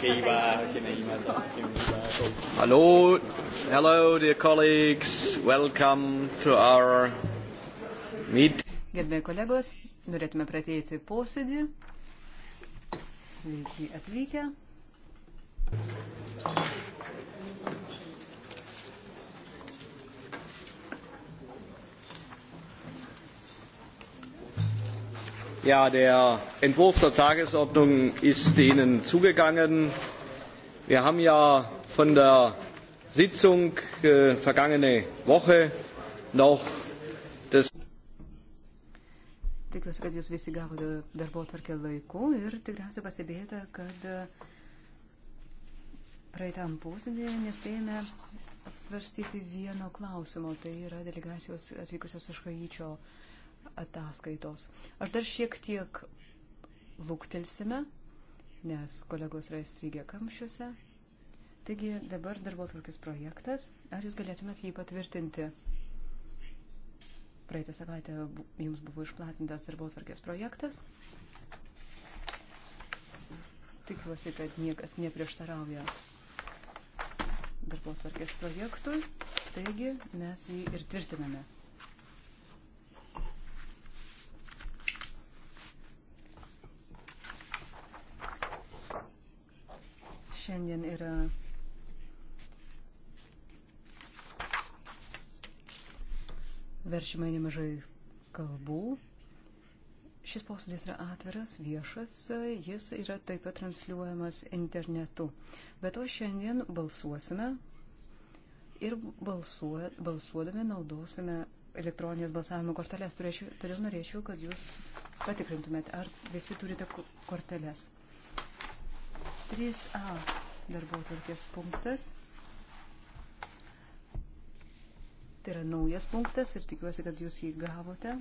que iba, que me iba, que me iba. Hello, hello, dear colleagues. Welcome to our meet. Gerbėjai kolegos, norėtume pradėti posėdį. Sveiki atvykę. Thank you. Ja, der Entwurf der Tagesordnung ist Ihnen zugegangen. Wir haben ja von der Sitzung äh, vergangene Woche noch das. Tikiuosi, kad jūs visi gavote darbo tvarkę laiku ir tikriausiai pastebėjote, kad e, praeitam posėdėje nespėjome apsvarstyti vieno klausimo, tai yra delegacijos atvykusios iš Haičio uh, ataskaitos. Aš dar šiek tiek lūktelsime, nes kolegos yra įstrigę kamščiuose. Taigi dabar darbo tvarkis projektas. Ar jūs galėtumėt jį patvirtinti? Praeitą savaitę jums buvo išplatintas darbo tvarkės projektas. Tikiuosi, kad niekas neprieštarauja darbo tvarkės projektui. Taigi mes jį ir tvirtiname. šiandien yra veršima nemažai kalbų. Šis posėdis yra atviras, viešas, jis yra taip pat transliuojamas internetu. Bet o šiandien balsuosime ir balsuo, balsuodami naudosime elektroninės balsavimo korteles. Turėčiau, todėl norėčiau, kad jūs patikrintumėte, ar visi turite korteles. 3A darbo tvarkės punktas. Tai yra naujas punktas ir tikiuosi, kad jūs jį gavote.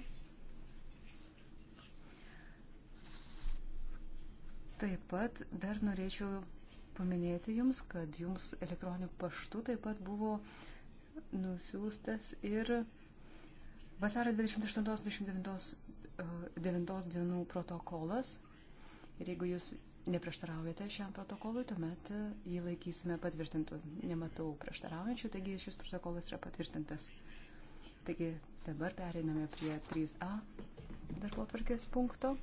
Taip pat dar norėčiau paminėti jums, kad jums elektroniniu paštu taip pat buvo nusiųstas ir vasario 28-29 dienų protokolas. Ir jeigu jūs neprieštaraujate šiam protokolui, tuomet e, jį laikysime patvirtintų. Nematau prieštaraujančių, taigi šis protokolas yra patvirtintas. Taigi dabar pereiname prie 3A darbo tvarkės punkto.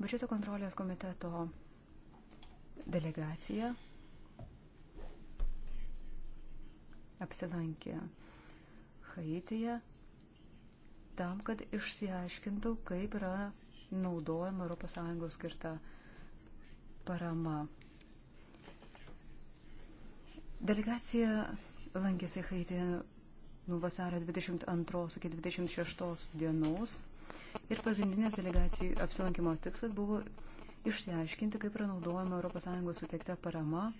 Biudžeto kontrolės komiteto delegacija apsilankė Haityje tam, kad išsiaiškintų, kaip yra naudojama ES skirta parama. Delegacija lankėsi Haitį nuo vasario 22 iki 26 dienos ir pagrindinės delegacijų apsilankimo tikslas buvo išsiaiškinti, kaip yra naudojama ES suteikta parama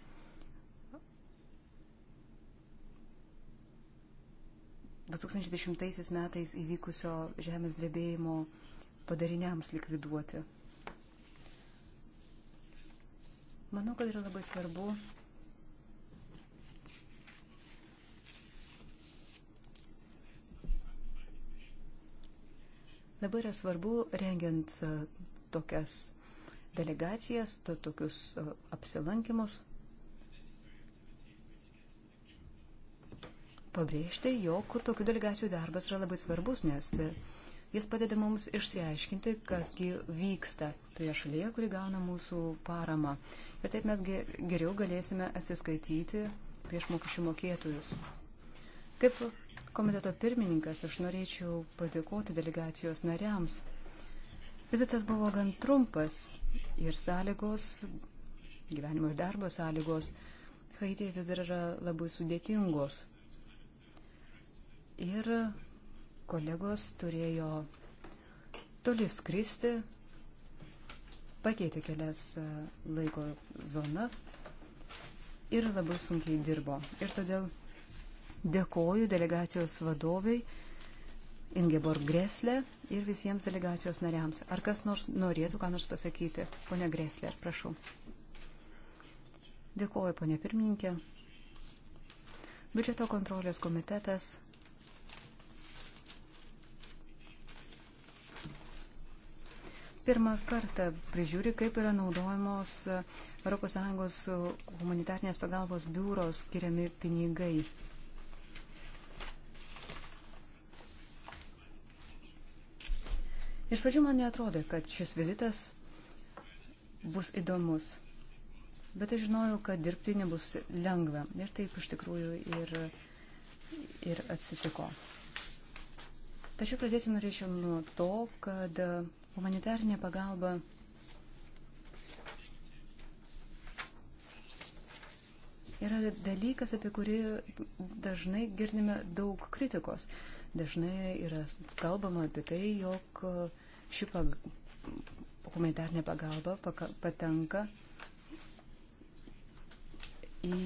metais įvykusio žemės drebėjimo padariniams likviduoti. Manau, kad yra labai svarbu Dabar yra svarbu, rengiant tokias delegacijas, to, tokius apsilankimus, pabrėžti, jog tokių delegacijų darbas yra labai svarbus, nes Jis padeda mums išsiaiškinti, kasgi vyksta toje šalyje, kuri gauna mūsų paramą. Ir taip mes geriau galėsime atsiskaityti prieš mokesčių mokėtojus. Kaip komiteto pirmininkas, aš norėčiau padėkoti delegacijos nariams. Vizitas buvo gan trumpas ir sąlygos, gyvenimo ir darbo sąlygos Haitėje vis dar yra labai sudėtingos. Ir Kolegos turėjo toli skristi, pakeitė kelias e, laiko zonas ir labai sunkiai dirbo. Ir todėl dėkoju delegacijos vadoviai Ingeborg Greslė ir visiems delegacijos nariams. Ar kas nors norėtų ką nors pasakyti? Pone Greslė, prašau. Dėkoju, ponė pirmininkė. Biudžeto kontrolės komitetas pirmą kartą prižiūri, kaip yra naudojamos ES humanitarnės pagalbos biuro skiriami pinigai. Iš pradžių man netrodė, kad šis vizitas bus įdomus, bet aš žinojau, kad dirbti nebus lengva. Ir taip iš tikrųjų ir, ir atsitiko. Tačiau pradėti norėčiau nuo to, kad Humanitarinė pagalba yra dalykas, apie kurį dažnai girdime daug kritikos. Dažnai yra kalbama apie tai, jog ši pag... humanitarnė pagalba patenka į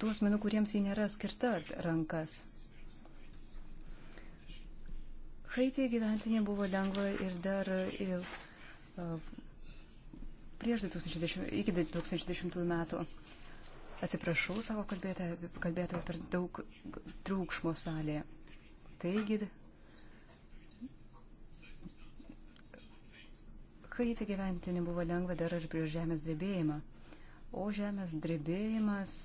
tų asmenų, kuriems ji nėra skirta rankas. Haityje gyventi nebuvo lengva ir dar ir, e, e, prieš 2010, iki 2010 metų. Atsiprašau savo kalbėtojo, kalbėtojo per daug triukšmo salėje. Taigi, kai tai gyventi nebuvo lengva dar ir prieš žemės drebėjimą. O žemės drebėjimas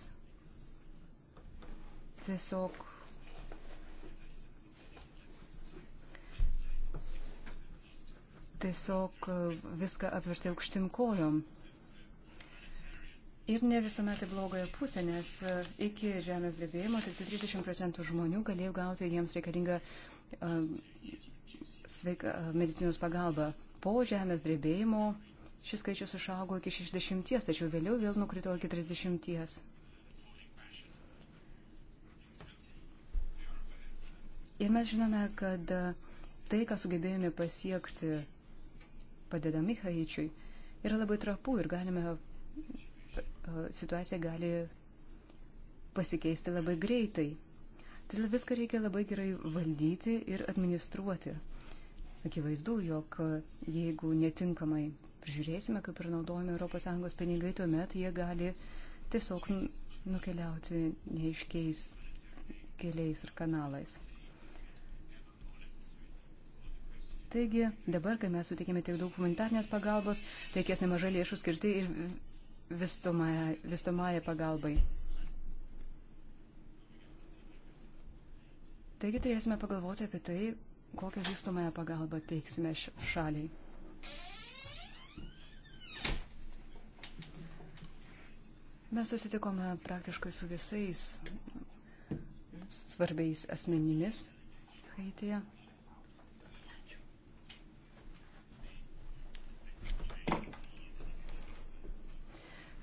tiesiog tiesiog e, viską apvertė aukštinkojom. Ir ne visuomet į blogąją pusę, nes e, iki žemės drebėjimo tik 30 procentų žmonių galėjo gauti jiems reikalingą uh, sveika, uh, medicinos pagalbą. Po žemės drebėjimo šis skaičius išaugo iki 60, tačiau vėliau vėl nukrito iki 30. Ir mes žinome, kad tai, ką sugebėjome pasiekti padedami Haičiui, yra labai trapu ir galime, e, situacija gali pasikeisti labai greitai. Todėl viską reikia labai gerai valdyti ir administruoti. Akivaizdu, jog e, jeigu netinkamai žiūrėsime, kaip ir naudojame ES pinigai, tuomet jie gali tiesiog nukeliauti neiškiais keliais ir kanalais. Taigi dabar, kai mes suteikėme tiek daug humanitarnės pagalbos, reikės nemažai lėšų skirti ir vystomąją pagalbai. Taigi turėsime pagalvoti apie tai, kokią vystomąją pagalbą teiksime šaliai. Mes susitikome praktiškai su visais svarbiais asmenimis Haitėje.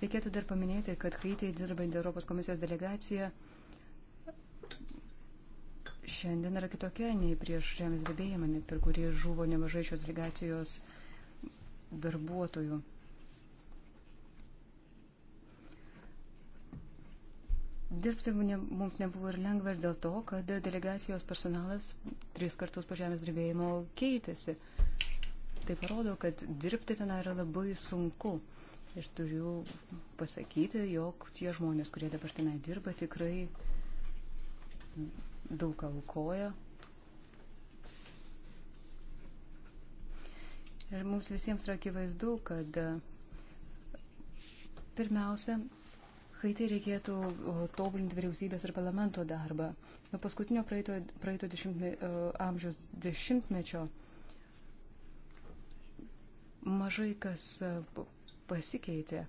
Reikėtų dar paminėti, kad Haitijai dirbantį Europos komisijos delegaciją šiandien yra kitokia nei prieš žemės drebėjimą, per kurį žuvo nemažai šios delegacijos darbuotojų. Dirbti mums nebuvo ir lengva ir dėl to, kad delegacijos personalas tris kartus po žemės drebėjimo keitėsi. Tai parodo, kad dirbti ten yra labai sunku. Ir turiu pasakyti, jog tie žmonės, kurie dabar tenai dirba, tikrai daug aukoja. Ir mums visiems yra akivaizdu, kad e, pirmiausia, Haitai reikėtų tobulinti vyriausybės ir parlamento darbą. Nuo paskutinio praeito, praeito dešimtme, e, amžiaus dešimtmečio mažai kas e, pasikeitė.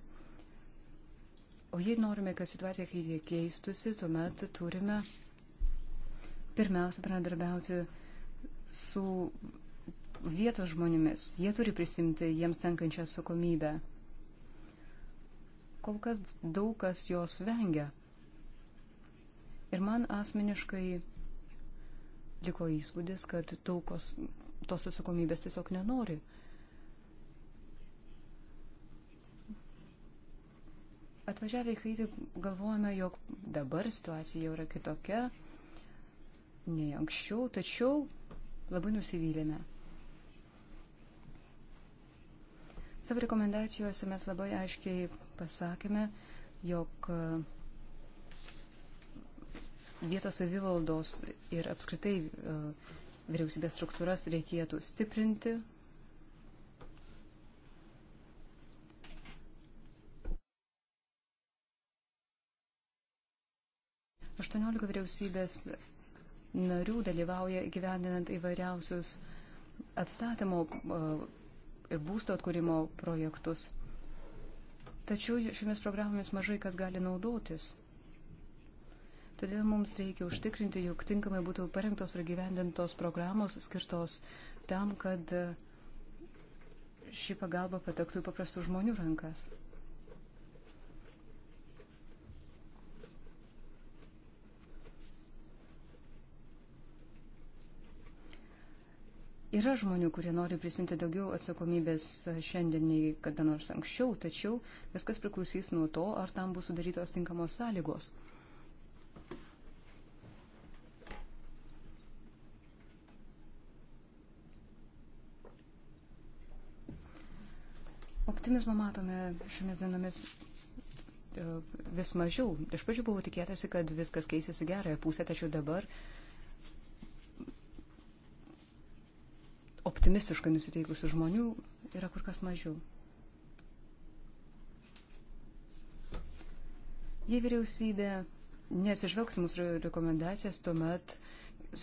O jei norime, kad situacija keistusi, tuomet turime pirmiausia bendradarbiauti su vietos žmonėmis. Jie turi prisimti jiems tenkančią atsakomybę. Kol kas daug kas jos vengia. Ir man asmeniškai liko įspūdis, kad daug kas tos atsakomybės tiesiog nenori. Atvažiavę į Haitį galvojame, jog dabar situacija jau yra kitokia nei anksčiau, tačiau labai nusivylėme. Savo rekomendacijose mes labai aiškiai pasakėme, jog e, vietos savivaldos ir apskritai e, vyriausybės struktūras reikėtų stiprinti, 18 vyriausybės narių dalyvauja gyvendinant įvairiausius atstatymo ir būsto atkūrimo projektus. Tačiau šiomis programomis mažai kas gali naudotis. Todėl mums reikia užtikrinti, jog tinkamai būtų parengtos ir gyvendintos programos skirtos tam, kad ši pagalba patektų į paprastų žmonių rankas. Yra žmonių, kurie nori prisimti daugiau atsakomybės šiandien nei kada nors anksčiau, tačiau viskas priklausys nuo to, ar tam bus sudarytos tinkamos sąlygos. Optimizmo matome šiomis dienomis e, vis mažiau. Iš pradžių buvo tikėtasi, kad viskas keisėsi gerąją pusę, tačiau dabar uh, optimistiškai nusiteikusių žmonių yra kur kas mažiau. Jei vyriausybė nesižvelgs mūsų rekomendacijas, tuomet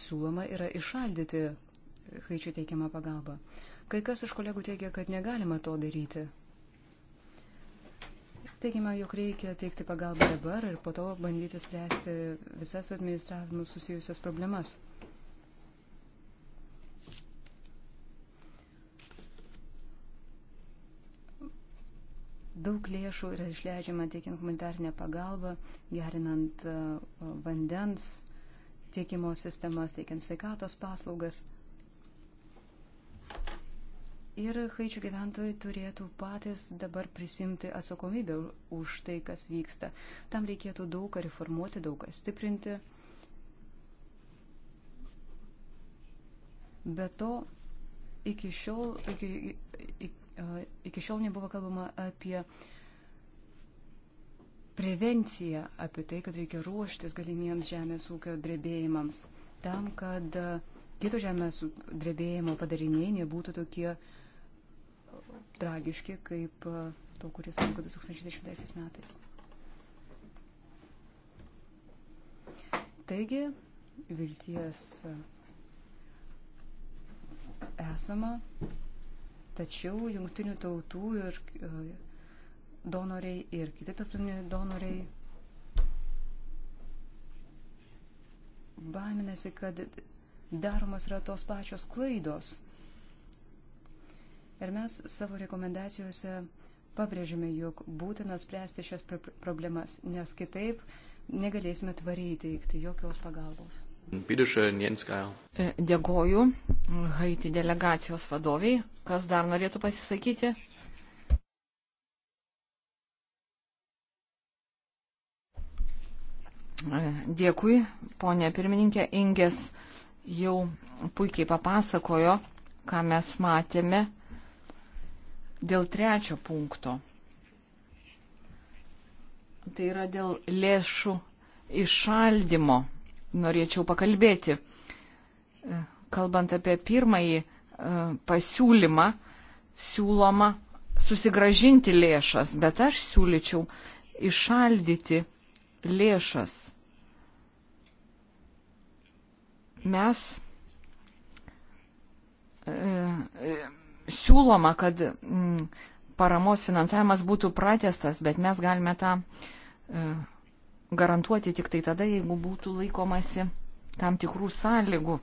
siūloma yra išaldyti haičių teikiamą pagalbą. Kai kas iš kolegų teigia, kad negalima to daryti. Teigiama, jog reikia teikti pagalbą dabar ir po to bandyti spręsti visas administravimus susijusios problemas. Daug lėšų yra išleidžiama teikiant humanitarnę pagalbą, gerinant e, vandens tiekimo sistemas, teikiant sveikatos paslaugas. Ir haičių gyventojai turėtų patys dabar prisimti atsakomybę už tai, kas vyksta. Tam reikėtų daug ką reformuoti, daug ką stiprinti. Be to, iki šiol, iki, iki šiol nebuvo kalbama apie prevenciją, apie tai, kad reikia ruoštis galimiems žemės ūkio drebėjimams, tam, kad kito žemės drebėjimo padariniai nebūtų tokie tragiški, kaip to, kuris vyko 2010 metais. Taigi, vilties esama, Tačiau jungtinių tautų ir e, donoriai ir kiti tarptautiniai donoriai baiminasi, kad daromas yra tos pačios klaidos. Ir mes savo rekomendacijose pabrėžime, jog būtina spręsti šias problemas, nes kitaip negalėsime tvariai teikti jokios pagalbos. E, dėkoju Haiti delegacijos vadoviai. Kas dar norėtų pasisakyti? E, dėkui, ponė pirmininkė Ingės jau puikiai papasakojo, ką mes matėme dėl trečio punkto. Tai yra dėl lėšų išaldimo. Iš norėčiau pakalbėti. Kalbant apie pirmąjį e, pasiūlymą, siūloma susigražinti lėšas, bet aš siūlyčiau išaldyti lėšas. Mes e, e, siūloma, kad mm, paramos finansavimas būtų pratestas, bet mes galime tą garantuoti tik tai tada, jeigu būtų laikomasi tam tikrų sąlygų.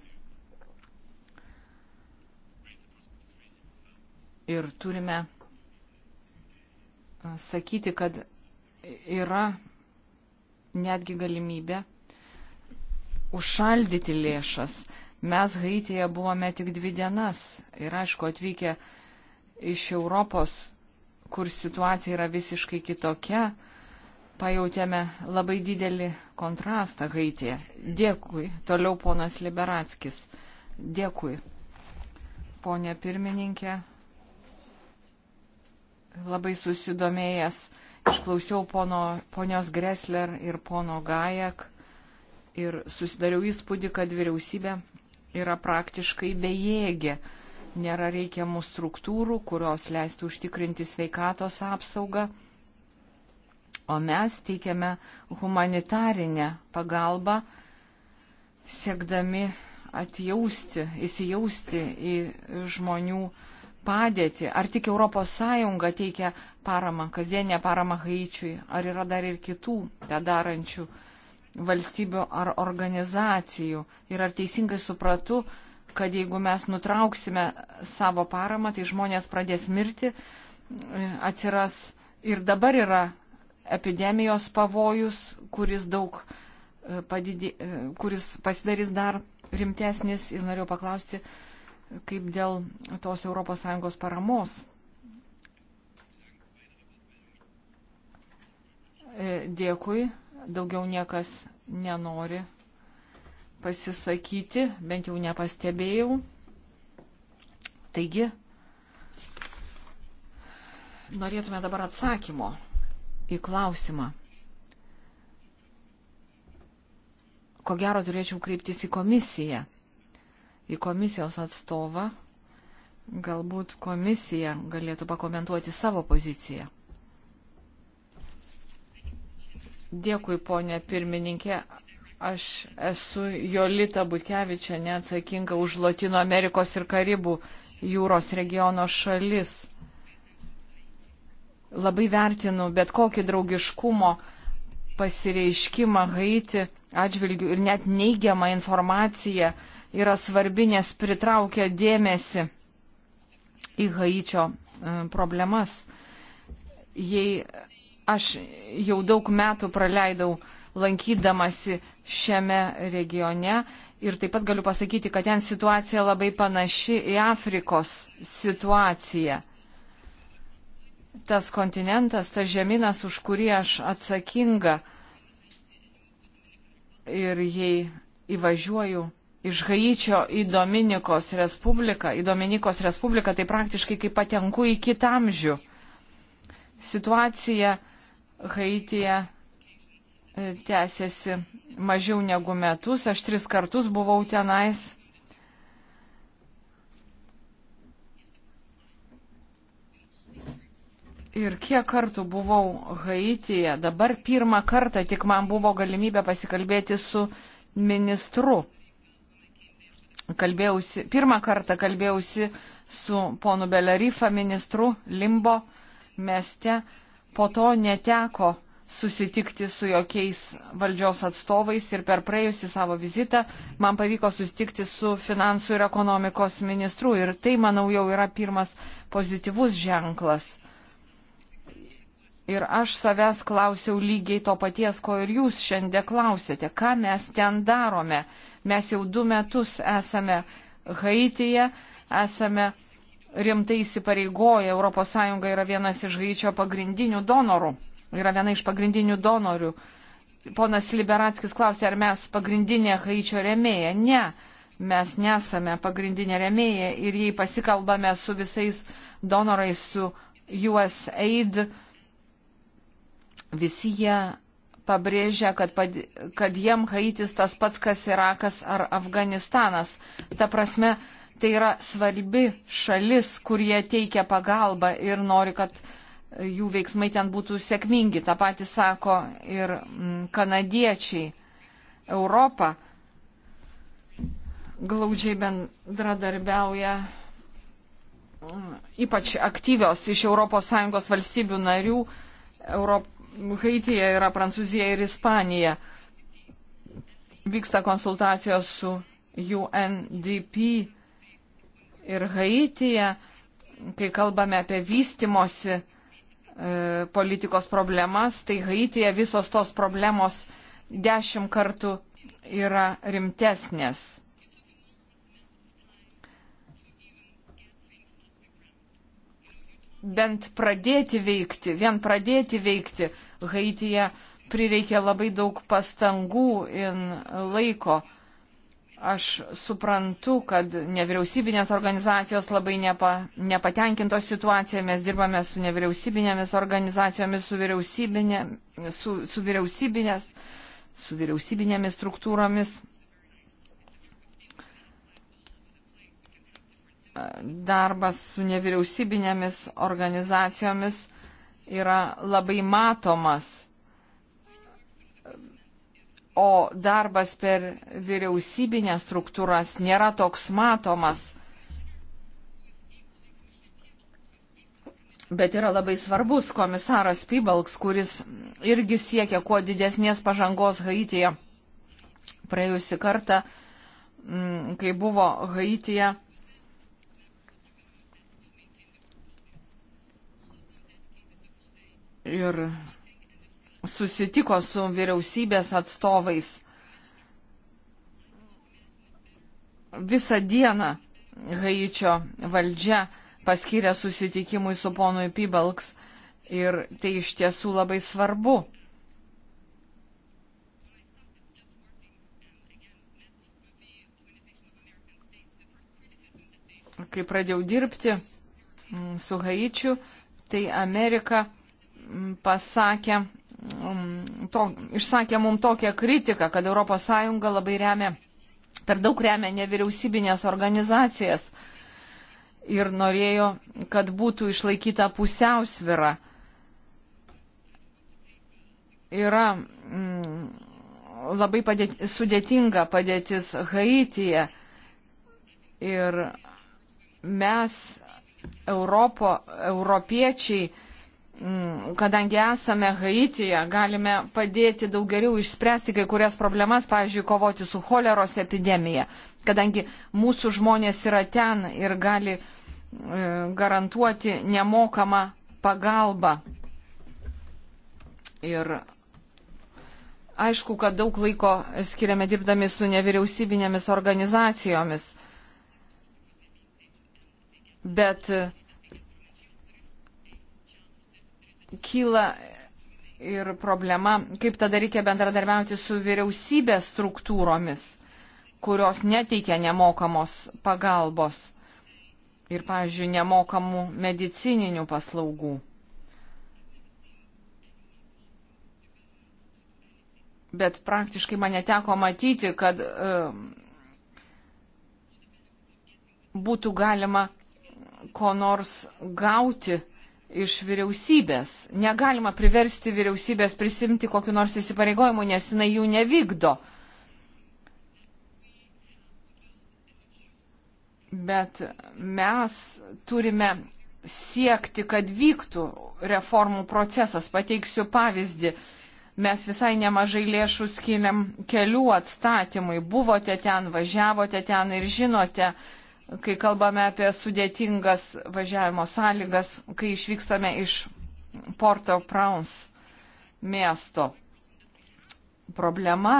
Ir turime sakyti, kad yra netgi galimybė užšaldyti lėšas. Mes Haitėje buvome tik dvi dienas ir aišku atvykę iš Europos, kur situacija yra visiškai kitokia, pajutėme labai didelį kontrastą Haitie. Dėkui. Toliau ponas Liberatskis. Dėkui. Pone pirmininkė, labai susidomėjęs išklausiau pono, ponios Gressler ir pono Gajak ir susidariau įspūdį, kad vyriausybė yra praktiškai bejėgė. Nėra reikiamų struktūrų, kurios leistų užtikrinti sveikatos apsaugą o mes teikiame humanitarinę pagalbą, siekdami atjausti, įsijausti į žmonių padėtį. Ar tik ES teikia paramą, kasdienę paramą Haičiui, ar yra dar ir kitų tą darančių valstybių ar organizacijų. Ir ar teisingai supratau, kad jeigu mes nutrauksime savo paramą, tai žmonės pradės mirti, atsiras ir dabar yra epidemijos pavojus, kuris daug e, padidė, e, kuris pasidarys dar rimtesnis ir norėjau paklausti, kaip dėl tos ES paramos. E, dėkui, daugiau niekas nenori pasisakyti, bent jau nepastebėjau. Taigi, norėtume dabar atsakymo į klausimą. Ko gero turėčiau kreiptis į komisiją, į komisijos atstovą. Galbūt komisija galėtų pakomentuoti savo poziciją. Dėkui, ponė pirmininkė. Aš esu Jolita Bukevičia, neatsakinga už Latino Amerikos ir Karibų jūros regiono šalis. Labai vertinu bet kokį draugiškumo pasireiškimą Haiti atžvilgių ir net neigiamą informaciją yra svarbi, nes pritraukia dėmesį į Haičio e, problemas. Jei aš jau daug metų praleidau lankydamasi šiame regione ir taip pat galiu pasakyti, kad ten situacija labai panaši į Afrikos situaciją tas kontinentas, tas žemynas, už kurį aš atsakinga ir jei įvažiuoju iš Haičio į Dominikos Respubliką, į Dominikos Respubliką, tai praktiškai kaip patenku į kitamžių. Situacija Haityje e, tęsiasi mažiau negu metus, aš tris kartus buvau tenais. Ir kiek kartų buvau Haityje, dabar pirmą kartą tik man buvo galimybė pasikalbėti su ministru. Kalbėjausi, pirmą kartą kalbėjausi su ponu Belerifa ministru Limbo mieste, po to neteko susitikti su jokiais valdžios atstovais ir per praėjusi savo vizitą man pavyko susitikti su finansų ir ekonomikos ministru ir tai, manau, jau yra pirmas pozityvus ženklas Ir aš savęs klausiau lygiai to paties, ko ir jūs šiandien klausėte. Ką mes ten darome? Mes jau du metus esame Haityje, esame rimtai įsipareigoję. ES yra vienas iš Haičio pagrindinių donorų. Yra viena iš pagrindinių donorių. Ponas Liberatskis klausė, ar mes pagrindinė Haičio remėja. Ne, mes nesame pagrindinė remėja. Ir jei pasikalbame su visais donorais, su USAID, Visi jie pabrėžia, kad, pad, kad jiem Haitis tas pats, kas Irakas ar Afganistanas. Ta prasme, tai yra svarbi šalis, kur jie teikia pagalbą ir nori, kad jų veiksmai ten būtų sėkmingi. Ta pati sako ir mm, kanadiečiai. Europa glaudžiai bendradarbiauja mm, ypač aktyvios iš ES valstybių narių Europ, Haityje yra Prancūzija ir Ispanija. Vyksta konsultacijos su UNDP ir Haityje, kai kalbame apie vystimosi e, politikos problemas, tai Haityje visos tos problemos dešimt kartų yra rimtesnės. bent pradėti veikti, vien pradėti veikti Haityje prireikė labai daug pastangų ir laiko. Aš suprantu, kad nevyriausybinės organizacijos labai nepa, nepatenkintos situacija, mes dirbame su nevyriausybinėmis organizacijomis, su, vyriausybinė, su, su, vyriausybinės, su vyriausybinėmis struktūromis. darbas su nevyriausybinėmis organizacijomis yra labai matomas, o darbas per vyriausybinės struktūras nėra toks matomas. Bet yra labai svarbus komisaras Pybalks, kuris irgi siekia kuo didesnės pažangos Haityje. Praėjusi kartą, mm, kai buvo Haityje, ir susitiko su vyriausybės atstovais. Visą dieną Haičio valdžia paskyrė susitikimui su ponui Pibalks ir tai iš tiesų labai svarbu. Kai pradėjau dirbti mm, su Haičiu, tai Amerika pasakė, um, to, išsakė mums tokią kritiką, kad ES labai remia, per daug remia nevyriausybinės organizacijas ir norėjo, kad būtų išlaikyta pusiausvira. Yra mm, labai padėti, sudėtinga padėtis Haityje ir mes, Europo, europiečiai, Mm, kadangi esame Haityje, galime padėti daug geriau išspręsti kai kurias problemas, pavyzdžiui, kovoti su choleros epidemija, kadangi mūsų žmonės yra ten ir gali e, garantuoti nemokamą pagalbą. Ir aišku, kad daug laiko skiriame dirbdami su nevyriausybinėmis organizacijomis, bet kyla ir problema, kaip tada reikia bendradarbiauti su vyriausybės struktūromis, kurios neteikia nemokamos pagalbos ir, pavyzdžiui, nemokamų medicininių paslaugų. Bet praktiškai mane teko matyti, kad uh, būtų galima ko nors gauti iš vyriausybės. Negalima priversti vyriausybės prisimti kokiu nors įsipareigojimu, nes jinai jų nevykdo. Bet mes turime siekti, kad vyktų reformų procesas. Pateiksiu pavyzdį. Mes visai nemažai lėšų skiriam kelių atstatymui. Buvote ten, važiavote ten ir žinote, kai kalbame apie sudėtingas važiavimo sąlygas, kai išvykstame iš Porto Prauns miesto. Problema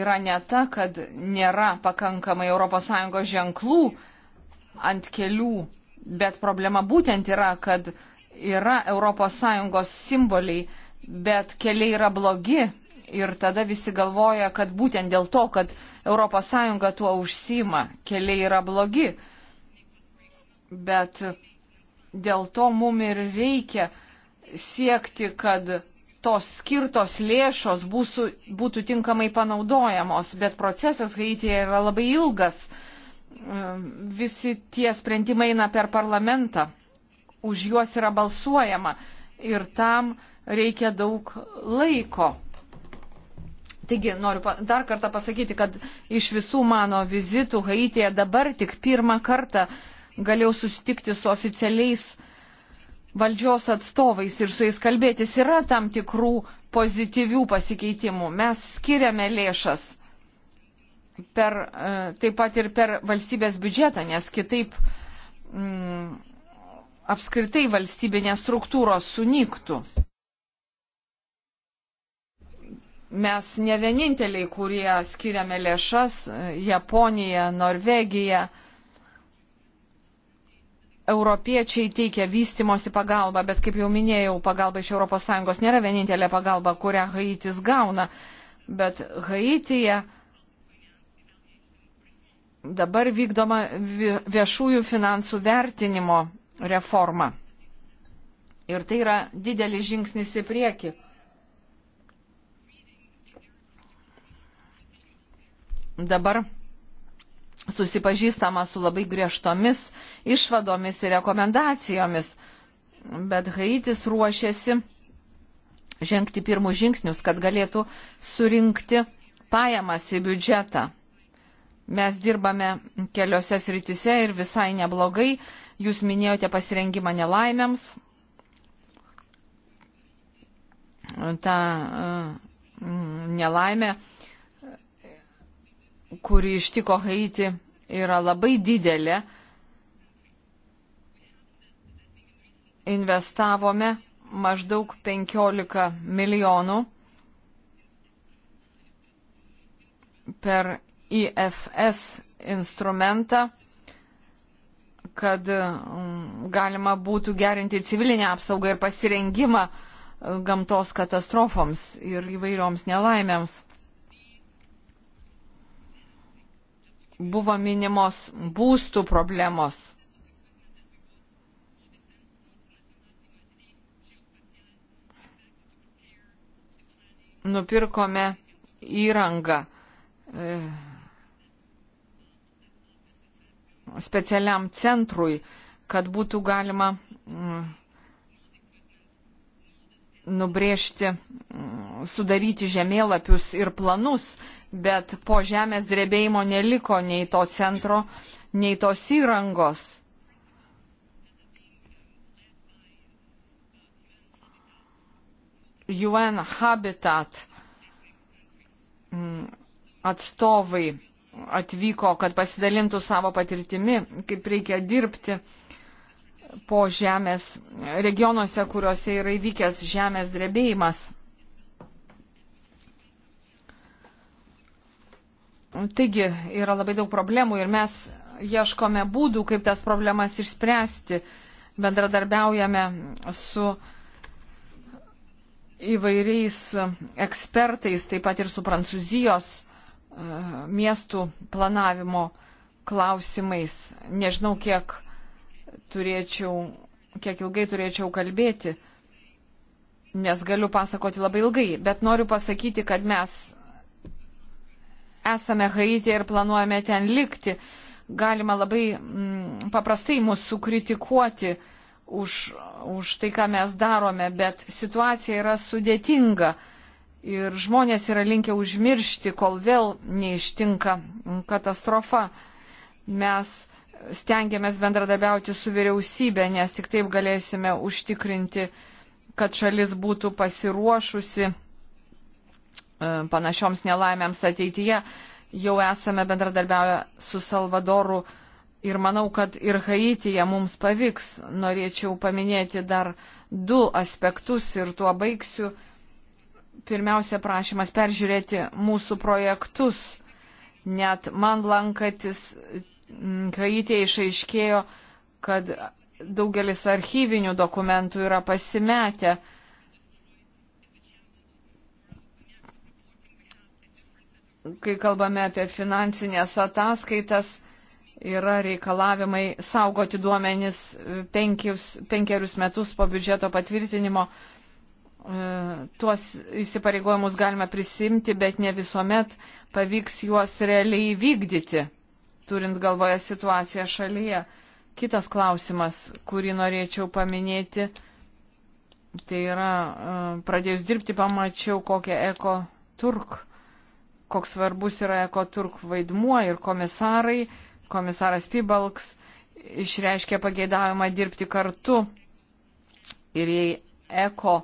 yra ne ta, kad nėra pakankamai ES ženklų ant kelių, bet problema būtent yra, kad yra ES simboliai, bet keliai yra blogi ir tada visi galvoja, kad būtent dėl to, kad ES tuo užsima, keliai yra blogi. Bet dėl to mum ir reikia siekti, kad tos skirtos lėšos būsų, būtų tinkamai panaudojamos, bet procesas Haityje yra labai ilgas. Ehm, visi tie sprendimai eina per parlamentą, už juos yra balsuojama ir tam reikia daug laiko. Taigi noriu dar kartą pasakyti, kad iš visų mano vizitų Haitėje dabar tik pirmą kartą galėjau susitikti su oficialiais valdžios atstovais ir su jais kalbėtis. Yra tam tikrų pozityvių pasikeitimų. Mes skiriame lėšas per, e, taip pat ir per valstybės biudžetą, nes kitaip mm, apskritai valstybinės struktūros sunyktų mes ne vieninteliai, kurie skiriame lėšas - Japonija, Norvegija. Europiečiai teikia vystimosi pagalbą, bet kaip jau minėjau, pagalba iš ES nėra vienintelė pagalba, kurią Haitis gauna. Bet Haityje dabar vykdoma viešųjų finansų vertinimo reforma. Ir tai yra didelis žingsnis į priekį. dabar susipažįstama su labai griežtomis išvadomis ir rekomendacijomis, bet Haitis ruošiasi žengti pirmus žingsnius, kad galėtų surinkti pajamas į biudžetą. Mes dirbame keliose sritise ir visai neblogai. Jūs minėjote pasirengimą nelaimėms. Ta e, nelaimė uh, kuri ištiko Haiti, yra labai didelė. Investavome maždaug 15 milijonų per IFS instrumentą, kad mm, galima būtų gerinti civilinę apsaugą ir pasirengimą mm, gamtos katastrofoms ir įvairioms nelaimėms. buvo minimos būstų problemos. Nupirkome įrangą e, specialiam centrui, kad būtų galima mm, nubrėžti, mm, sudaryti žemėlapius ir planus bet po žemės drebėjimo neliko nei to centro, nei tos įrangos. UN Habitat mm, atstovai atvyko, kad pasidalintų savo patirtimi, kaip reikia dirbti po žemės regionuose, kuriuose yra įvykęs žemės drebėjimas. Taigi yra labai daug problemų ir mes ieškome būdų, kaip tas problemas išspręsti. Bendradarbiaujame su įvairiais ekspertais, taip pat ir su Prancūzijos e, miestų planavimo klausimais. Nežinau, kiek, turėčiau, kiek ilgai turėčiau kalbėti, nes galiu pasakoti labai ilgai, bet noriu pasakyti, kad mes esame Haitė ir planuojame ten likti. Galima labai mm, paprastai mūsų kritikuoti už, už tai, ką mes darome, bet situacija yra sudėtinga ir žmonės yra linkę užmiršti, kol vėl neištinka katastrofa. Mes stengiamės bendradarbiauti su vyriausybė, nes tik taip galėsime užtikrinti, kad šalis būtų pasiruošusi panašioms nelaimėms ateityje. Jau esame bendradarbiavę su Salvadoru ir manau, kad ir Haityje mums pavyks. Norėčiau paminėti dar du aspektus ir tuo baigsiu. Pirmiausia, prašymas peržiūrėti mūsų projektus. Net man lankantis Haityje išaiškėjo, kad daugelis archyvinių dokumentų yra pasimetę. kai kalbame apie finansinės ataskaitas, yra reikalavimai saugoti duomenis penkius, penkerius metus po biudžeto patvirtinimo. E, tuos įsipareigojimus galime prisimti, bet ne visuomet pavyks juos realiai vykdyti, turint galvoje situaciją šalyje. Kitas klausimas, kurį norėčiau paminėti, tai yra e, pradėjus dirbti pamačiau, kokią eko turk koks svarbus yra ekoturk vaidmuo ir komisarai, komisaras Pibalks išreiškė pageidavimą dirbti kartu. Ir jei eko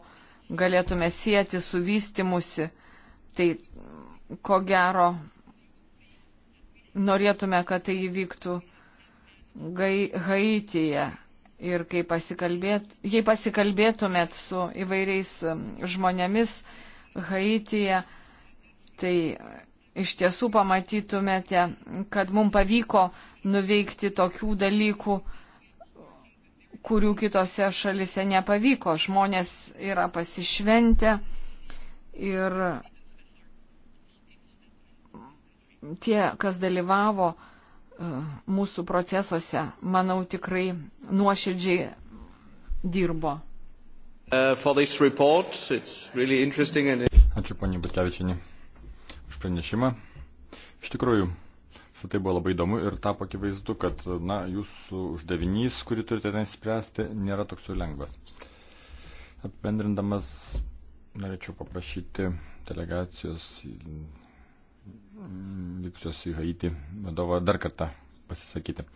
galėtume sieti su vystimusi, tai ko gero norėtume, kad tai įvyktų Haityje. Ir pasikalbėt, jei pasikalbėtumėt su įvairiais žmonėmis Haityje, tai iš tiesų pamatytumėte, kad mums pavyko nuveikti tokių dalykų, kurių kitose šalise nepavyko. Žmonės yra pasišventę ir tie, kas dalyvavo e, mūsų procesuose, manau, tikrai nuoširdžiai dirbo. Uh, really and... Ačiū, ponė Butkevičinė pranešimą. Iš tikrųjų, visą tai buvo labai įdomu ir tapo akivaizdu, kad na, jūsų uždavinys, kurį turite ten spręsti, nėra toks jau lengvas. Apibendrindamas, norėčiau paprašyti delegacijos vykusios į Haitį vadovą dar kartą pasisakyti.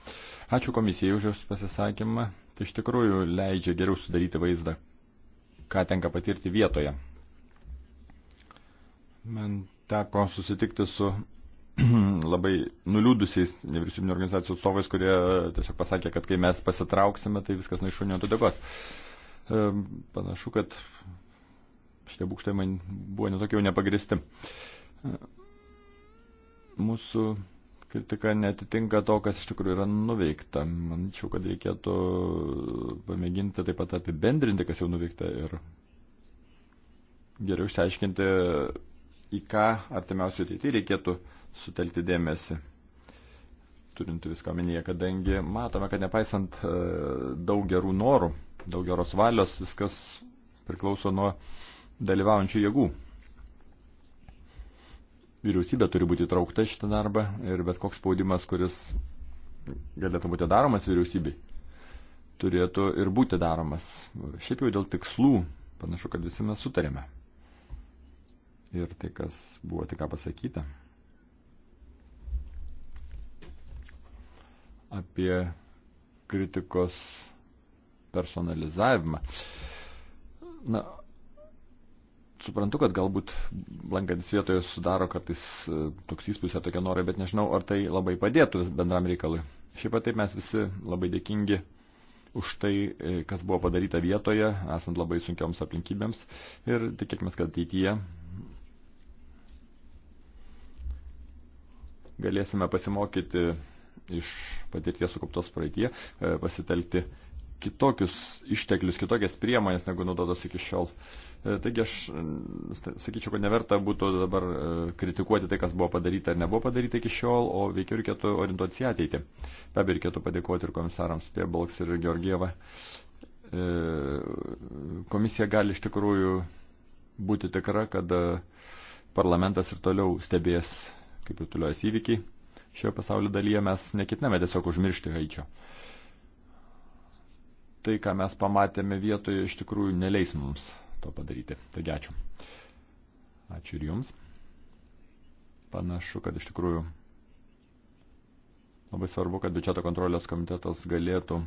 Ačiū komisijai už jos pasisakymą. Tai iš tikrųjų leidžia geriau sudaryti vaizdą, ką tenka patirti vietoje. Man teko susitikti su labai nuliūdusiais nevyriausybinio organizacijų atstovais, kurie tiesiog pasakė, kad kai mes pasitrauksime, tai viskas naišūnio tudegos. E, panašu, kad šitie būkštai man buvo netokie jau nepagristi. E, mūsų kritika netitinka to, kas iš tikrųjų yra nuveikta. Manyčiau, kad reikėtų pamėginti taip pat apibendrinti, kas jau nuveikta ir geriau išsiaiškinti į ką artimiausių ateityje reikėtų sutelkti dėmesį, turint viską minėję, kadangi matome, kad nepaisant e, daug gerų norų, daug geros valios, viskas priklauso nuo dalyvaujančių jėgų. Vyriausybė turi būti įtraukta šitą darbą ir bet koks spaudimas, kuris galėtų būti daromas vyriausybei, turėtų ir būti daromas. Šiaip jau dėl tikslų panašu, kad visi mes sutarėme ir tai, kas buvo tik ką pasakyta apie kritikos personalizavimą. Na, suprantu, kad galbūt lankantis vietoje sudaro kartais e, toks įspūdis ar tokie norai, bet nežinau, ar tai labai padėtų bendram reikalui. Šiaip pat taip mes visi labai dėkingi už tai, e, kas buvo padaryta vietoje, esant labai sunkioms aplinkybėms ir tikėkime, kad ateityje galėsime pasimokyti iš patirties sukauptos praeitie, e, pasitelkti kitokius išteklius, kitokias priemonės, negu naudotos iki šiol. E, taigi aš sakyčiau, kad neverta būtų dabar e, kritikuoti tai, kas buvo padaryta ar nebuvo padaryta iki šiol, o veikiau reikėtų orientuotis į ateitį. Be abejo, reikėtų padėkoti ir komisarams Piebalks ir Georgieva. Komisija gali iš tikrųjų būti tikra, kad parlamentas ir toliau stebės kaip ir tuliuojasi įvykiai šioje pasaulio dalyje, mes nekitiname tiesiog užmiršti Haičio. Tai, ką mes pamatėme vietoje, iš tikrųjų neleis mums to padaryti. Taigi ačiū. Ačiū ir jums. Panašu, kad iš tikrųjų labai svarbu, kad biudžeto kontrolės komitetas galėtų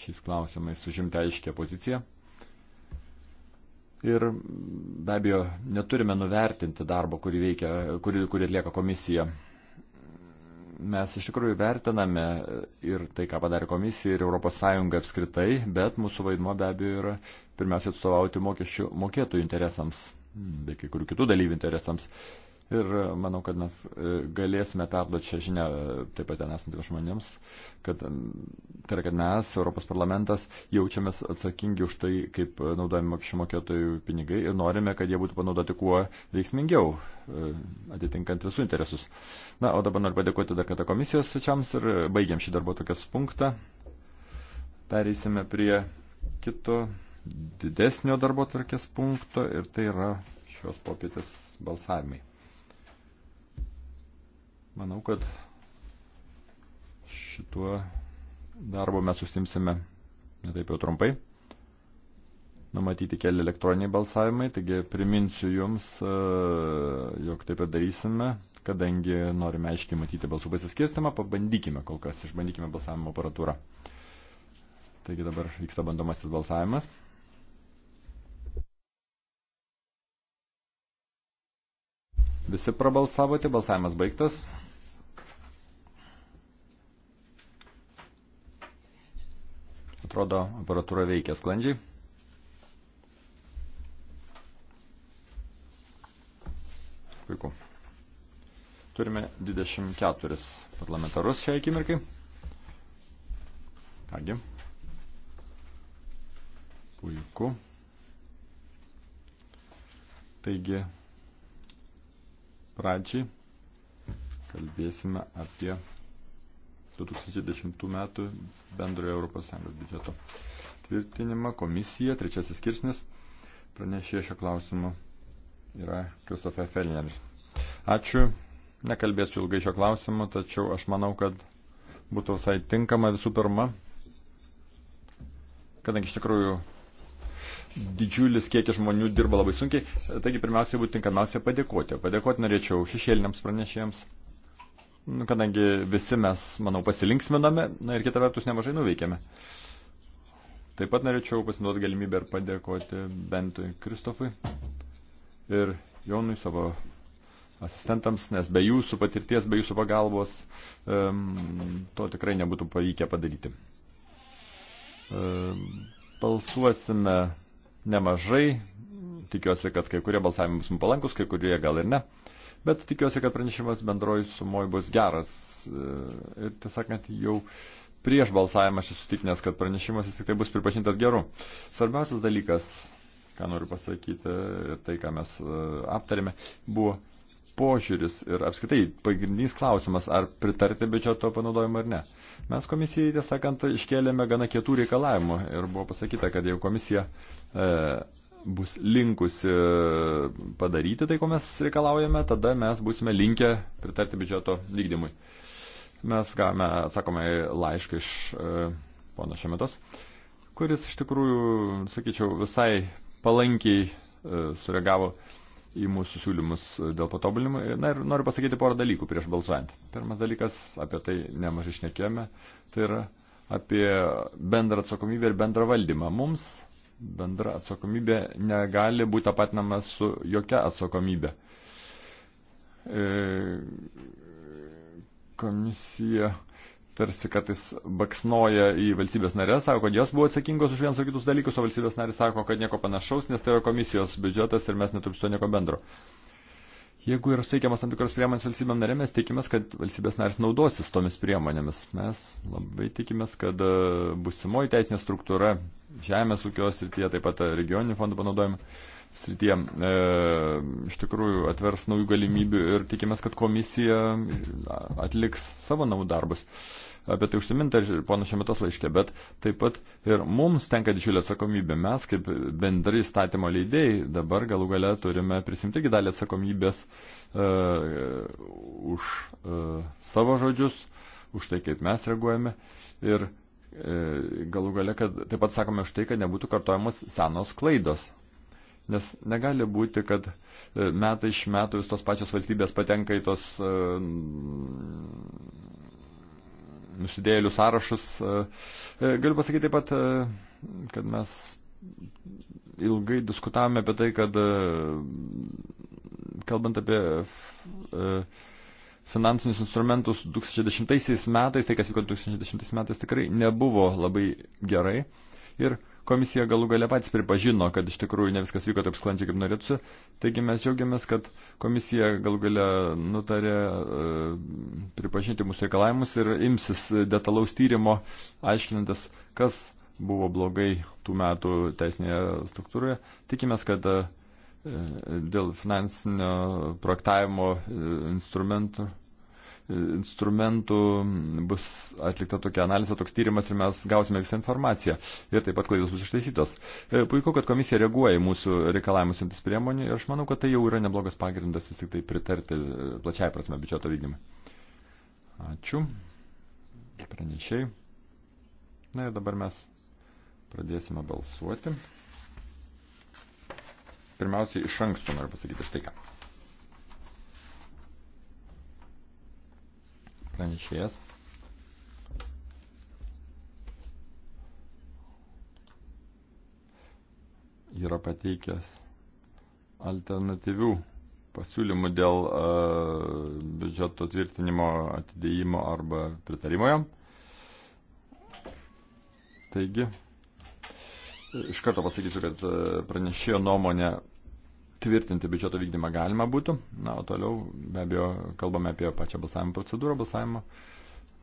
šiais klausimais užimti aiškę poziciją. Ir be abejo, neturime nuvertinti darbo, kurį, veikia, kurį, kurį atlieka komisija. Mes iš tikrųjų vertiname ir tai, ką padarė komisija ir ES apskritai, bet mūsų vaidmo be abejo yra pirmiausia atstovauti mokesčių mokėtojų interesams, bei kai kurių kitų dalyvių interesams. Ir e, manau, kad mes e, galėsime perduoti šią žinią e, taip pat ten esantiems žmonėms, kad, tai yra, kad mes, Europos parlamentas, jaučiamės atsakingi už tai, kaip naudojami mokesčių mokėtojų pinigai ir norime, kad jie būtų panaudoti kuo veiksmingiau, atitinkant visų interesus. Na, o dabar noriu padėkoti dar kartą komisijos svečiams ir baigiam šį darbo tokias punktą. Pereisime prie kito didesnio darbo tvarkės punkto ir tai yra šios popietės balsavimai. Manau, kad šituo darbu mes susimsime netaip jau trumpai. Numatyti keli elektroniniai balsavimai, taigi priminsiu Jums, e, jog taip ir darysime, kadangi norime aiškiai matyti balsų pasiskirstimą, pabandykime kol kas, išbandykime balsavimo aparatūrą. Taigi dabar vyksta bandomasis balsavimas. Visi prabalsavote, balsavimas baigtas. Atrodo, aparatūra veikia sklandžiai. Puiku. Turime 24 parlamentarus šią akimirkai. Kągi. Puiku. Taigi, pradžiai kalbėsime apie 2010 metų bendrojo ES biudžeto tvirtinimą. Komisija, trečiasis skirsnis, pranešė šio klausimu yra Kristofė Felneris. Ačiū, nekalbėsiu ilgai šio klausimu, tačiau aš manau, kad būtų visai tinkama visų pirma, kadangi iš tikrųjų didžiulis kiekis žmonių dirba labai sunkiai, taigi pirmiausia būtų tinkamiausia padėkoti. Padėkoti norėčiau šešėliniams pranešėjams Nu, kadangi visi mes, manau, pasilinksminame ir kitą vertus nemažai nuveikėme. Taip pat norėčiau pasinaudoti galimybę ir padėkoti Bentui Kristofui ir Jonui savo asistentams, nes be jūsų patirties, be jūsų pagalbos um, to tikrai nebūtų pavykę padaryti. Um, balsuosime nemažai, tikiuosi, kad kai kurie balsavimai bus mums palankus, kai kurie gal ir ne bet tikiuosi, kad pranešimas bendroji sumoj bus geras. E, ir tiesąkant, jau prieš balsavimą aš esu tikinęs, kad pranešimas vis tik tai bus pripažintas geru. Svarbiausias dalykas, ką noriu pasakyti ir tai, ką mes e, aptarėme, buvo požiūris ir apskaitai pagrindinis klausimas, ar pritarti biudžeto panaudojimui ar ne. Mes komisijai, tiesąkant, iškėlėme gana kietų reikalavimų ir buvo pasakyta, kad jeigu komisija e, bus linkusi e, padaryti tai, ko mes reikalaujame, tada mes būsime linkę pritarti biudžeto vykdymui. Mes gavome atsakomai laišką iš e, pono Šemetos, kuris iš tikrųjų, sakyčiau, visai palankiai e, sureagavo į mūsų siūlymus dėl patobulinimų. Na ir noriu pasakyti porą dalykų prieš balsuojant. Pirmas dalykas, apie tai nemažai išnekėjome, tai yra apie bendrą atsakomybę ir bendrą valdymą. Mums bendra atsakomybė negali būti apatinama su jokia atsakomybė. E, komisija tarsi kartais baksnoja į valstybės narės, sako, kad jos buvo atsakingos už vienus ar kitus dalykus, o valstybės narės sako, kad nieko panašaus, nes tai yra komisijos biudžetas ir mes neturim su to nieko bendro. Uh, Jeigu yra steikiamas tam tikros priemonės valstybėm narėm, mes tikimės, kad valstybės narės naudosis tomis priemonėmis. Mes labai tikimės, kad e, busimoji teisinė struktūra žemės ūkio srityje, taip pat e, regioninių fondų panaudojimo srityje e, iš tikrųjų atvers naujų galimybių ir tikimės, kad komisija e, atliks savo namų darbus. E, apie tai užsiminta ir pono Šemetos laiškė, bet taip pat ir mums tenka didžiulė atsakomybė. Mes kaip bendrai statymo leidėjai dabar galų gale turime prisimti dalį atsakomybės uh, už uh, savo žodžius, už tai, kaip mes reaguojame. Ir uh, galų gale, kad taip pat sakome už tai, kad nebūtų kartojamos senos klaidos. Nes negali būti, kad metai iš metų vis tos pačios valstybės patenka į tos uh, nusidėlių sąrašus. E, e, galiu pasakyti taip pat, e, kad mes ilgai diskutavome apie tai, kad kalbant apie finansinius instrumentus 2010 metais, tai kas vyko 2010 metais tikrai nebuvo labai gerai. Ir Komisija galų gale patys pripažino, kad iš tikrųjų ne viskas vyko taip sklandžiai, kaip norėtųsi. Taigi mes džiaugiamės, kad komisija galų gale nutarė e, pripažinti mūsų reikalavimus ir imsis detalaus tyrimo, aiškinantis, kas buvo blogai tų metų teisinėje struktūroje. Tikimės, kad e, dėl finansinio projektavimo e, instrumentų instrumentų bus atlikta tokia analizė, toks tyrimas ir mes gausime visą informaciją. Ir taip pat klaidos bus ištaisytos. E, puiku, kad komisija reaguoja į mūsų reikalavimus imtis priemonių ir aš manau, kad tai jau yra neblogas pagrindas vis tik tai pritarti e, plačiai prasme biudžeto vykdymui. Ačiū. Pranešiai. Na ir dabar mes pradėsime balsuoti. Pirmiausiai iš anksto noriu pasakyti štai ką. pranešėjas. Yra pateikęs alternatyvių pasiūlymų dėl uh, biudžeto tvirtinimo atidėjimo arba pritarimo jam. Taigi, iš karto pasakysiu, kad e, pranešėjo nuomonė tvirtinti biudžeto vykdymą galima būtų. Na, o toliau be abejo kalbame apie pačią balsavimo procedūrą. Balsavimo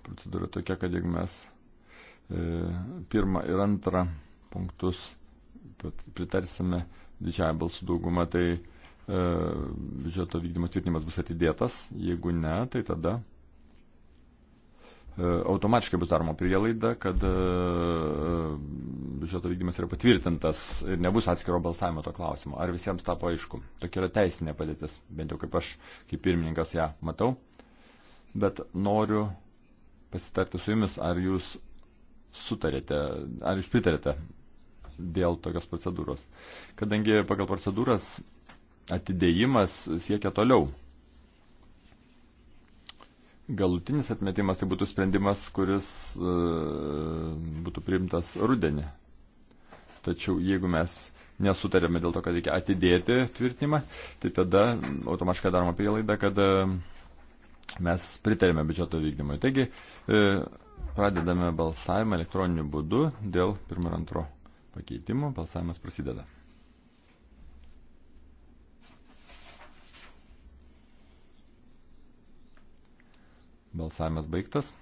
procedūra tokia, kad jeigu mes e, pirmą ir antrą punktus pritarsime didžiąją balsų daugumą, tai e, biudžeto vykdymo tvirtinimas bus atidėtas. Jeigu ne, tai tada E, automatiškai bus daroma prielaida, kad e, e, biudžeto vykdymas yra patvirtintas ir nebus atskiro balsavimo to klausimo. Ar visiems tapo aišku? Tokia yra teisinė padėtis, bent jau kaip aš, kaip pirmininkas ją matau. Bet noriu pasitarti su jumis, ar jūs sutarėte, ar jūs pritarėte dėl tokios procedūros. Kadangi pagal procedūras atidėjimas siekia toliau galutinis atmetimas tai būtų sprendimas, kuris e, būtų priimtas rudenį. Tačiau jeigu mes nesutarėme dėl to, kad reikia atidėti tvirtinimą, tai tada automatiškai daroma prielaida, kad e, mes pritarėme biudžeto vykdymui. Taigi e, pradedame balsavimą elektroniniu būdu dėl pirmo ir antro pakeitimų. Balsavimas prasideda. Balsavimas baigtas.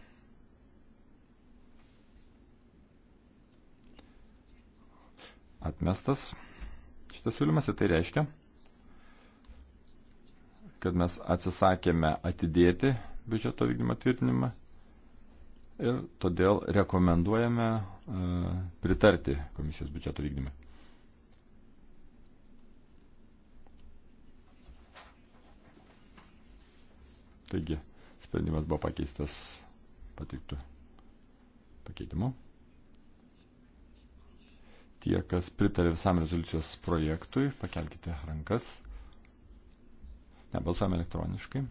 Atmestas šitas siūlymas ir tai reiškia, kad mes atsisakėme atidėti biudžeto vykdymo tvirtinimą ir todėl rekomenduojame e, pritarti komisijos biudžeto vykdymui. Taigi, sprendimas buvo pakeistas patiktų pakeitimu. Tie, kas pritarė visam rezoliucijos projektui, pakelkite rankas. Nebalsuojame elektroniškai.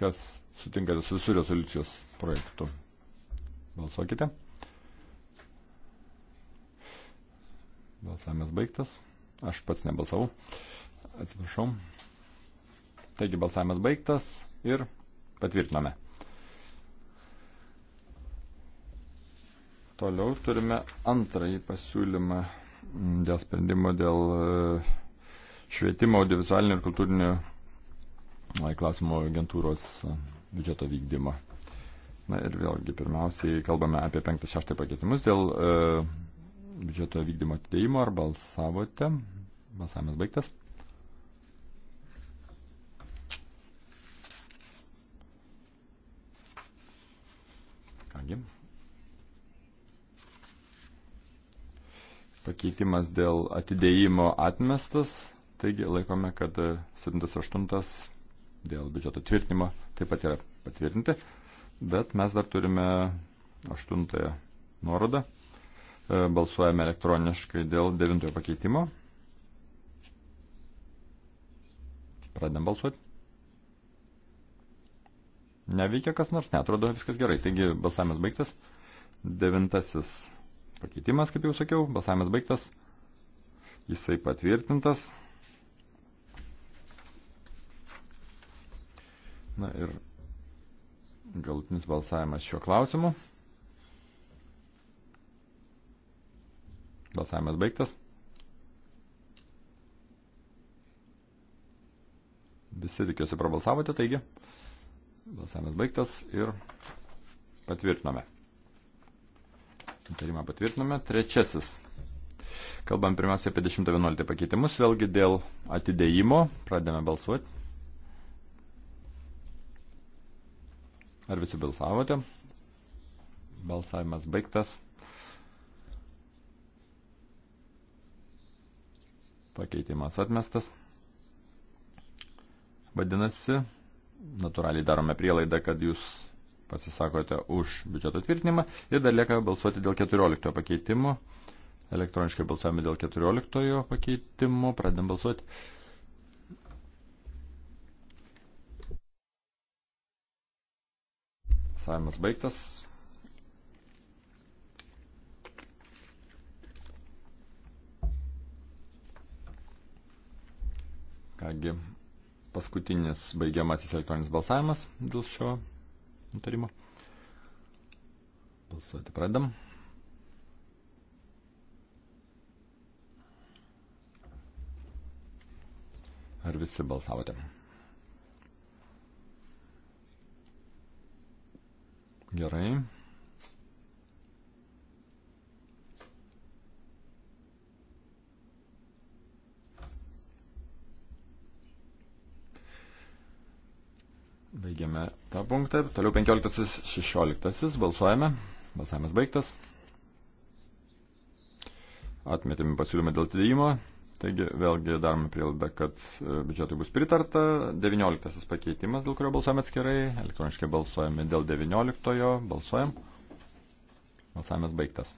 Kas sutinka su visų rezoliucijos projektu, balsuokite. Balsavimas baigtas. Aš pats nebalsavau. Atsiprašau. Taigi balsavimas baigtas ir patvirtiname. Toliau turime antrąjį pasiūlymą dėl sprendimo dėl e, švietimo, audiovizualinio ir kultūrinio e, klausimo agentūros e, biudžeto vykdymo. Na ir vėlgi, pirmiausiai kalbame apie 5-6 pakeitimus dėl e, biudžeto vykdymo atidėjimo. Ar balsavote? Balsavimas baigtas. Kągi. Pakeitimas dėl atidėjimo atmestas, taigi laikome, kad 78 dėl biudžeto tvirtinimo taip pat yra patvirtinti, bet mes dar turime 8 nuorodą. E, balsuojame elektroniškai dėl 9 pakeitimo. Pradedam balsuoti. Neveikia kas nors, netrodo viskas gerai. Taigi balsavimas baigtas. Devintasis pakeitimas, kaip jau sakiau, balsavimas baigtas. Jisai patvirtintas. Na ir galutinis balsavimas šiuo klausimu. Balsavimas baigtas. Visi tikiuosi prabalsavote, taigi Balsavimas baigtas ir patvirtiname. Nutarimą patvirtiname. Trečiasis. Kalbam pirmiausia apie 10.11 pakeitimus. Vėlgi dėl atidėjimo pradėme balsuoti. Ar visi balsavote? Balsavimas baigtas. Pakeitimas atmestas. Vadinasi, natūraliai darome prielaidą, kad jūs pasisakote už biudžeto tvirtinimą ir dar lieka balsuoti dėl 14 pakeitimų. Elektroniškai balsuojame dėl 14 pakeitimų, pradedam balsuoti. Savimas baigtas. Kągi, paskutinis baigiamasis elektroninis balsavimas dėl šio nutarimo. Balsuoti pradam. Ar visi balsavote? Gerai. Baigiame tą punktą. Toliau 15-16. Balsuojame. Balsavimas baigtas. Atmetėme pasiūlymą dėl atidėjimo. Taigi vėlgi darome prielaidą, kad e, biudžetui bus pritarta. 19 pakeitimas, dėl kurio balsuojame atskirai. Elektroniškai balsuojame dėl 19. Balsuojam. Balsavimas baigtas.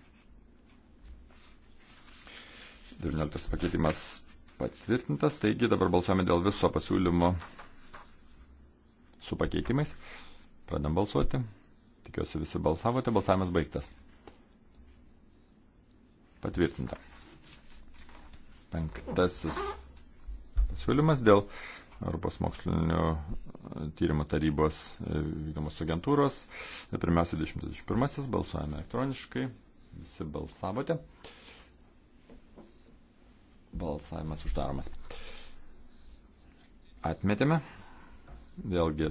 19 pakeitimas patvirtintas. Taigi dabar balsuojame dėl viso pasiūlymo su pakeitimais. Pradam balsuoti. Tikiuosi visi balsavote. Balsavimas baigtas. Patvirtinta. Penktasis pasiūlymas dėl Europos mokslinio tyrimo tarybos e, vykdomos agentūros. Pirmiausia, 21. Balsuojame elektroniškai. Visi balsavote. Balsavimas uždaromas. Atmetėme. Vėlgi,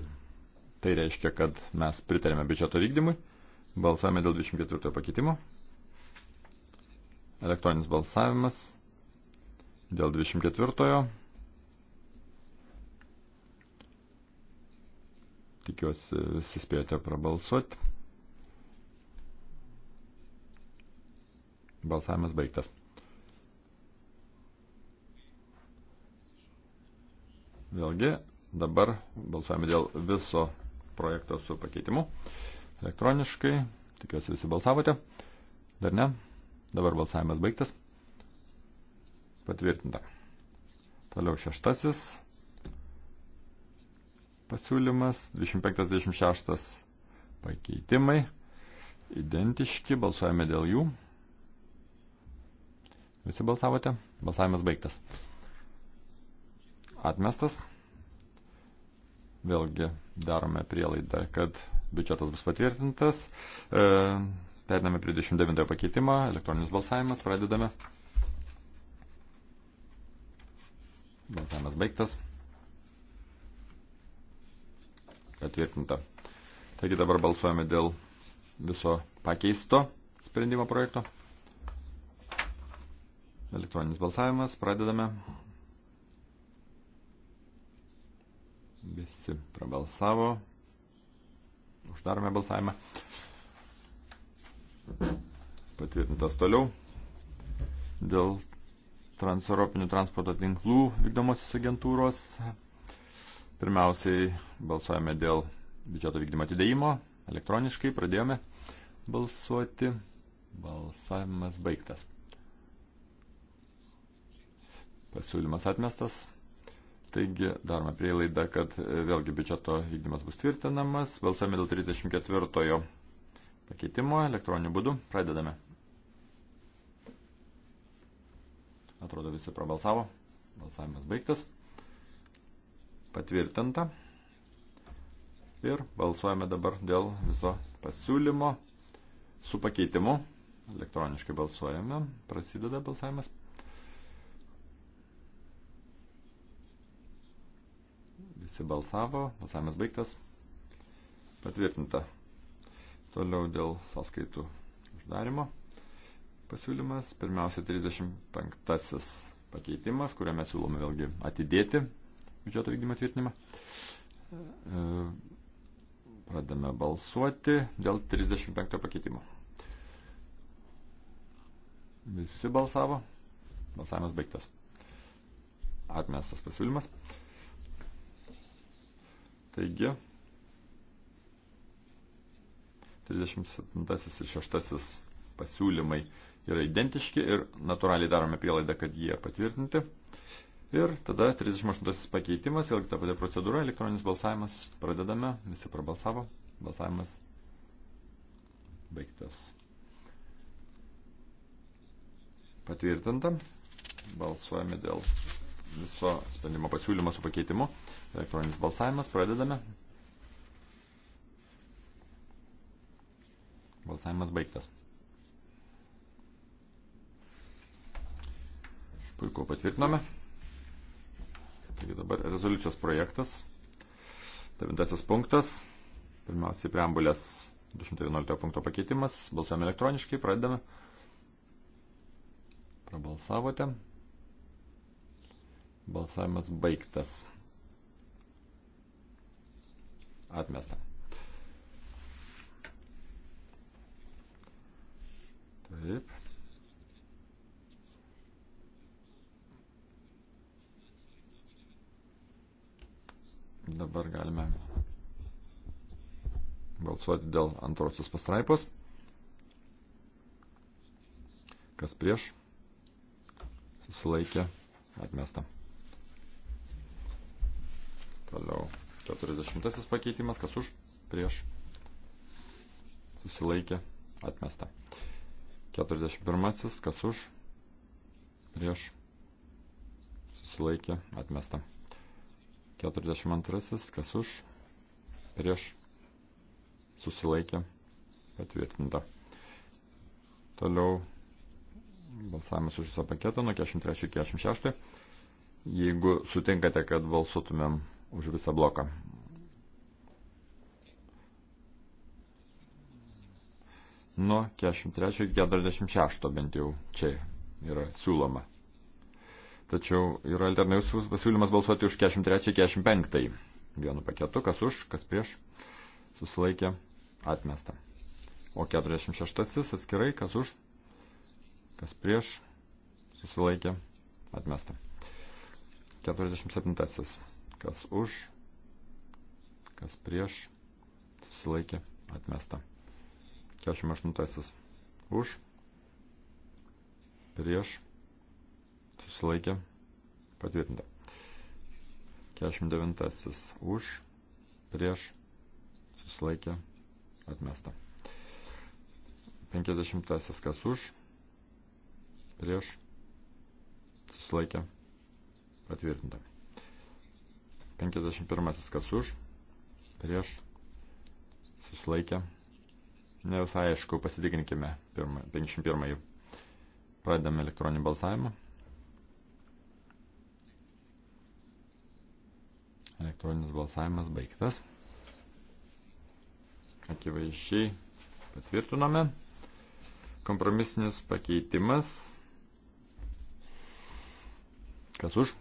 tai reiškia, kad mes pritarėme biudžeto vykdymui. Balsavome dėl 24 pakeitimo. Elektroninis balsavimas dėl 24. Tikiuosi, visi spėjote prabalsuoti. Balsavimas baigtas. Vėlgi, Dabar balsuojame dėl viso projekto su pakeitimu. Elektroniškai. Tikiuosi visi balsavote. Dar ne? Dabar balsavimas baigtas. Patvirtinta. Toliau šeštasis pasiūlymas. 25-26 pakeitimai. Identiški. Balsuojame dėl jų. Visi balsavote. Balsavimas baigtas. Atmestas. Vėlgi darome prielaidą, kad biudžetas bus patvirtintas. E, Periname prie 29 pakeitimą, elektroninis balsavimas, pradedame. Balsavimas baigtas. Patvirtinta. Taigi dabar balsuojame dėl viso pakeisto sprendimo projekto. Elektroninis balsavimas, pradedame. Visi prabalsavo. Uždarome balsavimą. Patvirtintas toliau. Dėl transeuropinių transporto tinklų vykdomosios agentūros. Pirmiausiai balsuojame dėl biudžeto vykdymo atidėjimo. Elektroniškai pradėjome balsuoti. Balsavimas baigtas. Pasiūlymas atmestas. Taigi darome prielaidą, kad e, vėlgi biudžeto vykdymas bus tvirtinamas. Balsame dėl 34 pakeitimo elektroniniu būdu. Pradedame. Atrodo, visi prabalsavo. Balsavimas baigtas. Patvirtinta. Ir balsuojame dabar dėl viso pasiūlymo su pakeitimu. Elektroniškai balsuojame. Prasideda balsavimas. Visi balsavo, balsavimas baigtas. Patvirtinta. Toliau dėl sąskaitų uždarimo pasiūlymas. Pirmiausia, 35 pakeitimas, kuriuo mes siūlome vėlgi atidėti biudžeto vykdymo tvirtinimą. E, pradame balsuoti dėl 35 pakeitimo. Visi balsavo. Balsavimas baigtas. Atmestas pasiūlymas. Taigi, 37 ir 6 pasiūlymai yra identiški ir natūraliai darome prielaidą, kad jie patvirtinti. Ir tada 38 pakeitimas, vėlgi ta pati procedūra, elektroninis balsavimas, pradedame, visi prabalsavo, balsavimas baigtas. Patvirtinta, balsuojame dėl viso sprendimo pasiūlymo su pakeitimu. Elektroninis balsavimas, pradedame. Balsavimas baigtas. Puiku, patvirtinome. Taigi dabar rezoliucijos projektas. Devintasis punktas. Pirmiausiai preambulės 211 punkto pakeitimas. Balsuojame elektroniškai, pradedame. Prabalsavote. Balsavimas baigtas atmesta. Taip. Dabar galime balsuoti dėl antrosios pastraipos. Kas prieš? Susilaikė. Atmesta. Toliau. 40 pakeitimas, kas už, prieš, susilaikė, atmesta. 41, kas už, prieš, susilaikė, atmesta. 42, kas už, prieš, susilaikė, patvirtinta. Toliau balsavimas už visą paketą nuo 43 iki 46. Jeigu sutinkate, kad balsuotumėm už visą bloką. Nuo 43 iki 46 bent jau čia yra siūloma. Tačiau yra alternatyvus pasiūlymas balsuoti už 43-45. Vienu paketu, kas už, kas prieš, susilaikė, atmesta. O 46 atskirai, kas už, kas prieš, susilaikė, atmesta. 47 kas už, kas prieš, susilaikė, atmesta. 48 už, prieš, susilaikė, patvirtinta. 49 už, prieš, susilaikė, atmesta. 50 kas už, prieš, susilaikė, patvirtinta. 51 kas už, prieš, susilaikė. Ne visai aišku, pasitikrinkime 51. Pradedame elektroninį balsavimą. Elektroninis balsavimas baigtas. Akivaizdžiai patvirtinome. Kompromisinis pakeitimas. Kas už?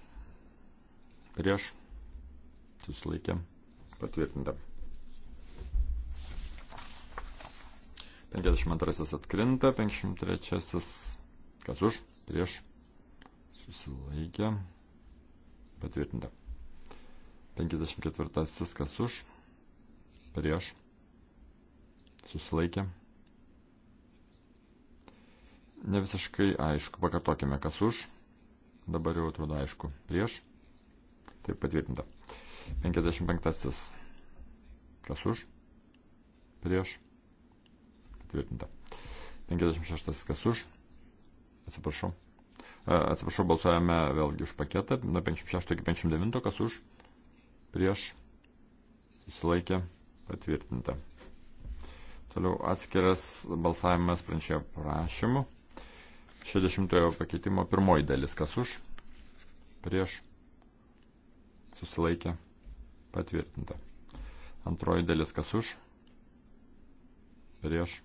Prieš susilaikė patvirtinta. 52 atkrinta, 53 kas už, prieš, susilaikė, patvirtinta. 54 kas už, prieš, susilaikė. Ne visiškai aišku, pakartokime kas už, dabar jau atrodo aišku, prieš, taip patvirtinta. 55. Kas už? Prieš. Tvirtinta. 56. Kas už? Atsiprašau. E, atsiprašau, balsuojame vėlgi už paketą. Nuo 56 iki 59. Kas už? Prieš. Susilaikė. Patvirtinta. Toliau atskiras balsavimas pranešėjo prašymu. 60 pakeitimo pirmoji dalis. Kas už? Prieš. Susilaikė. Patvirtinta. Antroji dalis kas už? Prieš.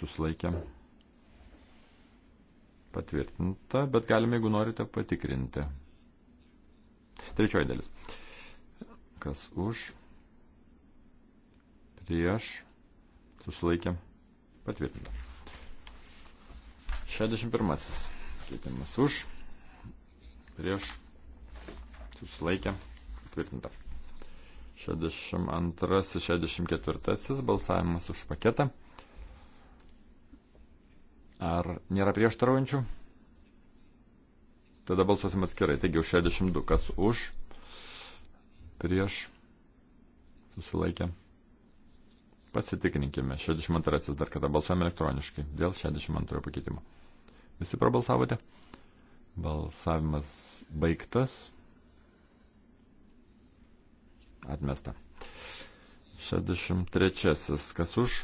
Suslaikė. Patvirtinta, bet galime, jeigu norite, patikrinti. Trečioji dalis. Kas už? Prieš. Suslaikė. Patvirtinta. 61. Keitimas už. Prieš. Susilaikė patvirtinta. 62-64 balsavimas už paketą. Ar nėra prieštaraujančių? Tada balsuosim atskirai. Taigi už 62, kas už, prieš, susilaikė. Pasitikrinkime. 62 dar kada balsuojame elektroniškai dėl 62 pakeitimo. Visi prabalsavote? Balsavimas baigtas. Atmesta. 63. Kas už?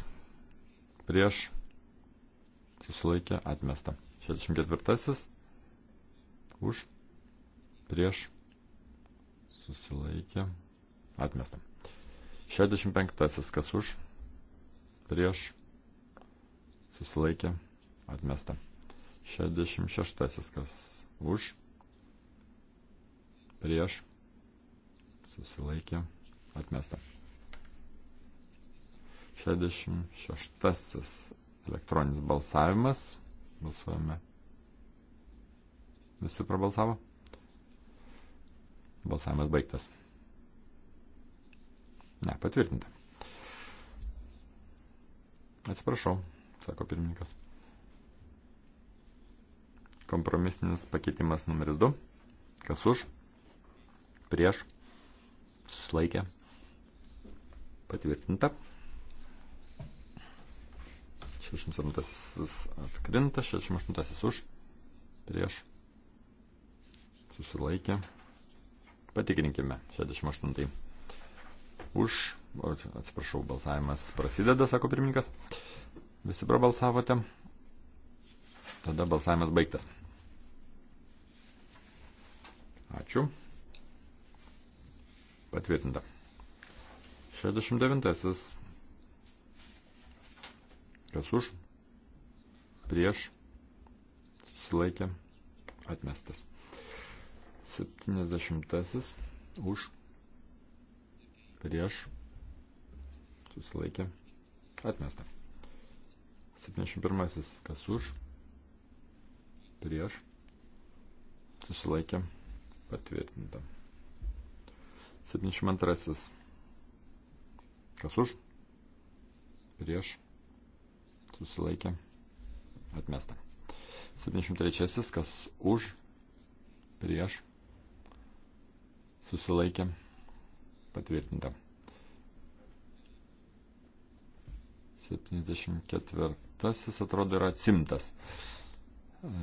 Prieš? Susilaikė? Atmesta. 64. Už? Prieš? Susilaikė? Atmesta. 65. Kas už? Prieš? Susilaikė? Atmesta. 66. Kas už? Prieš? susilaikė, atmesta. 66 elektroninis balsavimas. Balsuojame. Visi prabalsavo? Balsavimas baigtas. Ne, patvirtinta. Atsiprašau, sako pirmininkas. Kompromisinis pakeitimas numeris 2. Kas už? Prieš? susilaikė, patvirtinta. 67 atkrinta, 68 už, prieš, susilaikė. Patikrinkime 68. Už, atsiprašau, balsavimas prasideda, sako pirmininkas. Visi prabalsavote. Tada balsavimas baigtas. Ačiū. Patvirtinta. 69. Kas už? Prieš. Sulaikė. Atmestas. 70. Už. Prieš. Susilaikė. Atmesta. 71. Kas už? Prieš. Susilaikė. Patvirtinta. 72. Kas už? Prieš. Susilaikė. Atmesta. 73. Kas už? Prieš. Susilaikė. Patvirtinta. 74. atrodo yra atsimtas. E,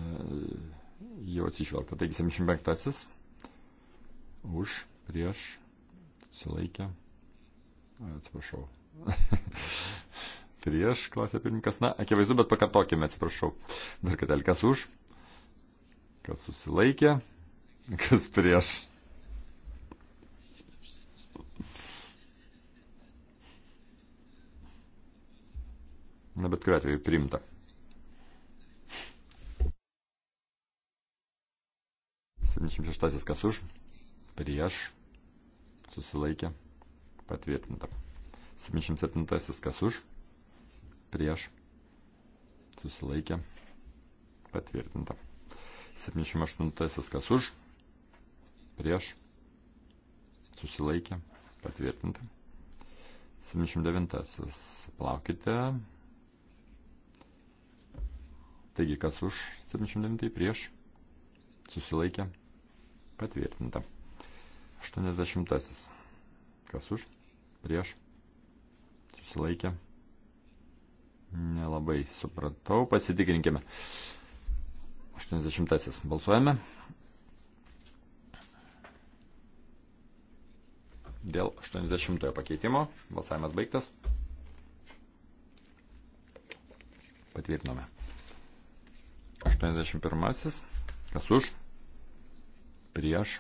jau atsižvelgta. Taigi 75. Už, prieš, Sulaikė. Atsiprašau. Prieš, klausė pirmininkas. Na, akivaizdu, bet pakartokime, atsiprašau. Dar kartelį, kas už, kas susilaikė, kas prieš. Na, bet kuriuo atveju priimta. Septyniasdešimt šeštasis kas už, prieš susilaikė, patvirtinta. 77 kas už, prieš, susilaikė, patvirtinta. 78 kas už, prieš, susilaikė, patvirtinta. 79 plaukite. Taigi kas už 79 prieš, susilaikė, patvirtinta. 80. Kas už? Prieš? Susilaikė? Nelabai supratau. Pasitikrinkime. 80. Balsuojame. Dėl 80 pakeitimo balsavimas baigtas. Patvirtinome. 81. Kas už? Prieš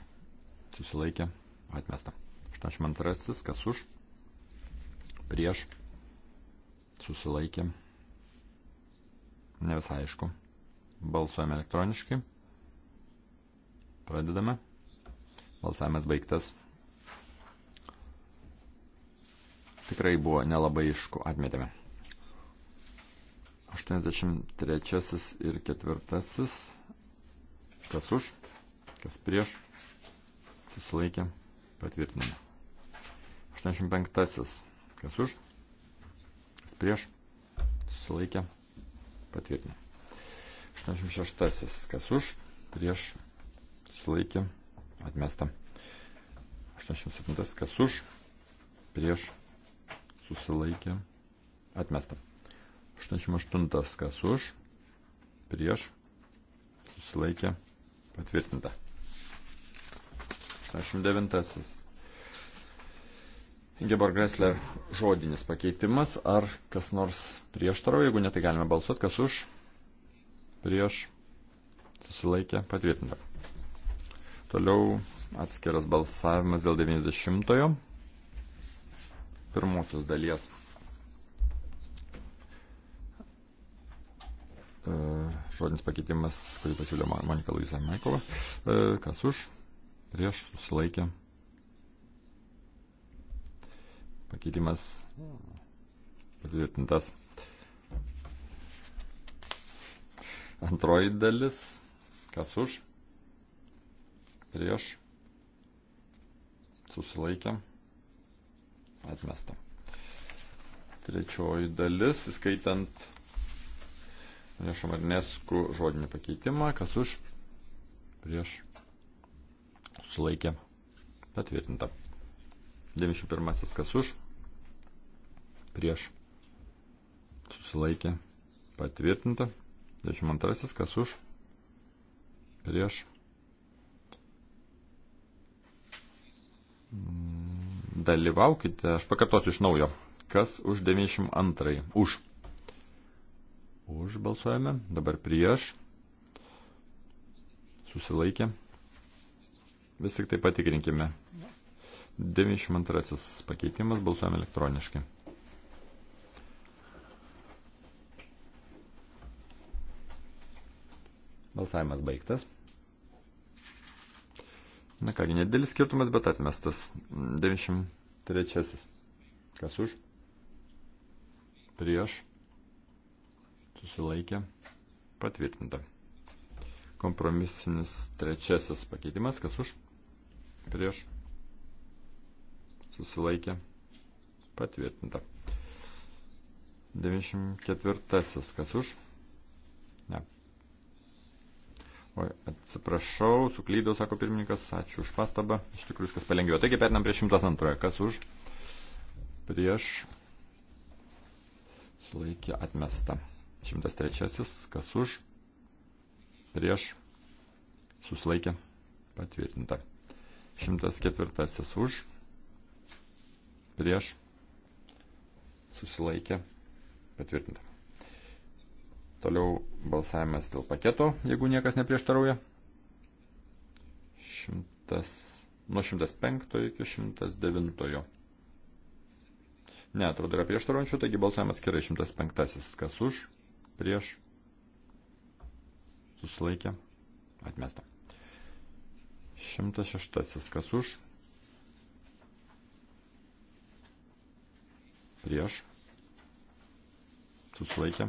susilaikė, atmesta. 82, kas už, prieš, susilaikė, ne visai aišku. Balsuojame elektroniškai. Pradedame. Balsavimas baigtas. Tikrai buvo nelabai išku, atmetėme. 83 ir 4. Kas už, kas prieš, susilaikė, patvirtiname. 85. Kas už? Kas prieš? Susilaikė, patvirtiname. 86. Kas už? Prieš? Susilaikė, atmesta. 87. Kas už? Prieš? Susilaikė, atmesta. 88. Kas už? Prieš? Susilaikė, patvirtinta. 89. Ingeborg Gressler žodinis pakeitimas. Ar kas nors prieštarauja? Jeigu ne, tai galime balsuoti. Kas už? Prieš. Susilaikė. Patvirtinta. Toliau atskiras balsavimas dėl 90-ojo. Pirmosios dalies. E, žodinis pakeitimas, kurį pasiūlė Monika Luisa Maikova. E, kas už? prieš susilaikė. Pakeitimas patvirtintas. Antroji dalis, kas už, prieš susilaikė, atmesta. Trečioji dalis, įskaitant Nešo Marinesku žodinį pakeitimą, kas už, prieš sulaikė, patvirtinta. 91 kas už, prieš, susilaikė, patvirtinta. 92 kas už, prieš. Mm, dalyvaukite, aš pakartosiu iš naujo. Kas už 92? Už. Už balsuojame, dabar prieš. Susilaikė, Vis tik tai patikrinkime. 92 pakeitimas balsuojame elektroniškai. Balsavimas baigtas. Na kągi, nedėlis skirtumas, bet atmestas. 93. Kas už? Prieš. Susilaikė. Patvirtinta. Kompromisinis trečiasis pakeitimas. Kas už? prieš, susilaikė, patvirtinta. 94. Kas už? Ne. Oi, atsiprašau, suklydau, sako pirmininkas, ačiū už pastabą, iš tikrųjų viskas palengvėjo. Taigi, perinam prie 102. Kas už? Prieš. Sulaikė atmesta. 103. Kas už? Prieš. Suslaikė. Patvirtinta. 104 už, prieš, susilaikė, patvirtinta. Toliau balsavimas dėl paketo, jeigu niekas neprieštarauja. Šimtas, nuo 105 iki 109. Ne, atrodo, yra prieštaraujančių, taigi balsavimas skiria 105. Kas už, prieš, susilaikė, atmesta. 106. Kas už? Prieš. Susilaikė.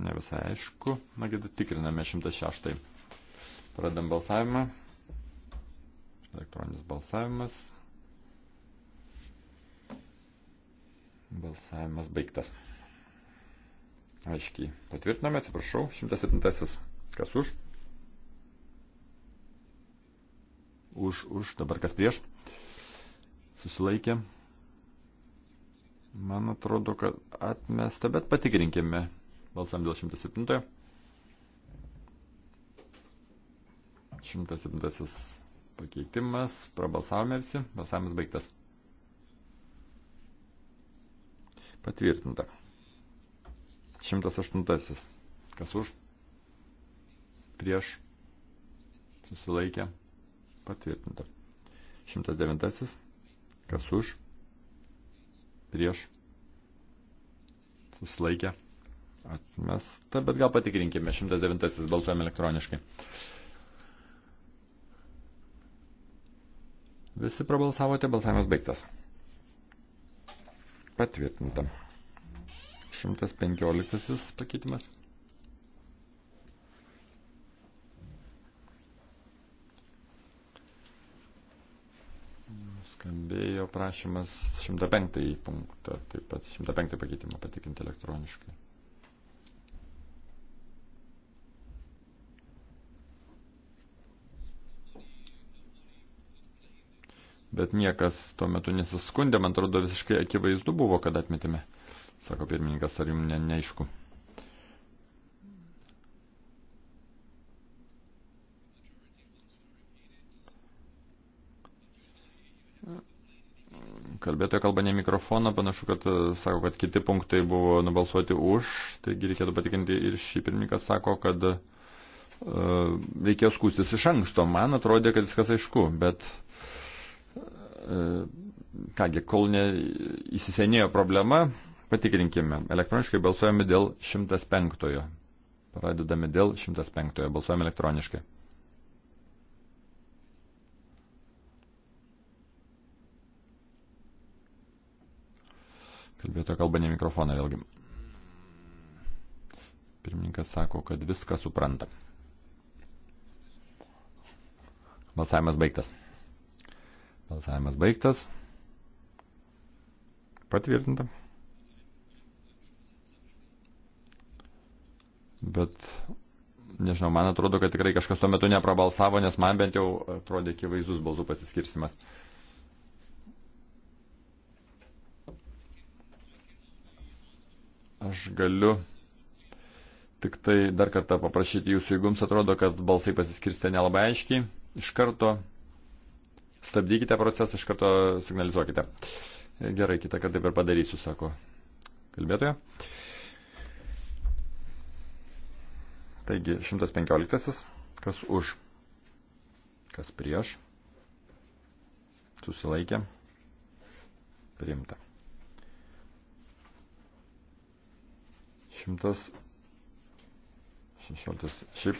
Ne visai aišku. Na, kad tikriname 106. Pradam balsavimą. Elektroninis balsavimas. Balsavimas baigtas. Aiškiai. Patvirtiname, atsiprašau. 107. Kas už? už, už, dabar kas prieš, susilaikė. Man atrodo, kad atmesta, bet patikrinkime balsam dėl 107. 107 pakeitimas, prabalsavome visi, balsavimas baigtas. Patvirtinta. 108. Kas už? Prieš. Susilaikė. Patvirtinta. 109. Kas už? Prieš. Susilaikė. Atmesta, bet gal patikrinkime. 109. Balsuojame elektroniškai. Visi prabalsavote, balsavimas baigtas. Patvirtinta. 115 pakeitimas. skambėjo prašymas 105 punktą, taip pat 105 pakeitimą patikinti elektroniškai. Bet niekas tuo metu nesiskundė, man atrodo visiškai akivaizdu buvo, kad atmetėme, sako pirmininkas, ar jums ne, neaišku. Kalbėtoja kalba ne mikrofoną, panašu, kad e, sako, kad kiti punktai buvo nubalsuoti už, taigi reikėtų patikinti ir šį pirmininką sako, kad uh, reikėjo skūstis iš anksto. Man atrodė, kad viskas aišku, bet uh, kągi, kol neįsisenėjo problema, patikrinkime. Elektroniškai balsuojame dėl 105. Pradedame dėl 105. Balsuojame elektroniškai. Kalbėtojo kalba ne mikrofoną vėlgi. Pirmininkas sako, kad viską supranta. Balsavimas baigtas. Balsavimas baigtas. Patvirtinta. Bet, nežinau, man atrodo, kad tikrai kažkas tuo metu neprabalsavo, nes man bent jau atrodė akivaizdus balsų pasiskirstimas. Aš galiu tik tai dar kartą paprašyti jūsų, jeigu jums atrodo, kad balsai pasiskirstė nelabai aiškiai, iš karto stabdykite procesą, iš karto signalizuokite. Gerai, kitą kartą taip ir padarysiu, sako kalbėtoja. Taigi, 115. Kas už? Kas prieš? Susilaikė. Priimta. 116. Šiaip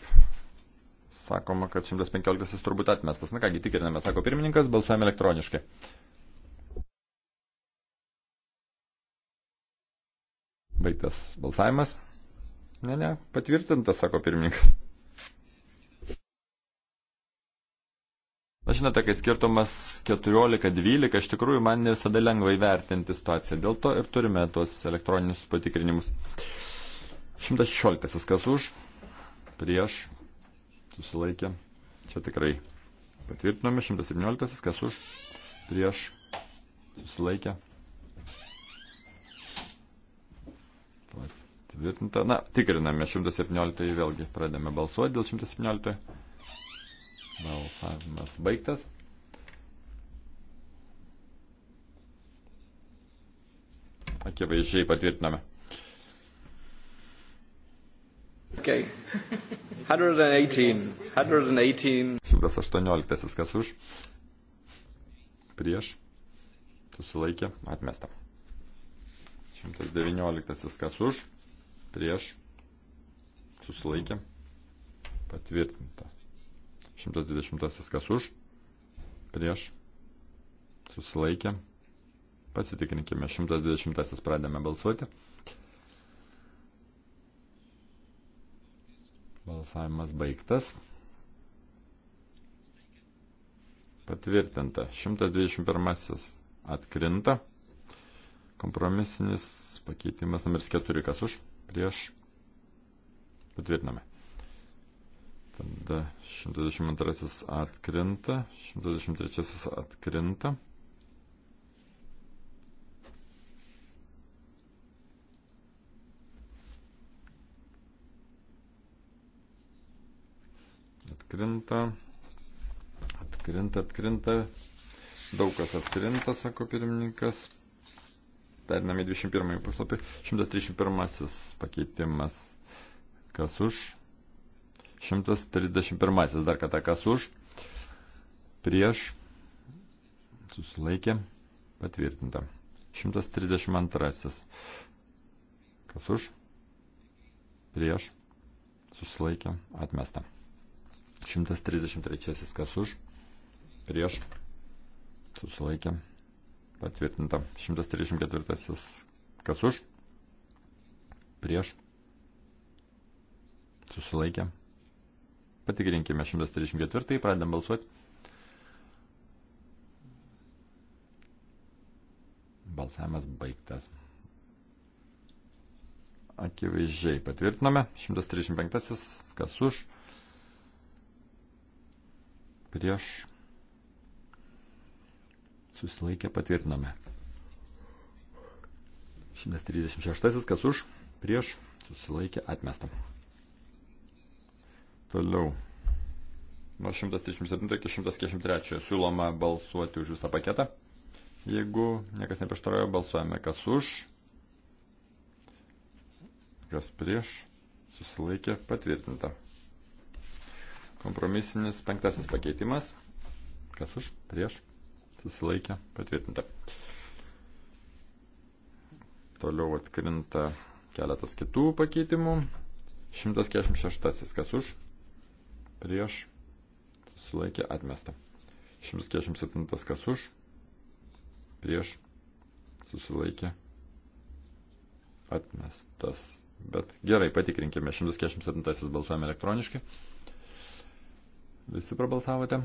sakoma, kad 115 turbūt atmestas. Na kągi, tikriname, sako pirmininkas, balsuojame elektroniškai. Baigtas balsavimas. Ne, ne, patvirtintas, sako pirmininkas. Na, žinote, kai skirtumas 14-12, iš tikrųjų man ne visada lengva įvertinti situaciją. Dėl to ir turime tuos elektroninius patikrinimus. 116 kas už, prieš, susilaikė. Čia tikrai patvirtinome. 117 kas už, prieš, susilaikė. Patvirtinta. Na, tikriname 117 vėlgi. Pradėme balsuoti dėl 117. Balsavimas baigtas. Akivaizdžiai patvirtiname. Okay. 118. 118. 118. Kas už? Prieš. Susilaikė. Atmesta. 119. Kas už? Prieš. Susilaikė. Patvirtinta. 120 kas už, prieš, susilaikė. Pasitikrinkime, 120 pradėme balsuoti. Balsavimas baigtas. Patvirtinta. 121 atkrinta. Kompromisinis pakeitimas numeris 4 kas už, prieš. Patvirtiname. Tada 122 atkrenta, 123 atkrenta. Atkrinta, atkrinta, atkrinta. Daug kas atkrinta, sako pirmininkas. Periname 21 puslapį. 131 pakeitimas. Kas už? 131. Dar kartą kas už. Prieš. Susilaikė. Patvirtinta. 132. Kas už? Prieš. Susilaikė. Atmesta. 133. Kas už? Prieš. Susilaikė. Patvirtinta. 134. Kas už? Prieš. Susilaikė. Patikrinkime 134, pradedam balsuoti. Balsavimas baigtas. Akivaizdžiai patvirtiname. 135, kas už, prieš, susilaikė patvirtiname. 136, kas už, prieš, susilaikė atmestą. Toliau. Nuo 137 iki 143 siūloma balsuoti už visą paketą. Jeigu niekas neprieštarauja, balsuojame kas už, kas prieš, susilaikė patvirtinta. Kompromisinis penktasis pakeitimas. Kas už, prieš, susilaikė patvirtinta. Toliau atkrinta keletas kitų pakeitimų. 146. Kas už, prieš, susilaikė atmesta. 147 kas už, prieš, susilaikė atmestas. Bet gerai, patikrinkime, 147 balsuojame elektroniškai. Visi prabalsavote.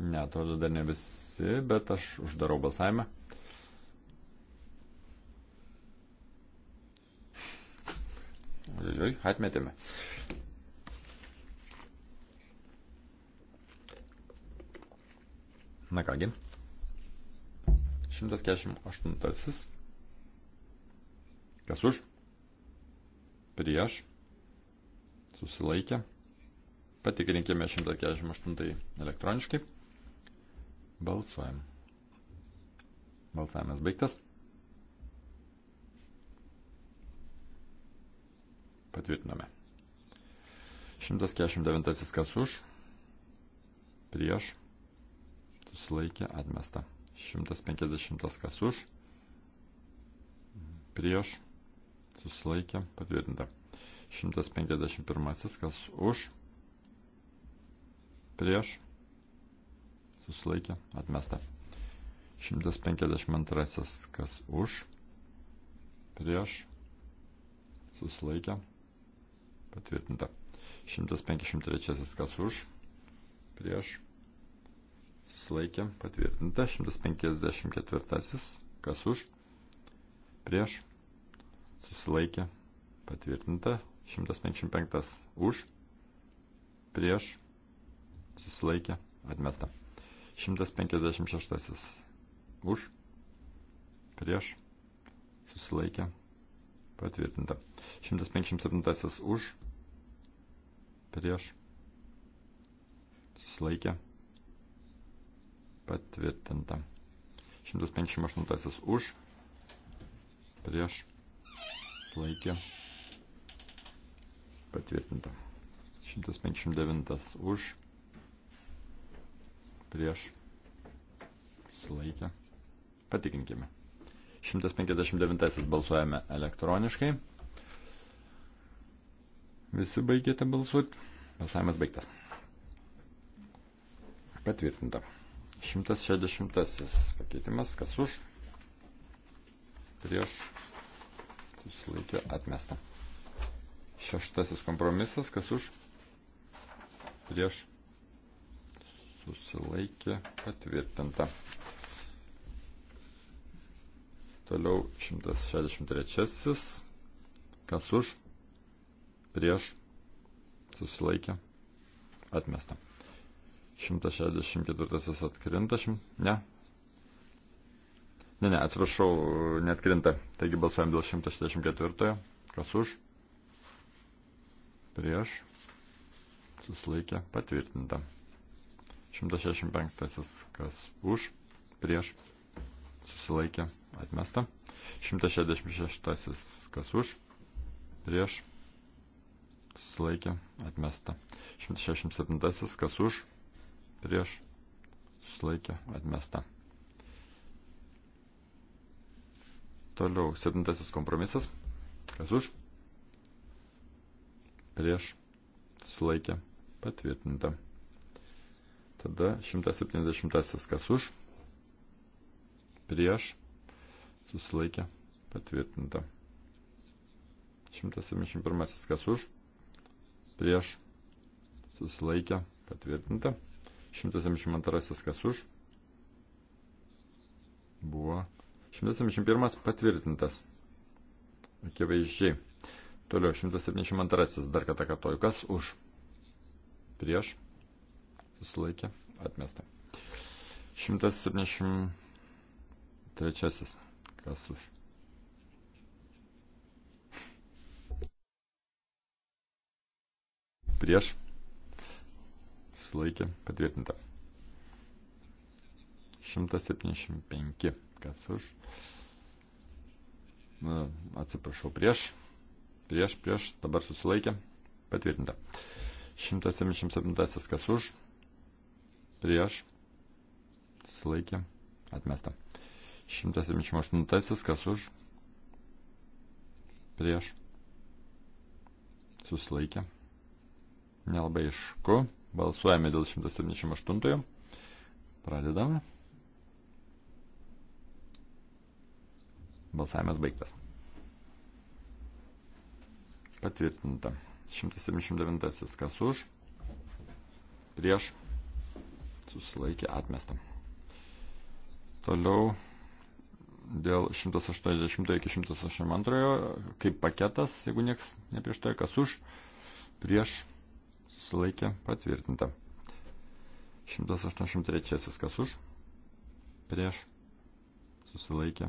Ne, atrodo dar ne visi, bet aš uždarau balsavimą. Oi, atmetėme. Na kągi. 148. Kas už? Prieš. Susilaikė. Patikrinkime 148 elektroniškai. Balsuojam. Balsavimas baigtas. patvirtiname. 149 kas už, prieš, susilaikė, atmesta. 150 kas už, prieš, susilaikė, patvirtinta. 151 kas už, prieš, susilaikė, atmesta. 152 kas už, prieš, susilaikė, Patvirtinta. 153 kas už, prieš, susilaikė, patvirtinta. 154 kas už, prieš, susilaikė, patvirtinta. 155 už, prieš, susilaikė, atmesta. 156 už, prieš, susilaikė, Patvirtinta. 157 už. Prieš. Susilaikė. Patvirtinta. 158 už. Prieš. Susilaikė. Patvirtinta. 159 už. Prieš. Susilaikė. Patikrinkime. 159 balsuojame elektroniškai. Visi baigėte balsuoti. Balsavimas baigtas. Patvirtinta. 160 pakeitimas. Kas už? Prieš. Susilaikė atmesta. Šeštasis kompromisas. Kas už? Prieš. Susilaikė patvirtinta. Toliau 163. Kas už? Prieš? Susilaikė? Atmesta. 164 atkrinta. Šim... Ne. Ne, ne, atsiprašau, netkrinta. Taigi balsuojam dėl 164. Kas už? Prieš? Susilaikė? Patvirtinta. 165. Kas už? Prieš? Susilaikė? atmesta. 166 kas už, prieš, susilaikė, atmesta. 167 kas už, prieš, susilaikė, atmesta. Toliau, septintasis kompromisas. Kas už? Prieš, susilaikė, patvirtinta. Tada 170 kas už, prieš, susilaikė, patvirtinta. 171 kas už, prieš, susilaikė, patvirtinta. 172 kas už, buvo. 171 patvirtintas. Akivaizdžiai. Toliau 172. Dar kartą kartoju. Kas už? Prieš. Susilaikė. Atmesta. 173. Kas už? Prieš. Sulaikė. Patvirtinta. 175. Kas už? Na, atsiprašau, prieš. Prieš, prieš. Dabar susilaikė. Patvirtinta. 177. Kas už? Prieš. Sulaikė. Atmesta. 178 kas už, prieš, susilaikė. Nelabai išku. Balsuojame dėl 178. Pradedame. Balsavimas baigtas. Patvirtinta. 179 kas už, prieš, susilaikė atmestą. Toliau dėl 180 iki 182 kaip paketas, jeigu nieks neprieštoja, kas už, prieš susilaikė patvirtinta. 183 kas už, prieš susilaikė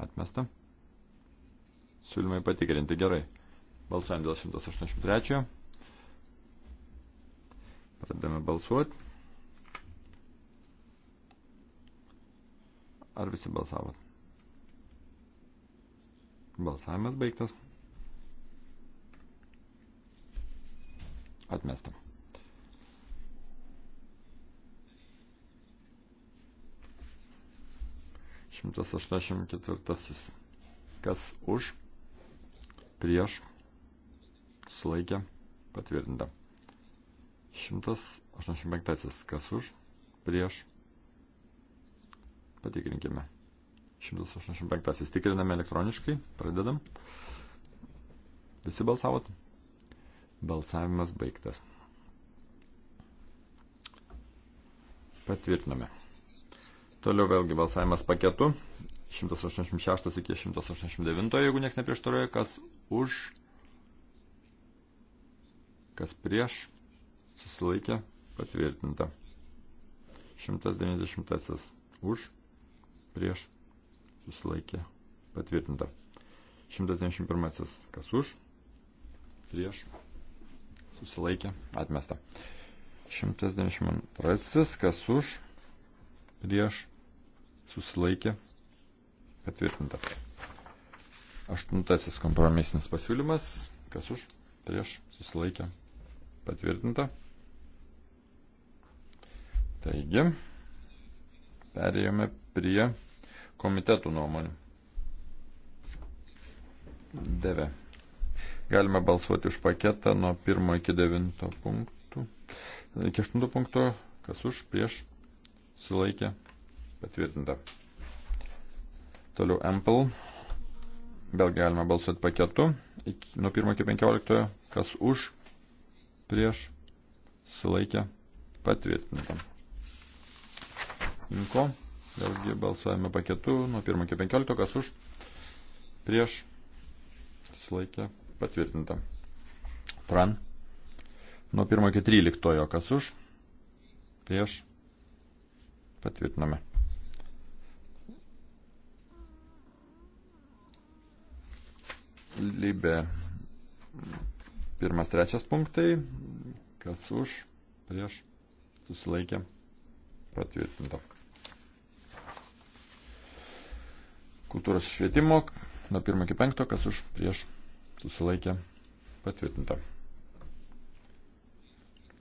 atmesta. Siūlymai patikrinti gerai. Balsuojam dėl 183. Pradame balsuoti. Ar visi balsavot? Balsavimas baigtas. Atmestam. Šimtas aštuoniasdešimt ketvirtasis. Kas už, prieš, sulaikė, patvirtinta. Šimtas aštuoniasdešimt penktasis. Kas už, prieš, patikrinkime. 185. Tikriname elektroniškai. Pradedam. Visi balsavot? Balsavimas baigtas. Patvirtiname. Toliau vėlgi balsavimas paketu. 186 iki 189, jeigu nieks neprieštaroja, kas už, kas prieš, susilaikė, patvirtinta. 190 už, prieš, susilaikė patvirtinta. 191. Kas už, prieš, susilaikė atmesta. 192. Kas už, prieš, susilaikė patvirtinta. Aštuntasis kompromisinis pasiūlymas. Kas už, prieš, susilaikė patvirtinta. Taigi, perėjome prie komitetų nuomonių. Deve. Galime balsuoti už paketą nuo 1 iki 9 punktų. Iki 8 punkto, kas už, prieš, sulaikė, patvirtinta. Toliau Ample. Vėl galime balsuoti paketu. Iki, nuo 1 iki 15, kas už, prieš, sulaikė, patvirtinta. Inko. Vėlgi balsuojame paketu nuo 1 iki 15, kas už, prieš, susilaikė, patvirtinta. Tran. Nuo 1 iki 13, kas už, prieš, patvirtiname. Lybė. Pirmas, trečias punktai. Kas už, prieš, susilaikė, patvirtinta. kultūros švietimo, nuo 1 iki 5, kas už prieš susilaikė patvirtinta.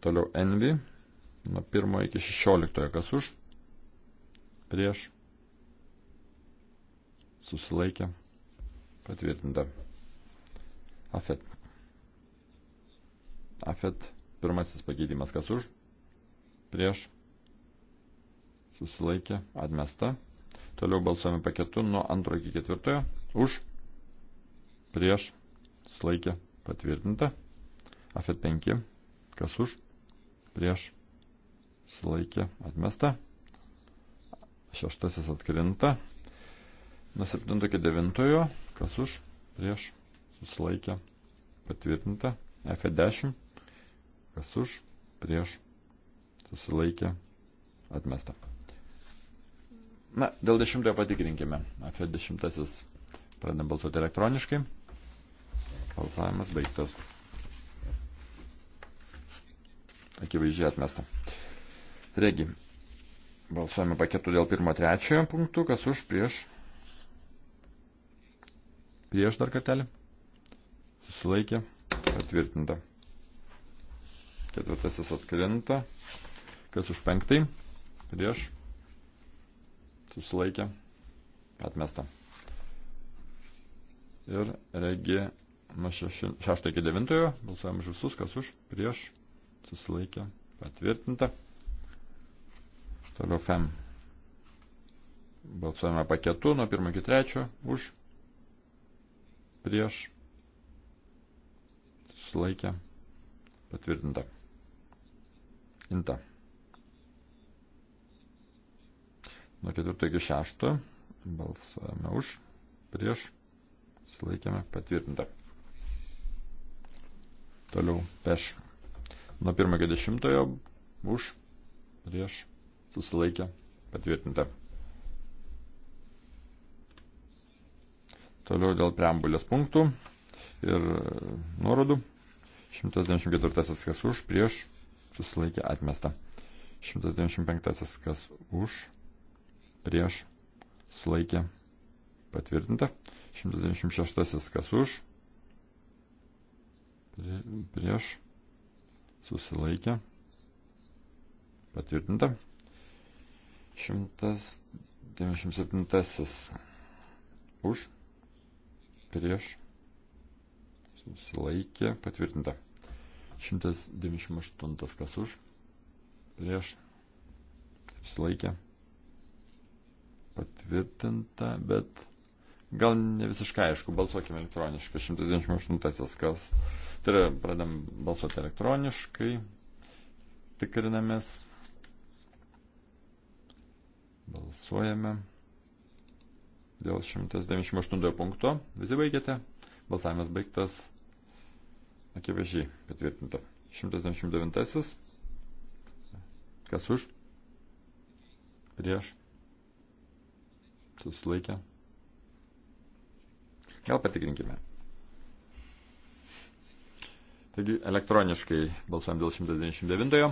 Toliau Envy, nuo 1 iki 16, kas už prieš susilaikė patvirtinta. Afet. Afet pirmasis pakeitimas, kas už prieš susilaikė atmesta. Toliau balsuojame paketu nuo antro iki ketvirtojo. Už, prieš, slaikė, patvirtinta. Afet 5, kas už, prieš, slaikė, atmesta. Šeštasis atkrinta. Nuo septinto iki devintojo, kas už, prieš, susilaikė, patvirtinta. F10, kas už, prieš, susilaikė, atmesta. Na, dėl dešimtojo patikrinkime. Apie dešimtasis pradedam balsuoti elektroniškai. Balsavimas baigtas. Akivaizdžiai atmesta. Regi, balsuojame paketu dėl pirmo trečiojo punktų, kas už prieš. Prieš dar kartelį. Susilaikė. Patvirtinta. Ketvirtasis atkrinta. Kas už penktai? Prieš susilaikė, atmesta. Ir regi nuo 6 iki 9, balsuojam už visus, kas už, prieš, susilaikė, patvirtinta. Toliau FEM. Balsuojame paketu nuo 1 iki 3, už, prieš, susilaikė, patvirtinta. Inta. Nuo 4 iki 6 balsuojame už, prieš, sulaikėme, patvirtinta. Toliau peš. Nuo 1 iki 10 už, prieš, susilaikė, patvirtinta. Toliau dėl preambulės punktų ir nuorodų. 194 kas už, prieš, susilaikė atmesta. 195 kas už, prieš, sulaikė, patvirtinta. 196 kas už, prieš, susilaikė, patvirtinta. 197 už, prieš, susilaikė, patvirtinta. 198 kas už, prieš, susilaikė, patvirtinta patvirtinta, bet gal ne visiškai aišku, balsuokime elektroniškai, 198 kas. Tai yra, pradam balsuoti elektroniškai, tikrinamės, balsuojame dėl 198 punkto. Visi baigėte, balsavimas baigtas, akivaizdžiai patvirtinta. 199. Kas už? Prieš susilaikė. Gal patikrinkime. Taigi elektroniškai balsuojam dėl 199.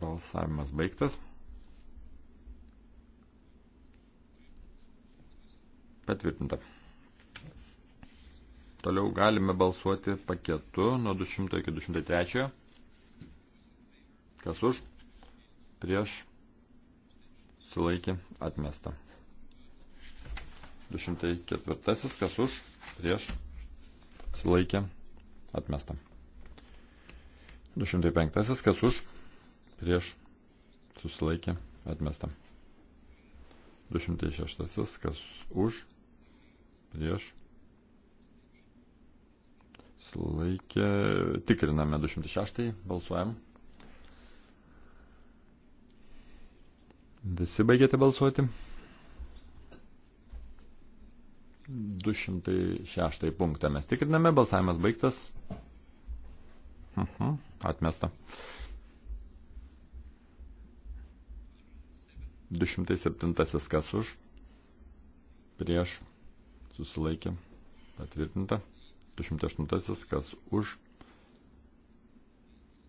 Balsavimas baigtas. Patvirtinta. Toliau galime balsuoti paketu nuo 200 iki 203. Kas už? Prieš. Sulaikė. Atmesta. 204. Kas už? Prieš. Sulaikė. Atmesta. 205. Kas už? Prieš. Susilaikė. Atmesta. 206. Kas už? Prieš. Sulaikė. Tikriname 206. Balsuojam. Visi baigėte balsuoti. 206 punktą mes tikriname, balsavimas baigtas. Uh mhm, -huh, atmesta. 207 kas už, prieš, susilaikė, patvirtinta. 208 kas už,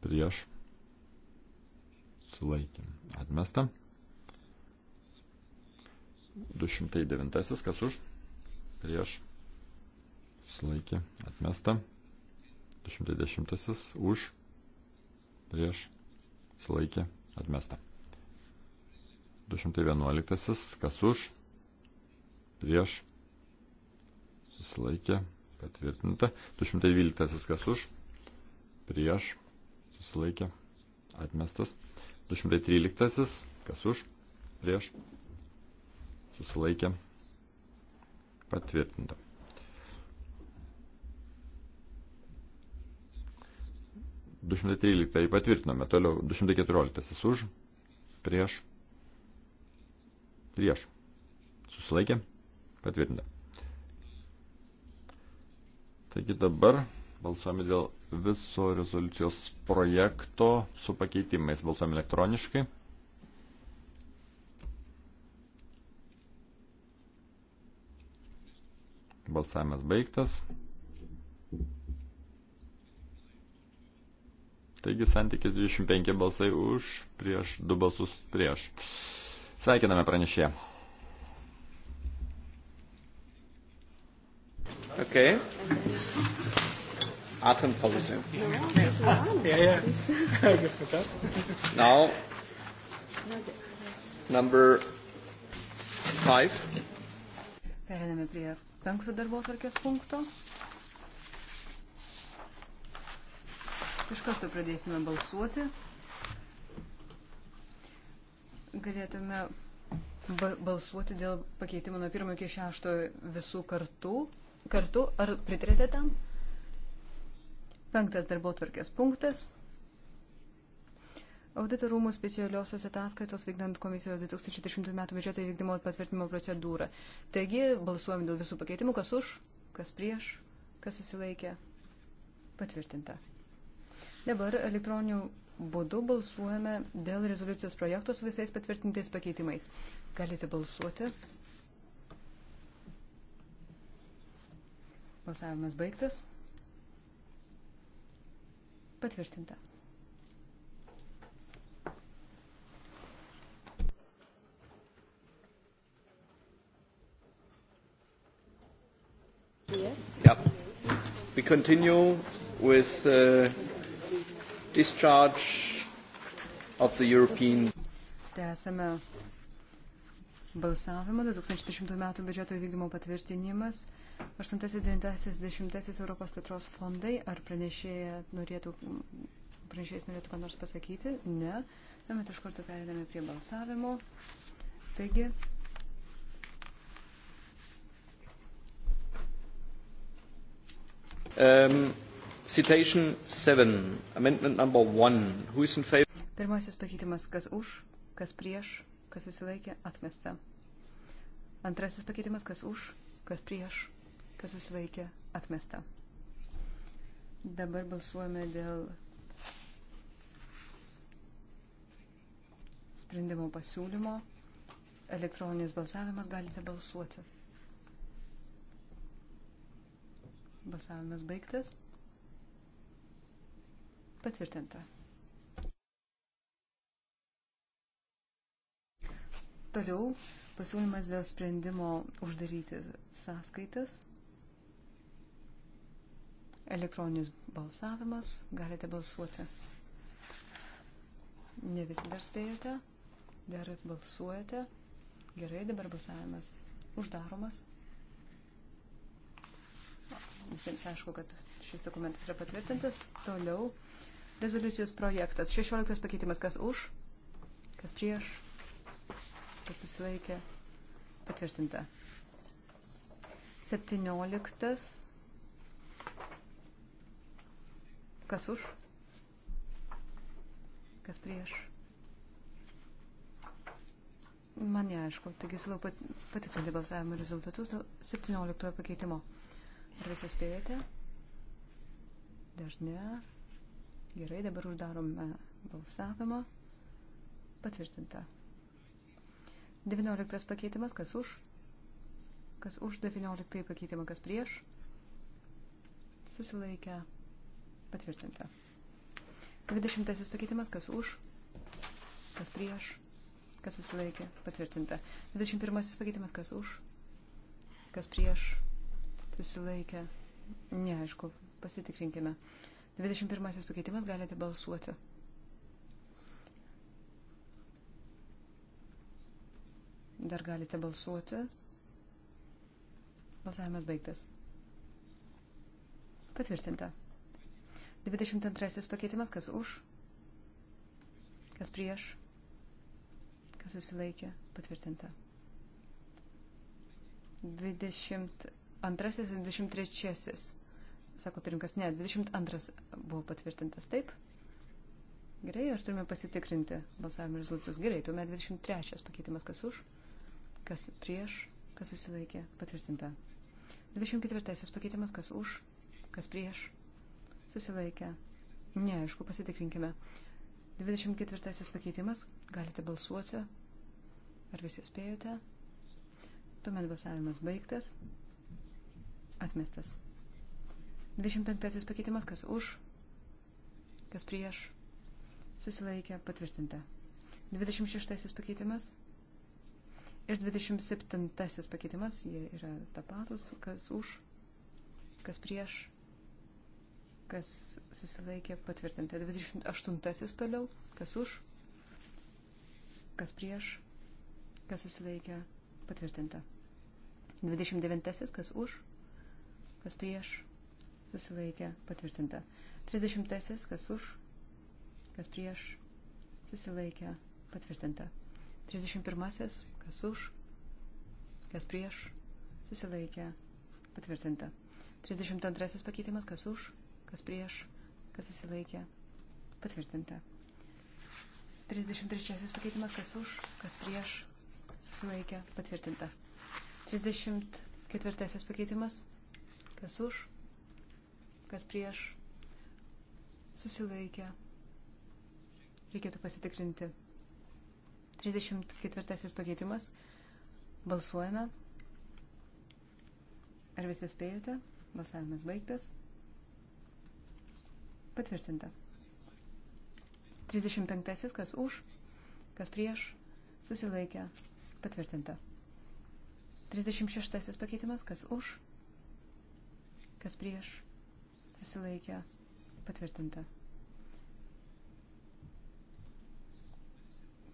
prieš, sulaikė, atmesta. 209, kas už, prieš, sulaikė, atmesta. 210, už, prieš, sulaikė, atmesta. 211, kas už, prieš, susilaikė, patvirtinta. 212, kas už, prieš, susilaikė, atmestas. 213, kas už, prieš, susilaikė, patvirtinta. Du šimtai tryliktąjį patvirtinome, toliau du šimtai keturioliktasis už, prieš, prieš, susilaikė, patvirtinta. Taigi dabar balsuojame dėl viso rezoliucijos projekto su pakeitimais. Balsuojame elektroniškai. Balsavimas baigtas. Taigi santykis 25 balsai už, prieš 2 balsus prieš. Sveikiname pranešėją. Okay. Atempause. Yeah, yeah. Now, number five. Pereiname prie penkto darbo tvarkės punkto. Iš karto pradėsime balsuoti. Galėtume ba balsuoti dėl pakeitimo nuo pirmo iki šešto visų kartų. Kartu, ar pritarėte tam? Penktas darbo tvarkės punktas. Audito rūmų specialiosios ataskaitos vykdant komisijos 2010 m. biudžeto įvykdymo patvirtinimo procedūrą. Taigi, balsuojam dėl visų pakeitimų, kas už, kas prieš, kas susilaikė. Patvirtinta. Dabar elektroniniu būdu balsuojame dėl rezoliucijos projekto su visais patvirtintais pakeitimais. Galite balsuoti. Balsavimas baigtas. Patvirtinta. continue with uh, discharge of the European. Tęsame balsavimą 2010 metų biudžeto įvykdymo patvirtinimas. 8.9.10 Europos plėtros fondai. Ar pranešėjas norėtų, pranešėjas norėtų ką nors pasakyti? Ne. Tuomet iš karto perėdame prie balsavimo. Taigi, Um, citation 7, amendment number 1. Who is in favor? Pirmasis pakeitimas, kas už, kas prieš, kas susilaikė, atmesta. Antrasis pakeitimas, kas už, kas prieš, kas susilaikė, atmesta. Dabar balsuojame dėl sprendimo pasiūlymo. Elektroninis balsavimas galite balsuoti. Balsavimas baigtas. Patvirtinta. Toliau pasiūlymas dėl sprendimo uždaryti sąskaitas. Elektroninis balsavimas. Galite balsuoti. Ne visi dar spėjote, dar balsuojate. Gerai, dabar balsavimas uždaromas visiems aišku, kad šis dokumentas yra patvirtintas. Toliau rezoliucijos projektas. 16 pakeitimas, kas už, kas prieš, kas susilaikė, patvirtinta. 17. Kas už? Kas prieš? Man neaišku, taigi siūlau patikrinti balsavimo rezultatus 17 pakeitimo. Ar visi spėjote? Dar ne. Gerai, dabar uždarome balsavimą. Patvirtinta. 19 pakeitimas, kas už? Kas už 19 pakeitimą, kas prieš? Susilaikę. Patvirtinta. 20 pakeitimas, kas už? Kas prieš? Kas susilaikė? Patvirtinta. 21 pakeitimas, kas už? Kas prieš? susilaikę. Neaišku, pasitikrinkime. 21 pakeitimas galite balsuoti. Dar galite balsuoti. Balsavimas baigtas. Patvirtinta. 22 pakeitimas, kas už, kas prieš, kas susilaikė, patvirtinta. 20 antrasis ir 23. Sako pirinkas, ne, 22 buvo patvirtintas taip. Gerai, ar turime pasitikrinti balsavimo rezultatus? Gerai, tuomet 23 pakeitimas, kas už, kas prieš, kas susilaikė, patvirtinta. 24 pakeitimas, kas už, kas prieš, susilaikė. Neaišku, pasitikrinkime. 24 pakeitimas, galite balsuoti. Ar visi spėjote? Tuomet balsavimas baigtas. Atmestas. 25 pakeitimas, kas už, kas prieš, susilaikė, patvirtinta. 26 pakeitimas ir 27 pakeitimas, jie yra tapatus, kas už, kas prieš, kas susilaikė patvirtinti. 28 toliau, kas už, kas prieš, kas susilaikė patvirtinta. 29 kas už, kas prieš, susilaikė, patvirtinta. 30. kas už, kas prieš, susilaikė, patvirtinta. 31. kas už, kas prieš, susilaikė, patvirtinta. 32. pakeitimas, kas už, kas prieš, kas susilaikė, patvirtinta. 33 pakeitimas, kas už, kas prieš, susilaikė, patvirtinta. 34 pakeitimas, kas už, kas prieš, susilaikė. Reikėtų pasitikrinti. 34 pakeitimas. Balsuojame. Ar visi spėjote? Balsavimas baigtas. Patvirtinta. 35. Kas už, kas prieš, susilaikė. Patvirtinta. 36. pakeitimas. Kas už, kas prieš, susilaikė, patvirtinta.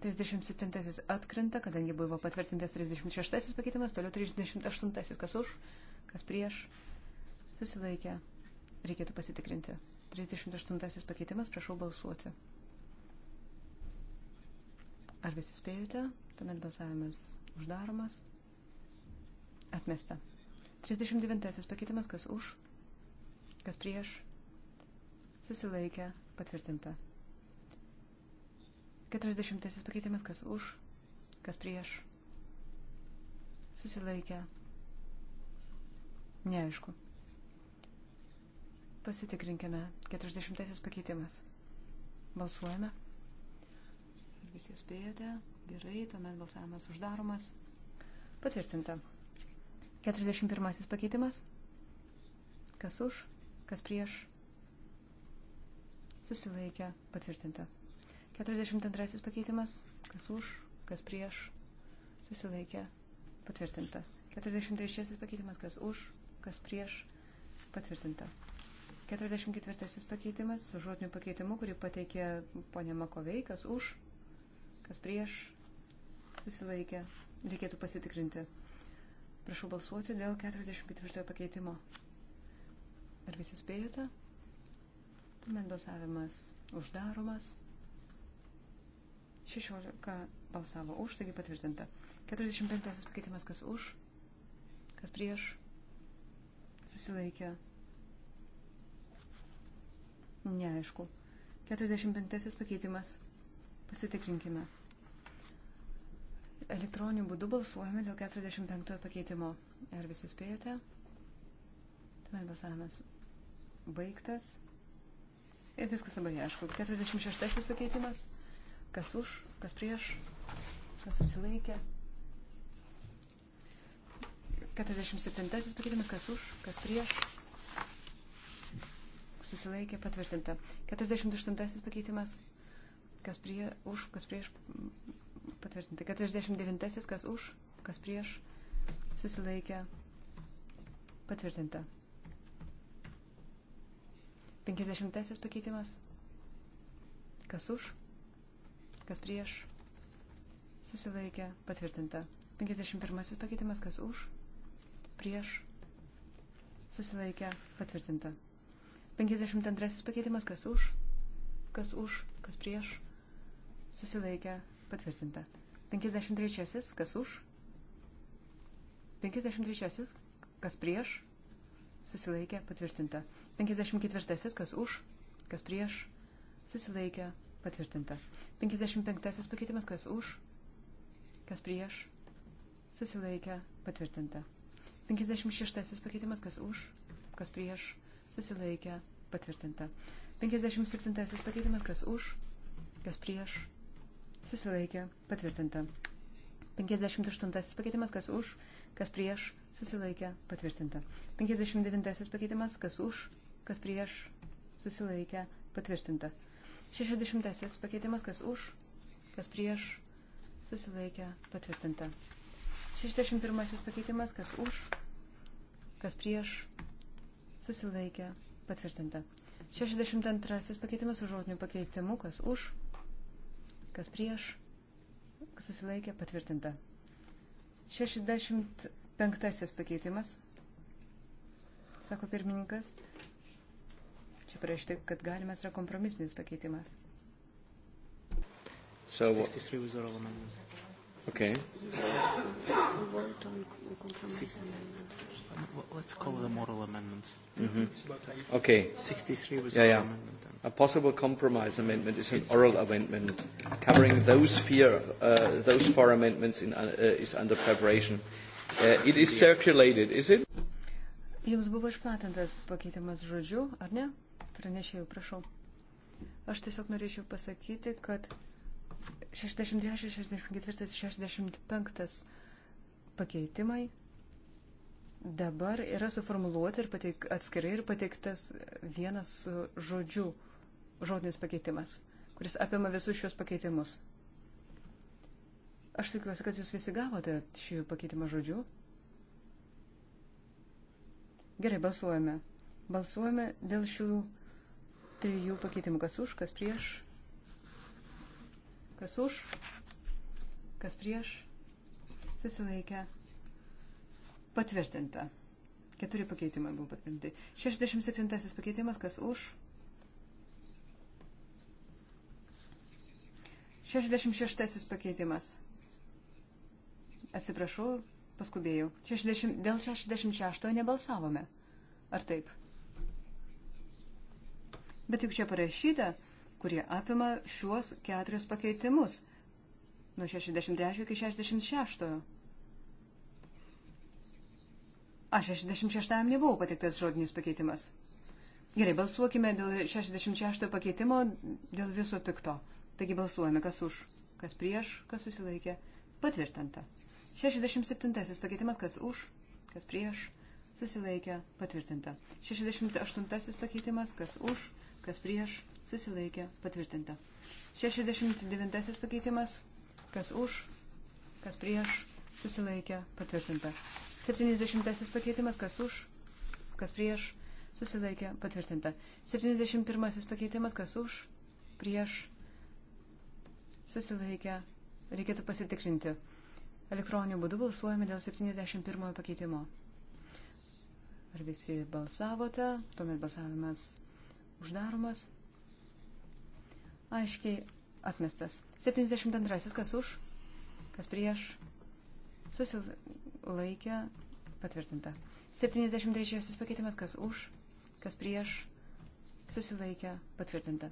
37 atkrinta, kadangi buvo patvirtintas 36 pakeitimas, toliau 38 kas už, kas prieš, susilaikė, reikėtų pasitikrinti. 38 pakeitimas, prašau balsuoti. Ar visi spėjote? Tuomet balsavimas uždaromas. Atmesta. 39 pakeitimas, kas už, kas prieš, susilaikė, patvirtinta. 40 pakeitimas, kas už, kas prieš, susilaikė, neaišku. Pasitikrinkime, 40 pakeitimas. Balsuojame. Visi spėjote, gerai, tuomet balsavimas uždaromas. Patvirtinta. 41 pakeitimas. Kas už, kas prieš. Susilaikė patvirtinta. 42 pakeitimas. Kas už, kas prieš. Susilaikė patvirtinta. 43 pakeitimas. Kas už, kas prieš. Patvirtinta. 44 pakeitimas su žodiniu pakeitimu, kurį pateikė ponė Makovei, kas už, kas prieš, susilaikė. Reikėtų pasitikrinti. Prašau balsuoti dėl 44 pakeitimo. Ar visi spėjote? Tuomet balsavimas uždaromas. 16 balsavo už, taigi patvirtinta. 45 pakeitimas kas už, kas prieš, susilaikė. Neaišku. 45 pakeitimas. Pasitikrinkime. Elektroniniu būdu balsuojame dėl 45 pakeitimo. Ar visi spėjote? Tuomet balsavimas baigtas. Ir viskas labai aišku. 46 pakeitimas. Kas už, kas prieš, kas susilaikė. 47 pakeitimas. Kas už, kas prieš. Susilaikė patvirtinta. 48 pakeitimas. Kas prie, už, kas prieš Patvirtinta. 49. Kas už, kas prieš. Susilaikė. Patvirtinta. 50. pakeitimas. Kas už, kas prieš. Susilaikė. Patvirtinta. 51. pakeitimas. Kas už, prieš. Susilaikė. Patvirtinta. 52. pakeitimas. Kas už, kas už, kas prieš. Susilaikė. Patvirtinta. 53. Kas už? 53. Kas prieš? Susilaikė. Patvirtinta. 54. Kas už? Kas prieš? Susilaikė. Patvirtinta. 55. Pakeitimas. Kas už? Kas prieš? Susilaikė. Patvirtinta. 56. Pakeitimas. Kas už? Kas prieš? Susilaikė. Patvirtinta. 57. Pakeitimas. Kas už? Kas prieš? susilaikė, patvirtinta. 58 pakeitimas, kas už, kas prieš, susilaikė, patvirtinta. 59 pakeitimas, kas už, kas prieš, susilaikė, patvirtinta. 60 pakeitimas, kas už, kas prieš, susilaikė, patvirtinta. 61 pakeitimas, kas už, kas prieš, susilaikė, patvirtinta. 62 pakeitimas su žodiniu pakeitimu, kas už, Kas prieš? Kas susilaikė? Patvirtinta. 65 pakeitimas. Sako pirmininkas. Čia parašyti, kad galimas yra kompromisinis pakeitimas. So, 63 was oral amendment. Okay. We vote on compromise amendment. Let's call it a moral amendment. Mm-hmm. Okay. 63 was yeah, yeah. amendment. Then. A possible compromise amendment is an oral amendment covering those, fear, uh, those four amendments in, uh, uh, is under preparation. Uh, it is circulated, is it? Jums buvo išplatintas pakeitimas žodžiu, ar ne? Pranešėjau, prašau. Aš tiesiog norėčiau pasakyti, kad 63, 64, 65 pakeitimai dabar yra suformuluoti ir pateik, atskirai ir pateiktas vienas žodžių, žodinis pakeitimas, kuris apima visus šios pakeitimus. Aš tikiuosi, kad jūs visi gavote šį pakeitimą žodžių. Gerai, balsuojame. Balsuojame dėl šių trijų pakeitimų. Kas už, kas prieš, Kas už, kas prieš, susilaikė. Patvirtinta. Keturi pakeitimai buvo patvirtinti. 67 pakeitimas, kas už. 66 pakeitimas. Atsiprašau, paskubėjau. 60, dėl 66 nebalsavome. Ar taip? Bet juk čia parašyta, kurie apima šiuos keturis pakeitimus nuo 63 iki 66. A, 66 nebuvo patiktas žodinis pakeitimas. Gerai, balsuokime dėl 66 pakeitimo, dėl viso pikto. Taigi balsuojame, kas už, kas prieš, kas susilaikė. Patvirtinta. 67 pakeitimas, kas už, kas prieš, susilaikė. Patvirtinta. 68 pakeitimas, kas už, kas prieš, susilaikė, patvirtinta. 69 pakeitimas, kas už, kas prieš, susilaikė, patvirtinta. 70 pakeitimas, kas už, kas prieš, susilaikė, patvirtinta. 71 pakeitimas, kas už, prieš, susilaikė, reikėtų pasitikrinti. Elektroniniu būdu balsuojame dėl 71 pakeitimo. Ar visi balsavote? Tuomet balsavimas uždaromas. Aiškiai atmestas. 72. Kas už, kas prieš, susilaikė, patvirtinta. 73. pakeitimas, kas už, kas prieš, susilaikė, patvirtinta.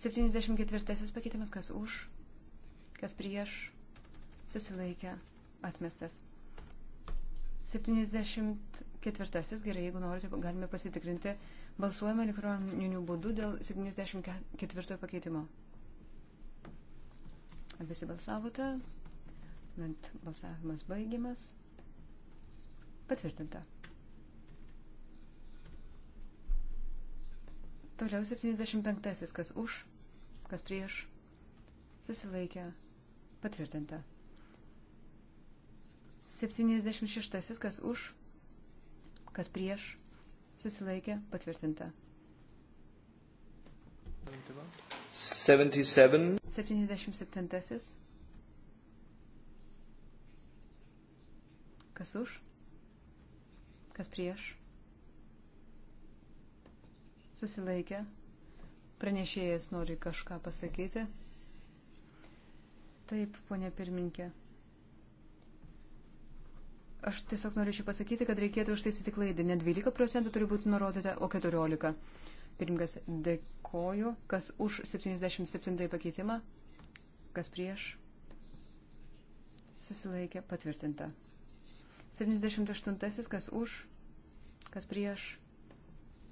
74. pakeitimas, kas už, kas prieš, susilaikė, atmestas. 74. Gerai, jeigu norite, galime pasitikrinti Balsuojame elektroniniu būdu dėl 74 pakeitimo. Visi balsavote, bet balsavimas baigiamas. Patvirtinta. Toliau 75. Kas už, kas prieš. Susilaikė. Patvirtinta. 76. Kas už, kas prieš susilaikė, patvirtinta. 77. 77. Kas už? Kas prieš? Susilaikė. Pranešėjas nori kažką pasakyti. Taip, ponė pirminkė. Aš tiesiog norėčiau pasakyti, kad reikėtų užtaisyti klaidą. Ne 12 procentų turi būti nurodyta, o 14. Pirmkas, dėkoju. Kas už 77 pakeitimą? Kas prieš? Susilaikė patvirtinta. 78. Kas už? Kas prieš?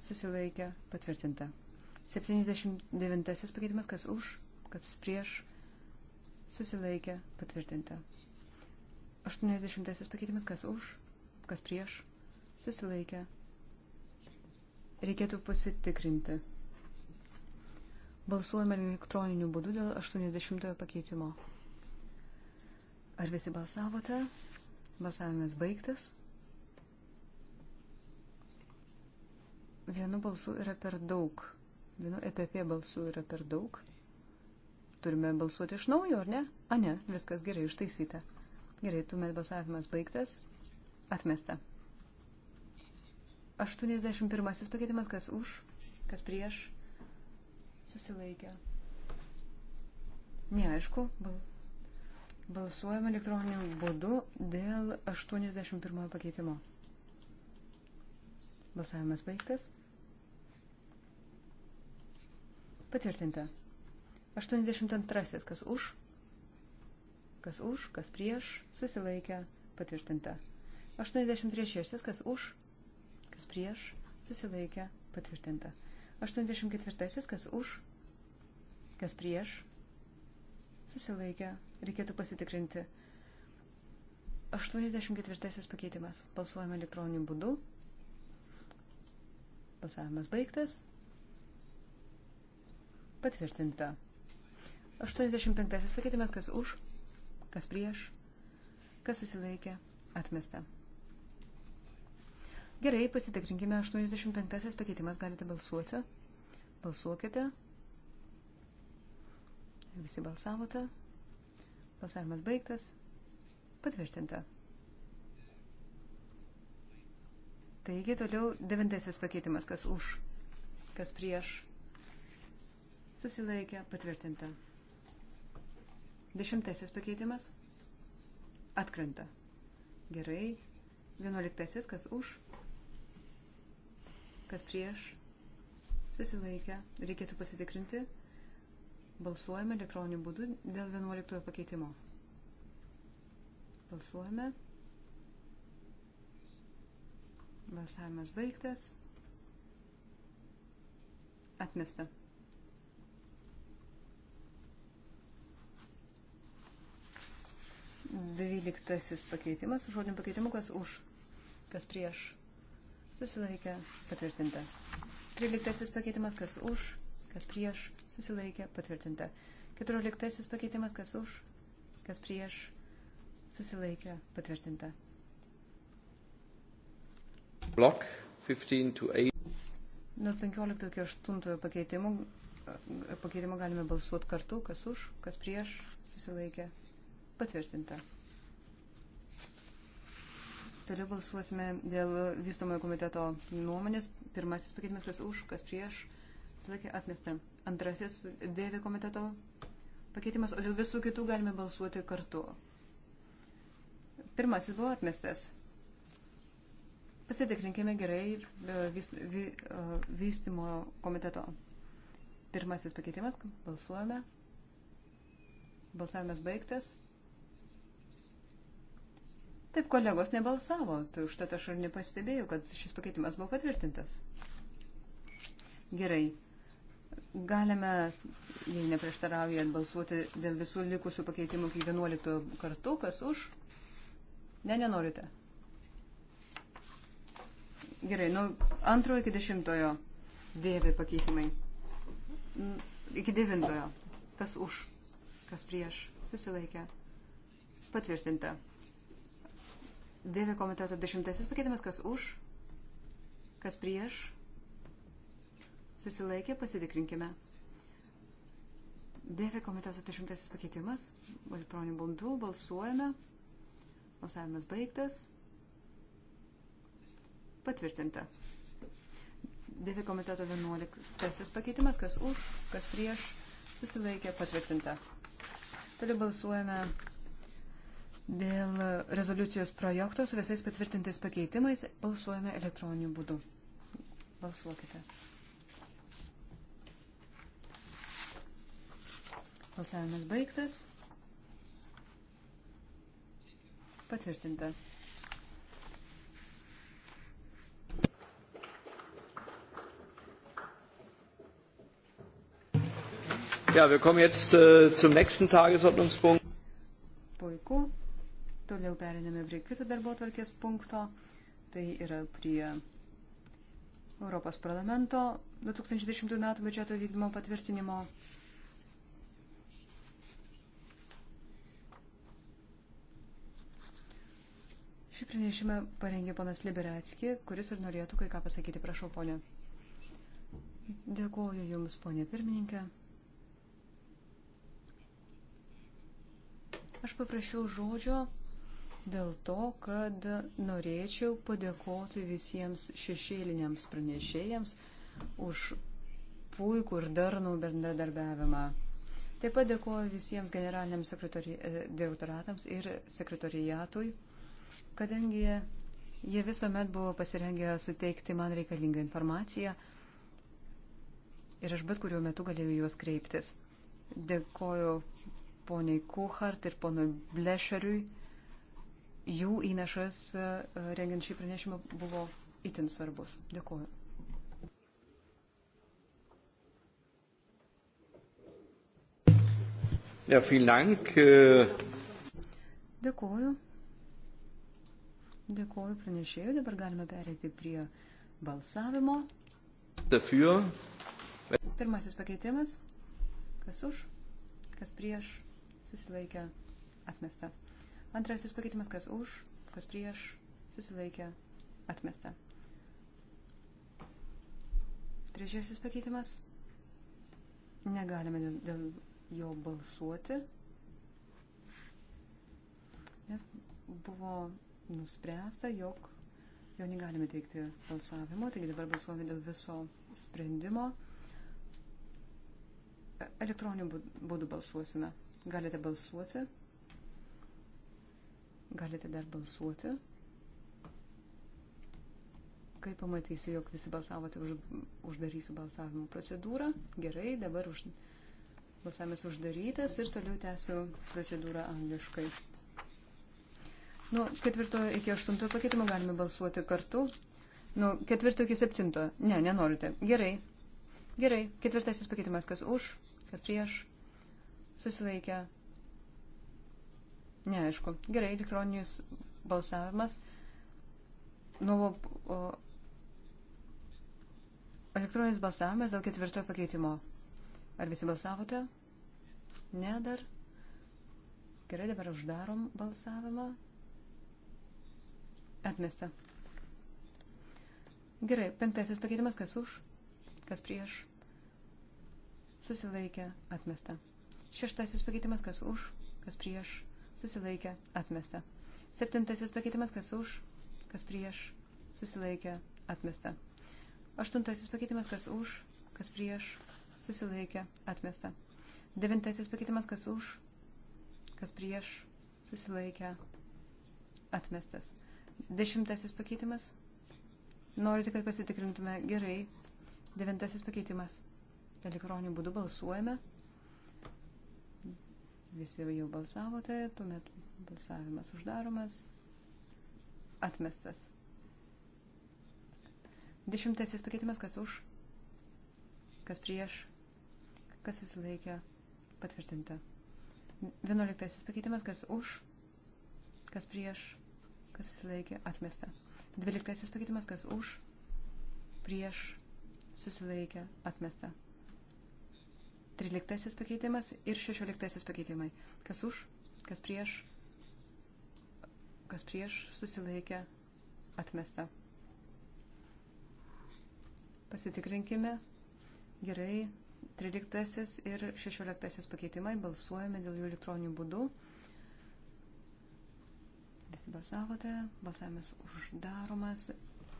Susilaikė patvirtinta. 79. pakeitimas. Kas už? Kas prieš? Susilaikė patvirtinta. 80 pakeitimas, kas už, kas prieš, susilaikė. Reikėtų pasitikrinti. Balsuojame elektroniniu būdu dėl 80 pakeitimo. Ar visi balsavote? Balsavimas baigtas. Vienu balsu yra per daug. Vienu EPP balsu yra per daug. Turime balsuoti iš naujo, ar ne? A ne, viskas gerai, ištaisyta. Gerai, tuomet balsavimas baigtas. Atmesta. 81 pakeitimas, kas už, kas prieš, susilaikė. Neaišku, bal, balsuojame elektroniniu būdu dėl 81 pakeitimo. Balsavimas baigtas. Patvirtinta. 82. Kas už? Kas už, kas prieš, susilaikė, patvirtinta. 83. Kas už, kas prieš, susilaikė, patvirtinta. 84. Kas už, kas prieš, susilaikė, reikėtų pasitikrinti. 84 pakeitimas. Balsuojame elektroniniu būdu. Balsavimas baigtas. Patvirtinta. 85 pakeitimas, kas už, kas prieš, kas susilaikė, atmesta. Gerai, pasitikrinkime 85 pakeitimas, galite balsuoti. Balsuokite. Visi balsavote. Balsavimas baigtas. Patvirtinta. Taigi toliau devintasis pakeitimas, kas už, kas prieš. Susilaikė, patvirtinta. Dešimtasis pakeitimas atkrenta. Gerai. Vienuoliktasis, kas už, kas prieš, susilaikę. Reikėtų pasitikrinti. Balsuojame elektroniniu būdu dėl vienuoliktojo pakeitimo. Balsuojame. Balsavimas baigtas. Atmesta. Dvyliktasis pakeitimas, žodinių pakeitimų, kas už, kas prieš. Susilaikė patvirtinta. Tryliktasis pakeitimas, kas už, kas prieš. Susilaikė patvirtinta. Keturioliktasis pakeitimas, kas už, kas prieš. Susilaikė patvirtinta. Blok 15 to 8. Nuo 15 iki 8 pakeitimų, pakeitimų galime balsuoti kartu, kas už, kas prieš, susilaikė Patvirtinta. Toliau balsuosime dėl vystomojo komiteto nuomonės. Pirmasis pakeitimas, kas už, kas prieš, sakė atmesta. Antrasis dėvė komiteto pakeitimas, o dėl visų kitų galime balsuoti kartu. Pirmasis buvo atmestas. Pasitikrinkime gerai e, e, vystimo komiteto. Pirmasis pakeitimas, balsuojame. Balsavimas baigtas. Taip, kolegos nebalsavo, tai užtat aš ir nepastebėjau, kad šis pakeitimas buvo patvirtintas. Gerai. Galime, jei neprieštaraujat, balsuoti dėl visų likusių pakeitimų iki 11 kartų, kas už. Ne, nenorite. Gerai, nuo antrojo iki dešimtojo dėvė pakeitimai. Mm, iki devintojo. Kas už, kas prieš. Susilaikė. Patvirtinta. Dėvė komiteto dešimtasis pakeitimas, kas už, kas prieš. Susilaikė, pasitikrinkime. Dėvė komiteto dešimtasis pakeitimas, elektroniniu būdu balsuojame. Balsavimas baigtas. Patvirtinta. Dėvė komiteto vienuoliktasis pakeitimas, kas už, kas prieš. Susilaikė, patvirtinta. Toliau balsuojame Dėl rezoliucijos projekto su visais patvirtintais pakeitimais balsuojame elektroniniu būdu. Balsuokite. Balsavimas baigtas. Patvirtinta. Ja, wir kommen jetzt äh, zum nächsten Tagesordnungspunkt. Toliau periname prie kito darbo tvarkės punkto. Tai yra prie Europos parlamento 2010 m. biudžeto vykdymo patvirtinimo. Šį pranešimą parengė ponas Liberatski, kuris ir norėtų kai ką pasakyti. Prašau, ponė. Dėkuoju Jums, ponė pirmininkė. Aš paprašiau žodžio dėl to, kad norėčiau padėkoti visiems šešėliniams pranešėjams už puikų ir darnų bendradarbiavimą. Taip pat dėkoju visiems generaliniams e, direktoratams ir sekretorijatui, kadangi jie visuomet buvo pasirengę suteikti man reikalingą informaciją ir aš bet kuriuo metu galėjau juos kreiptis. Dėkoju poniai Kuhart ir ponui Blešeriui jų įnašas e, rengiant šį pranešimą buvo itin svarbus. Dėkuoju. Ja, Dank. Äh, Dėkuoju. Dėkuoju pranešėjui. Dabar galime perėti prie balsavimo. Dafür. Pirmasis pakeitimas. Kas už, kas prieš, susilaikė, atmesta. Antrasis pakeitimas, kas už, kas prieš, susilaikė, atmesta. Trečiasis pakeitimas, negalime dėl jo balsuoti, nes buvo nuspręsta, jog jo negalime teikti balsavimo, taigi dabar balsuojame dėl viso sprendimo. E, elektroniniu būdu balsuosime. Galite balsuoti. Galite dar balsuoti. Kai pamatysiu, jog visi balsavote, už, uždarysiu balsavimo procedūrą. Gerai, dabar už, balsavimas uždarytas ir toliau tęsiu procedūrą angliškai. Nuo ketvirto iki aštunto pakeitimo galime balsuoti kartu. Nuo ketvirto iki septinto. Ne, nenorite. Gerai. Gerai. Ketvirtasis pakeitimas. Kas už, kas prieš. Susilaikę. Neaišku. Gerai, elektroninis balsavimas. Nuo elektroninis balsavimas dėl ketvirtojo pakeitimo. Ar visi balsavote? Ne dar. Gerai, dabar uždarom balsavimą. Atmesta. Gerai, penktasis pakeitimas, kas už, kas prieš. Susilaikė, atmesta. Šeštasis pakeitimas, kas už, kas prieš, susilaikė, atmesta. Septintasis pakeitimas, kas už, kas prieš, susilaikė, atmesta. Aštuntasis pakeitimas, kas už, kas prieš, susilaikė, atmesta. Devintasis pakeitimas, kas už, kas prieš, susilaikė, atmestas. Dešimtasis pakeitimas. Norite, kad pasitikrintume gerai. Devintasis pakeitimas. Elektroniniu būdu balsuojame visi jau balsavote, tuomet balsavimas uždaromas, atmestas. Dešimtasis pakeitimas, kas už, kas prieš, kas susilaikė, patvirtinta. Vienuoliktasis pakeitimas, kas už, kas prieš, kas susilaikė, atmesta. Dvyliktasis pakeitimas, kas už, prieš, susilaikė, atmesta. 13 pakeitimas ir 16 pakeitimai. Kas už, kas prieš, kas prieš susilaikė atmesta. Pasitikrinkime. Gerai, 13 ir 16 pakeitimai balsuojame dėl jų elektroninių būdų. Visi balsavote, balsavimas uždaromas,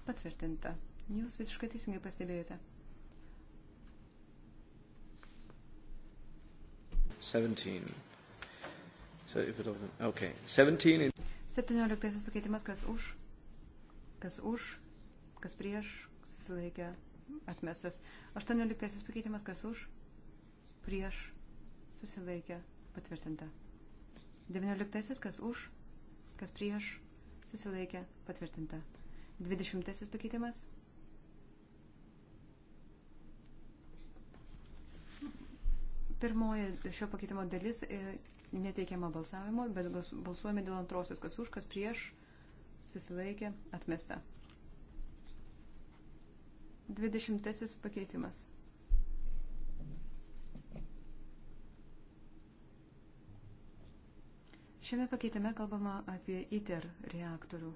patvirtinta. Jūs visiškai teisingai pastebėjote. 17. So if it open, okay. 17. 17 pakeitimas, kas už, kas už, kas prieš, susilaikė, atmestas. 18 pakeitimas, kas už, prieš, susilaikė, patvirtinta. 19 kas už, kas prieš, susilaikė, patvirtinta. 20 pakeitimas, Pirmoji šio pakeitimo dalis e, neteikiama balsavimo, bet balsuojame dėl antrosios, kas už, kas prieš, susilaikė, atmesta. Dvidešimtasis pakeitimas. Šiame pakeitime kalbama apie ITER reaktorių.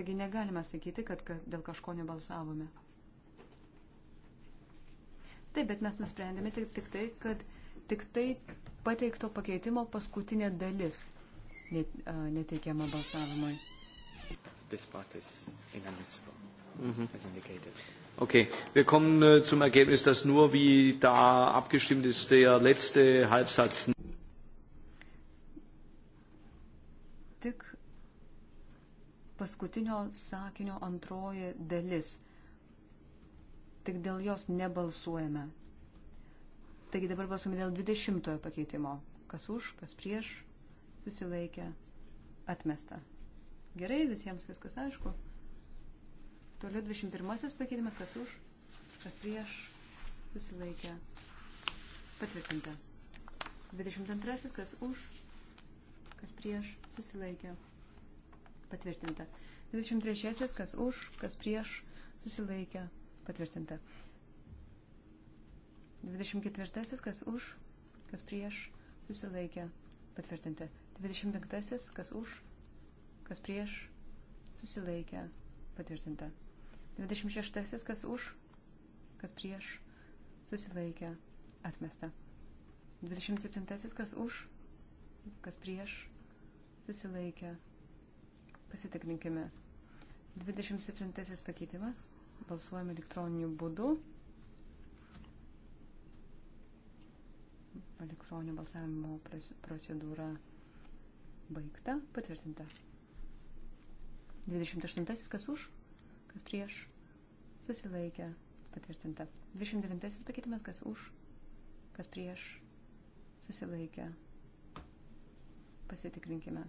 Taigi negalime sakyti, kad, kad dėl kažko nebalsavome. Taip, bet mes nusprendėme tik, tik tai, kad tik tai pateikto pakeitimo paskutinė dalis net, a, neteikiama balsavimui. This part is inadmissible, mhm. as indicated. Okay, wir kommen äh, zum Ergebnis, dass nur wie da abgestimmt ist, der letzte Halbsatz. Tik paskutinio sakinio antroji dalis tik dėl jos nebalsuojame. Taigi dabar balsuojame dėl 20 pakeitimo. Kas už, kas prieš, susilaikė, atmesta. Gerai, visiems viskas aišku. Toliau 21 pakeitimas, kas už, kas prieš, susilaikė, patvirtinta. 22 kas už, kas prieš, susilaikė, patvirtinta. 23 kas už, kas prieš, susilaikė, Patvirtinta. 24. Kas už, kas prieš, susilaikė. Patvirtinta. 25. Kas už, kas prieš, susilaikė. Patvirtinta. 26. Kas už, kas prieš, susilaikė. Atmesta. 27. Kas už, kas prieš, susilaikė. Pasitikrinkime. 27 pakeitimas. Balsuojame elektroniniu būdu. Elektroninio balsavimo procedūra baigta, patvirtinta. 28. kas už, kas prieš, susilaikė, patvirtinta. 29. pakeitimas, kas už, kas prieš, susilaikė. Pasitikrinkime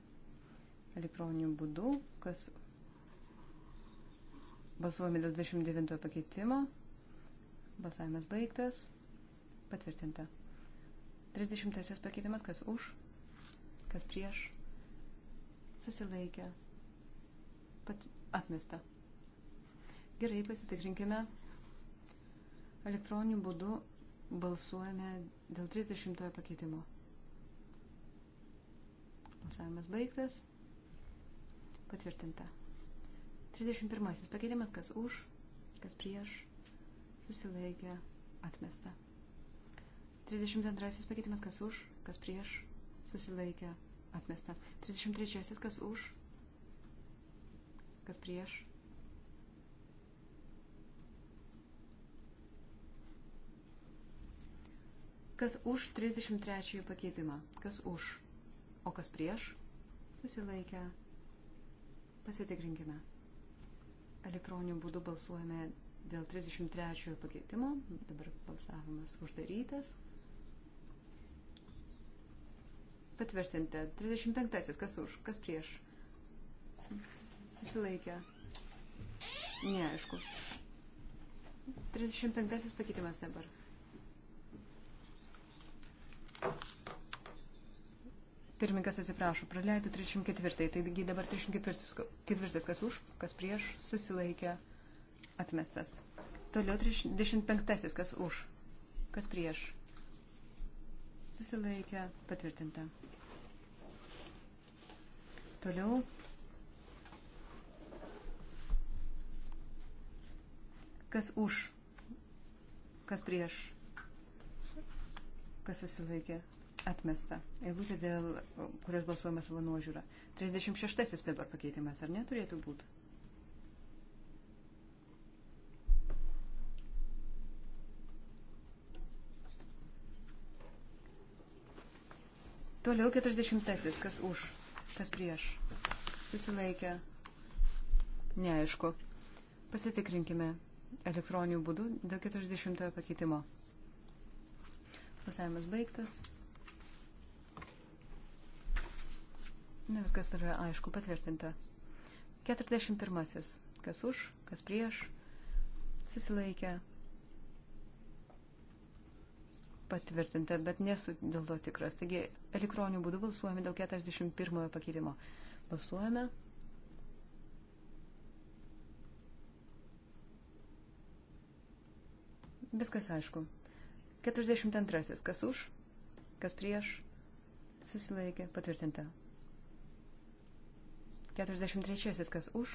elektroniniu būdu, kas Balsuojame dėl 29 pakeitimo. Balsavimas baigtas. Patvirtinta. 30 pakeitimas, kas už, kas prieš, susilaikė, pat atmesta. Gerai, pasitikrinkime. Elektroniniu būdu balsuojame dėl 30 pakeitimo. Balsavimas baigtas. Patvirtinta. 31 pakeitimas, kas už, kas prieš, susilaikė, atmesta. 32 pakeitimas, kas už, kas prieš, susilaikė, atmesta. 33 kas už, kas prieš. Kas už 33 pakeitimą, kas už, o kas prieš, susilaikė, pasitikrinkime. Elektroniniu būdu balsuojame dėl 33 pakeitimo. Dabar balsavimas uždarytas. Patvirtinta. 35. Kas už? Kas prieš? Susilaikė. Neaišku. 35. pakeitimas dabar. Pirmininkas atsiprašo, praleido 34. Taigi dabar 34. kas už, kas prieš, susilaikė, atmestas. Toliau 35. kas už, kas prieš, susilaikė, patvirtinta. Toliau. Kas už, kas prieš, kas susilaikė, Atmesta. Eilutė, dėl kurios balsuojama savo nuožiūrą. 36 dabar pakeitimas, ar neturėtų būti? Toliau 40. Kas už, kas prieš. Susilaikę. Neaišku. Pasitikrinkime elektroniniu būdu dėl 40 pakeitimo. Pasavimas baigtas. Ne viskas yra aišku, patvirtinta. 41. Kas už, kas prieš, susilaikė. Patvirtinta, bet nesu dėl to tikras. Taigi elektroniniu būdu balsuojame dėl 41 pakeitimo. Balsuojame. Viskas aišku. 42. Kas už, kas prieš, susilaikė, patvirtinta. 43. Kas už,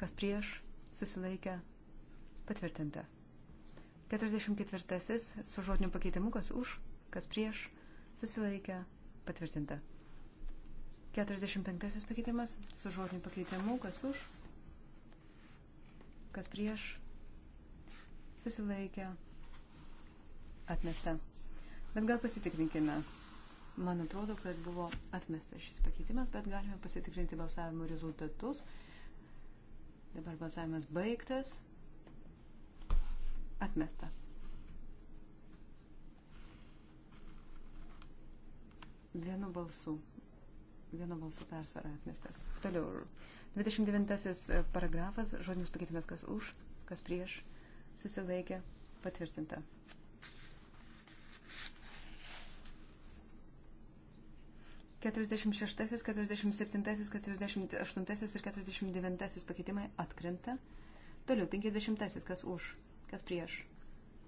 kas prieš, susilaikė, patvirtinta. 44. Su žodiniu pakeitimu, kas už, kas prieš, susilaikė, patvirtinta. 45. pakeitimas, su žodiniu pakeitimu, kas už, kas prieš, susilaikė, atmesta. Bet gal pasitikrinkime. Man atrodo, kad buvo atmestas šis pakeitimas, bet galime pasitikrinti balsavimo rezultatus. Dabar balsavimas baigtas. Atmesta. Vienu balsu. Vienu balsu persvara atmestas. Toliau. 29 e, paragrafas. Žodinis pakeitimas kas už, kas prieš. Susilaikė. Patvirtinta. 46, 47, 48 ir 49 pakeitimai atkrenta. Toliau 50, kas už, kas prieš.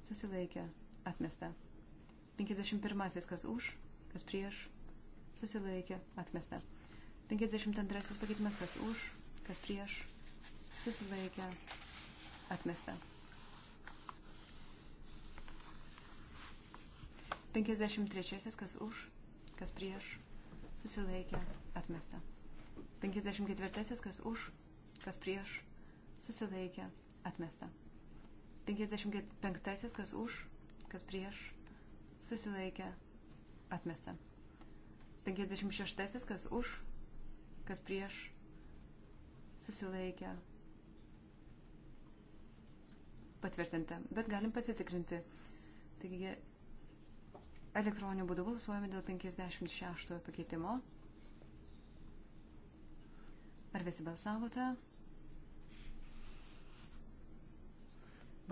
Susilaikė, atmesta. 51, kas už, kas prieš. Susilaikė, atmesta. 52 pakeitimas, kas už, kas prieš. Susilaikė, atmesta. 53, kas už, kas prieš susilaikė, atmesta. 54. Kas už, kas prieš, susilaikė, atmesta. 55. Kas už, kas prieš, susilaikė, atmesta. 56. Kas už, kas prieš, susilaikė, patvirtinta. Bet galim pasitikrinti. Taigi Elektroniniu būdu balsuojame dėl 56 pakeitimo. Ar visi balsavote?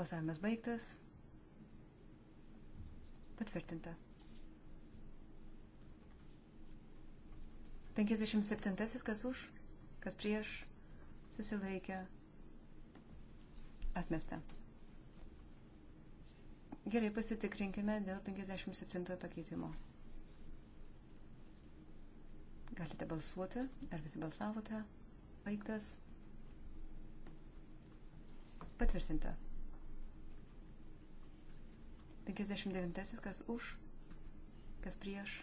Balsavimas baigtas. Patvirtinta. 57. Kas už, kas prieš, susilaikė, atmesta. Gerai, pasitikrinkime dėl 57 pakeitimo. Galite balsuoti, ar visi balsavote. Baigtas. Patvirtinta. 59. Kas už, kas prieš,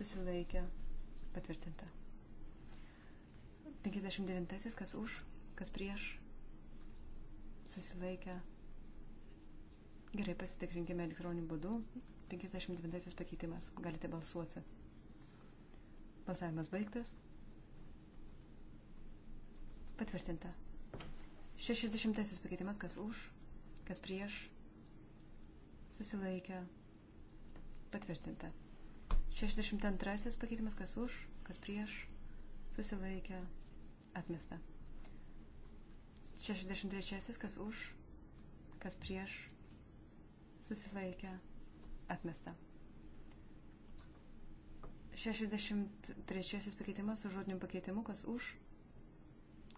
susilaikė. Patvirtinta. 59. Kas už, kas prieš, susilaikė. Gerai, pasitikrinkime elektroniniu būdu. 52 pakeitimas. Galite balsuoti. Balsavimas baigtas. Patvirtinta. 60 pakeitimas. Kas už, kas prieš. Susilaikę. Patvirtinta. 62 pakeitimas. Kas už, kas prieš. Susilaikę. Atmesta. 63 kas už, kas prieš susilaikė, atmesta. 63 pakeitimas su žodiniu pakeitimu, kas už,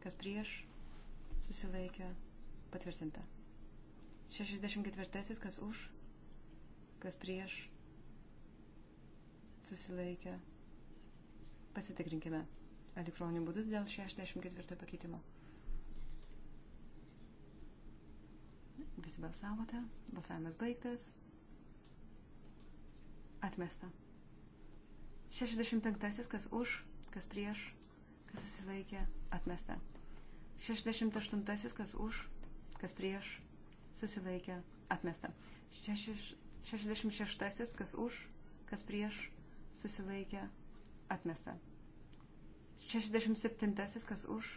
kas prieš, susilaikė, patvirtinta. 64 kas už, kas prieš, susilaikė. Pasitikrinkime elektroniniu būdu dėl 64 pakeitimo. Visi balsavote. Balsavimas baigtas. Atmesta. 65. Kas už, kas prieš, kas susilaikė. Atmesta. 68. Kas už, kas prieš, susilaikė. Atmesta. 66. Kas už, kas prieš, susilaikė. Atmesta. 67. Kas už,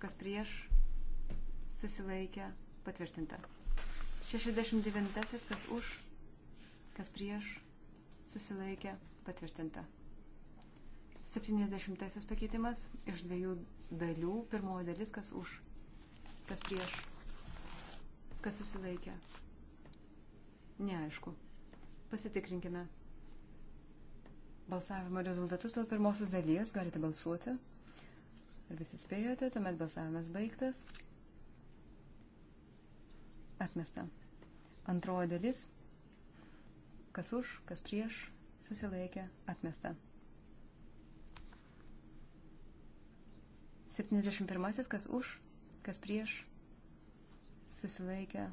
kas prieš, susilaikė. Atmesta Patvirtinta. 69. Kas už, kas prieš, susilaikė. Patvirtinta. 70. Pakeitimas iš dviejų dalių. Pirmoji dalis, kas už, kas prieš, kas susilaikė. Neaišku. Pasitikrinkime. Balsavimo rezultatus dėl pirmosios dalies galite balsuoti. Ar visi spėjote, tuomet balsavimas baigtas. Atmesta. Antroji dalis. Kas už, kas prieš, susilaikė, atmesta. 71. Kas už, kas prieš, susilaikė.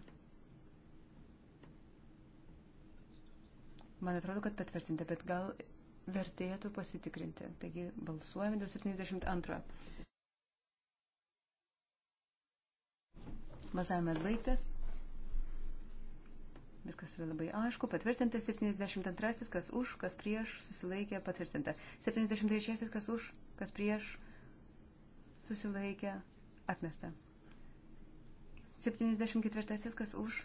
Man atrodo, kad patvirtinta, bet gal vertėtų pasitikrinti. Taigi balsuojame dėl 72. Balsavimas baigtas. Viskas yra labai aišku. Patvirtinta 72, kas už, kas prieš, susilaikė, patvirtinta. 73, kas už, kas prieš, susilaikė, atmesta. 74, kas už,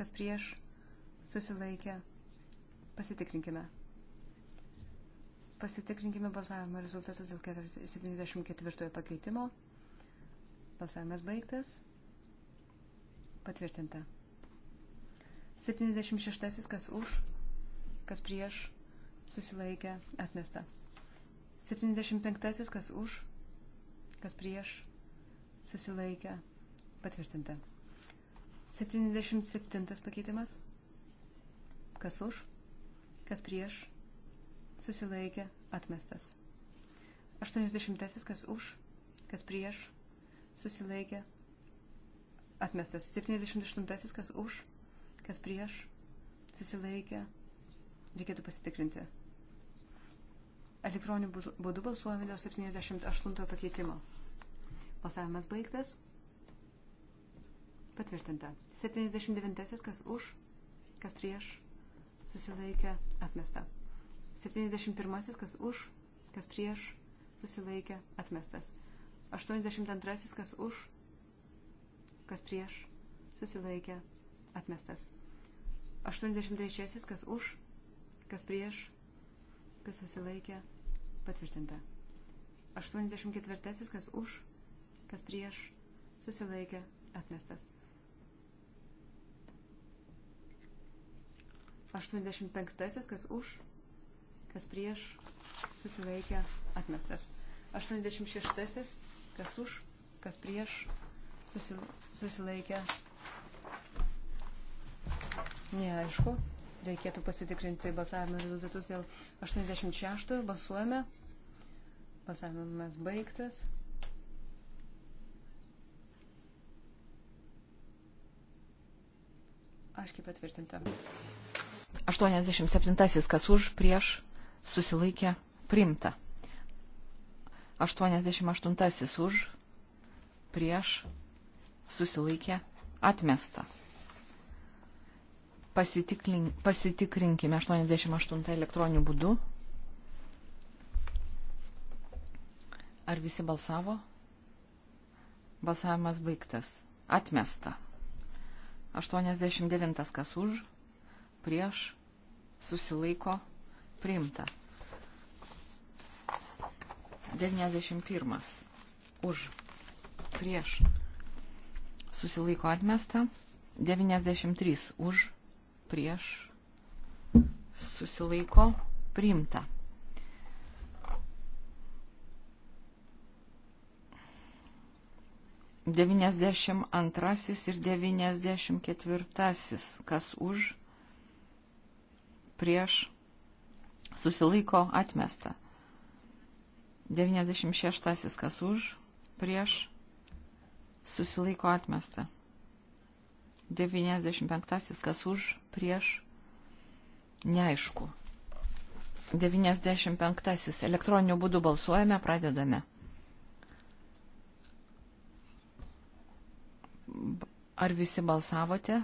kas prieš, susilaikė, pasitikrinkime. Pasitikrinkime balsavimo rezultatus dėl 74 pakeitimo. Balsavimas baigtas. Patvirtinta. 76 kas už, kas prieš, susilaikė, atmesta. 75 kas už, kas prieš, susilaikė, patvirtinta. 77 pakeitimas, kas už, kas prieš, susilaikė, atmestas. 80 kas už, kas prieš, susilaikė, atmestas. 78 kas už, kas prieš, susilaikė, reikėtų pasitikrinti. Elektroniniu būdu balsuojame dėl 78 pakeitimo. Balsavimas baigtas. Patvirtinta. 79. Kas už, kas prieš, susilaikė, atmesta. 71. Kas už, kas prieš, susilaikė, atmestas. 82. Kas už, kas prieš, susilaikė, atmestas. 83. Kas už, kas prieš, kas susilaikė, patvirtinta. 84. Kas už, kas prieš, susilaikė, atmestas. 85. Kas už, kas prieš, susilaikė, atmestas. 86. Kas už, kas prieš, susilaikė, atmestas Neaišku. Reikėtų pasitikrinti balsavimo rezultatus dėl 86. Balsuojame. Balsavimas baigtas. Aiškiai patvirtinta. 87. Kas už, prieš, susilaikė, primta. 88. Už, prieš, susilaikė, atmesta pasitikrinkime 88 elektroniniu būdu. Ar visi balsavo? Balsavimas baigtas. Atmesta. 89 kas už, prieš, susilaiko, priimta. 91 už, prieš, susilaiko atmesta. 93 už, prieš susilaiko priimta. Devyniasdešimt antrasis ir devyniasdešimt ketvirtasis, kas už, prieš, susilaiko atmesta. Devyniasdešimt šeštasis, kas už, prieš, susilaiko atmesta. 95 kas už, prieš, neaišku. 95 elektroniniu būdu balsuojame, pradedame. Ar visi balsavote?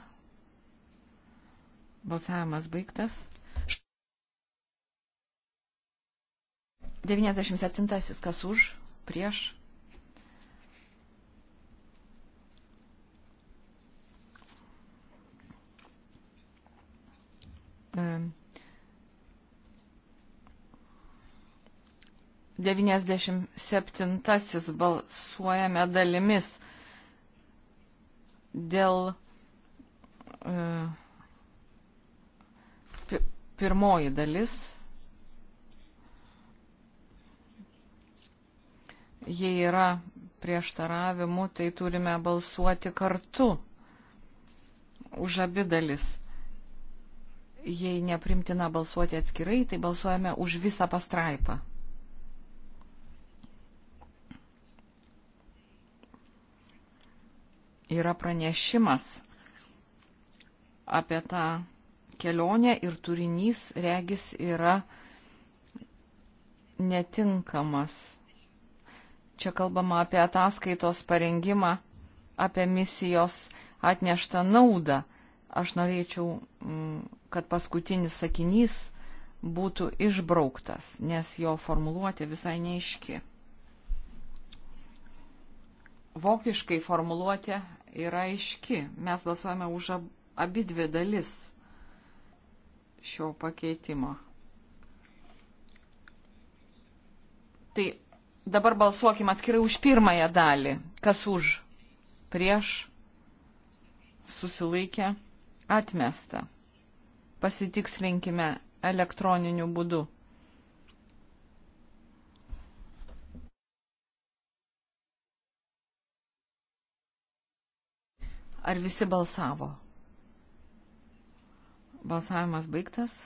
Balsavimas baigtas. 97. Kas už? Prieš? 97 balsuojame dalimis dėl e, pirmoji dalis. Jei yra prieštaravimų, tai turime balsuoti kartu už abi dalis jei neprimtina balsuoti atskirai, tai balsuojame už visą pastraipą. Yra pranešimas apie tą kelionę ir turinys regis yra netinkamas. Čia kalbama apie ataskaitos parengimą, apie misijos atneštą naudą. Aš norėčiau mm, kad paskutinis sakinys būtų išbrauktas, nes jo formuluotė visai neiški. Vokiškai formuluotė yra aiški. Mes balsuojame už abi dvi dalis šio pakeitimo. Tai dabar balsuokime atskirai už pirmąją dalį. Kas už? Prieš? Susilaikę? Atmesta pasitikslinkime elektroniniu būdu. Ar visi balsavo? Balsavimas baigtas.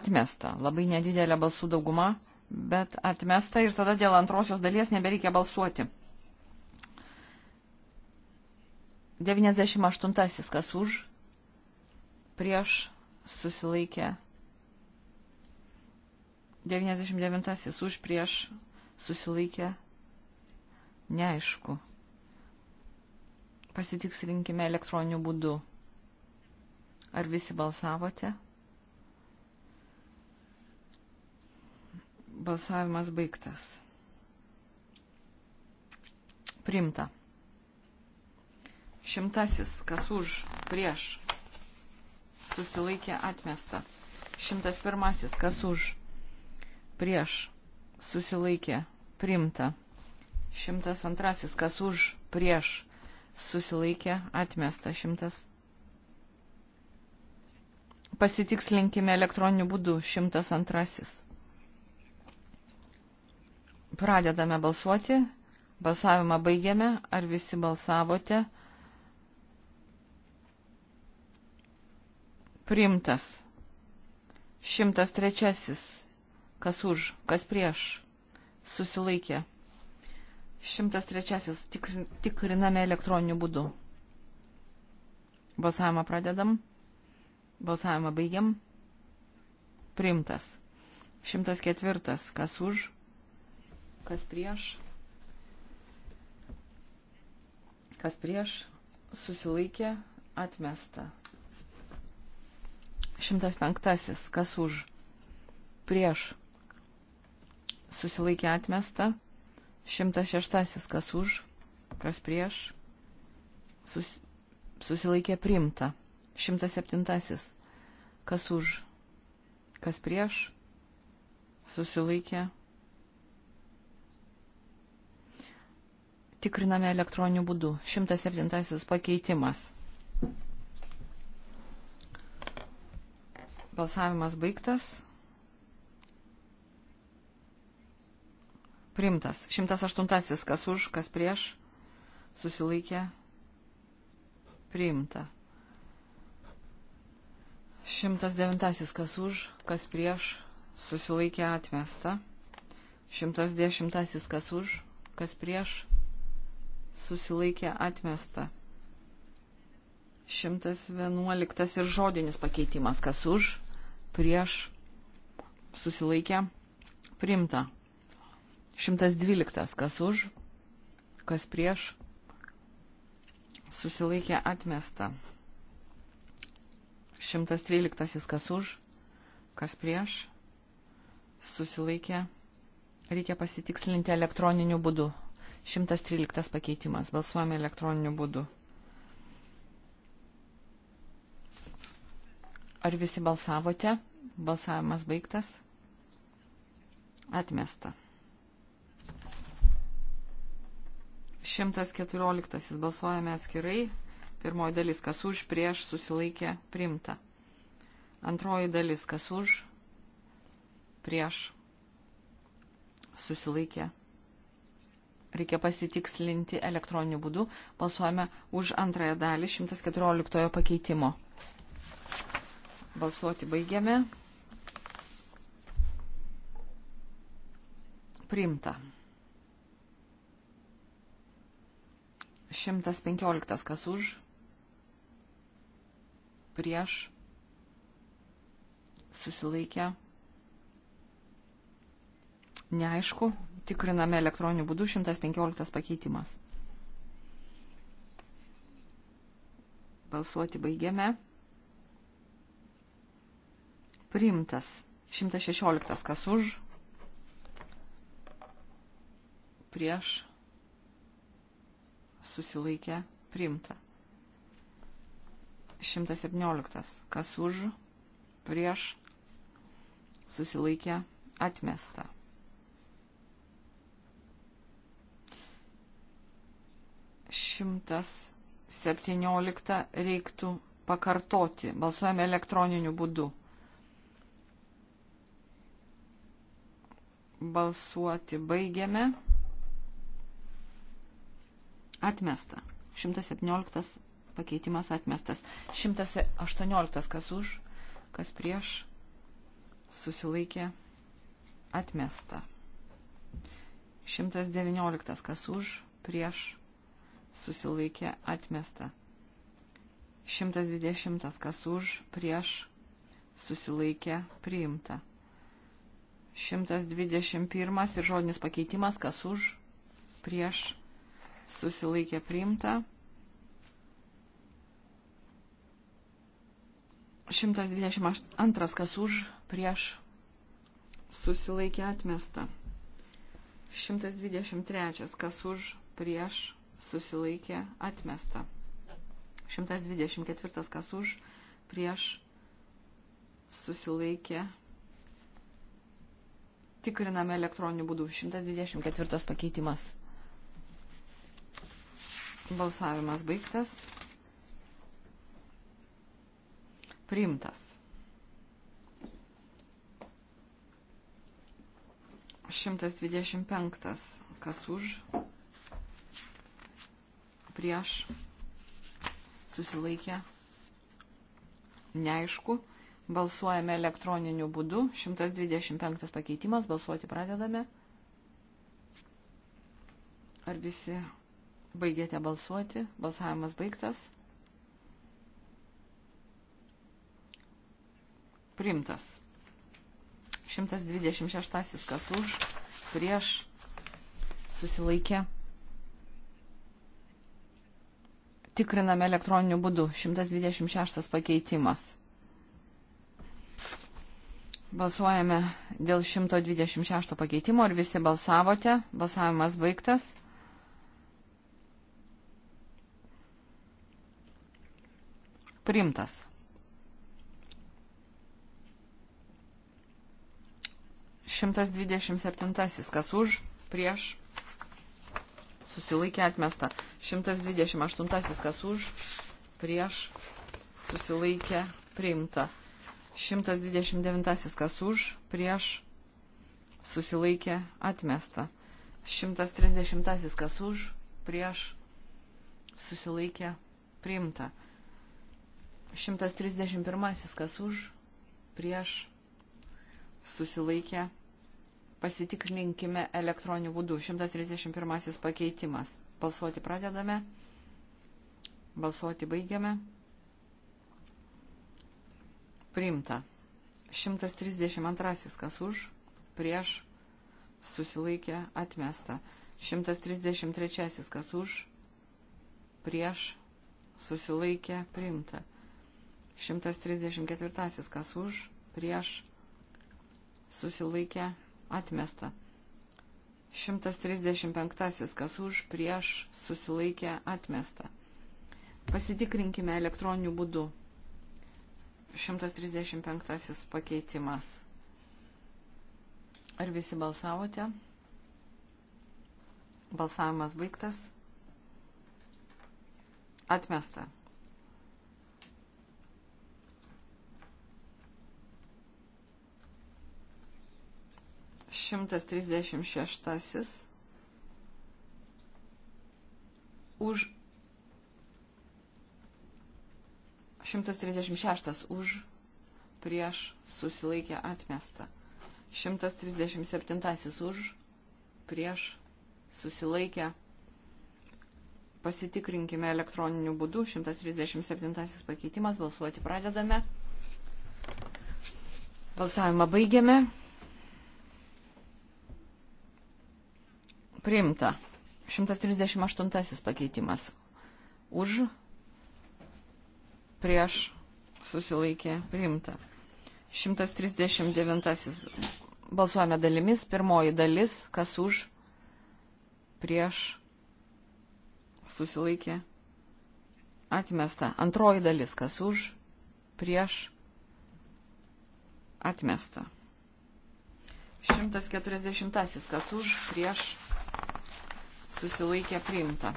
Atmesta labai nedidelė balsų dauguma bet atmesta ir tada dėl antrosios dalies nebereikia balsuoti. 98. Kas už? Prieš susilaikė. 99. Už prieš susilaikė. Neaišku. Pasitikslinkime elektroniniu būdu. Ar visi balsavote? Balsavimas baigtas. Primta. Šimtasis, kas už, prieš, susilaikė atmesta. Šimtas pirmasis, kas už, prieš, susilaikė primta. Šimtas antrasis, kas už, prieš, susilaikė atmesta. Šimtas pasitikslinkime elektroniniu būdu. 102. Pradedame balsuoti. Balsavimą baigiame. Ar visi balsavote? Primtas. 103. Kas už, kas prieš. Susilaikė. 103. Tik, tikriname elektroniniu būdu. Balsavimą pradedam. Balsavimą baigiam. Primtas. 104. Kas už, kas prieš, kas prieš, susilaikė, atmesta. 105. Kas už, prieš, susilaikė, atmesta. 106. Kas už, kas prieš, sus, susilaikė, primta. 107. Kas už, kas prieš, susilaikė, atmesta tikriname elektroniniu būdu. 107 pakeitimas. Balsavimas baigtas. Primtas. 108 kas už, kas prieš. Susilaikė. Priimta. 109 kas už, kas prieš. Susilaikė atmesta. 110 kas už, kas prieš susilaikė atmesta. 111 ir žodinis pakeitimas, kas už, prieš, susilaikė, primta. 112, kas už, kas prieš, susilaikė, atmesta. 113, kas už, kas prieš, susilaikė, reikia pasitikslinti elektroniniu būdu. 113 pakeitimas. Balsuojame elektroniniu būdu. Ar visi balsavote? Balsavimas baigtas. Atmesta. 114. Balsuojame atskirai. Pirmoji dalis, kas už, prieš, susilaikė, primta. Antroji dalis, kas už, prieš, susilaikė, reikia pasitikslinti elektroniniu būdu. Balsuojame už antrąją dalį 114 pakeitimo. Balsuoti baigiame. Priimta. 115 kas už, prieš, susilaikę, neaišku, Tikriname elektroniniu būdu 115 pakeitimas. Balsuoti baigiame. Priimtas 116 kas už. Prieš susilaikė priimta. 117 kas už. Prieš susilaikė atmesta. 117 reiktų pakartoti. Balsuojame elektroniniu būdu. Balsuoti baigiame. Atmesta. 117 pakeitimas atmestas. 118 kas už, kas prieš, susilaikė, atmesta. 119 kas už, prieš, susilaikė atmesta. 120 kas už, prieš susilaikė priimta. 121 ir žodinis pakeitimas kas už, prieš susilaikė priimta. 122 kas už, prieš susilaikė atmesta. 123 kas už, prieš susilaikė atmesta. 124 kas už, prieš susilaikė. Tikriname elektroniniu būdu. 124 pakeitimas. Balsavimas baigtas. Priimtas. 125. Kas už? prieš susilaikė neaišku. Balsuojame elektroniniu būdu. 125 pakeitimas. Balsuoti pradedame. Ar visi baigėte balsuoti? Balsavimas baigtas. Primtas. 126 kas už, prieš, susilaikė tikriname elektroniniu būdu. 126 pakeitimas. Balsuojame dėl 126 pakeitimo ir visi balsavote. Balsavimas baigtas. Primtas. 127. Kas už, prieš, susilaikė atmesta. 128 kas už, prieš, susilaikė priimta. 129 kas už, prieš, susilaikė atmesta. 130 kas už, prieš, susilaikė priimta. 131 kas už, prieš, susilaikė pasitikrinkime elektroniniu būdu. 131 pakeitimas. Balsuoti pradedame. Balsuoti baigiame. Primta. 132 kas už, prieš, susilaikė, atmesta. 133 kas už, prieš, susilaikė, primta. 134 kas už, prieš, susilaikė, atmesta atmesta. 135. Kas už, prieš, susilaikė, atmesta. Pasitikrinkime elektroniniu būdu. 135. pakeitimas. Ar visi balsavote? Balsavimas baigtas. Atmesta. 136 už 136 už prieš susilaikė atmestą. 137 už prieš susilaikė. Pasitikrinkime elektroniniu būdu. 137 pakeitimas. Balsuoti pradedame. Balsavimą baigiame. Priimta. 138 pakeitimas. Už, prieš, susilaikė, priimta. 139 balsuojame dalimis. Pirmoji dalis, kas už, prieš, susilaikė, atmesta. Antroji dalis, kas už, prieš, atmesta. 140 kas už, prieš, atmesta susilaikė priimta.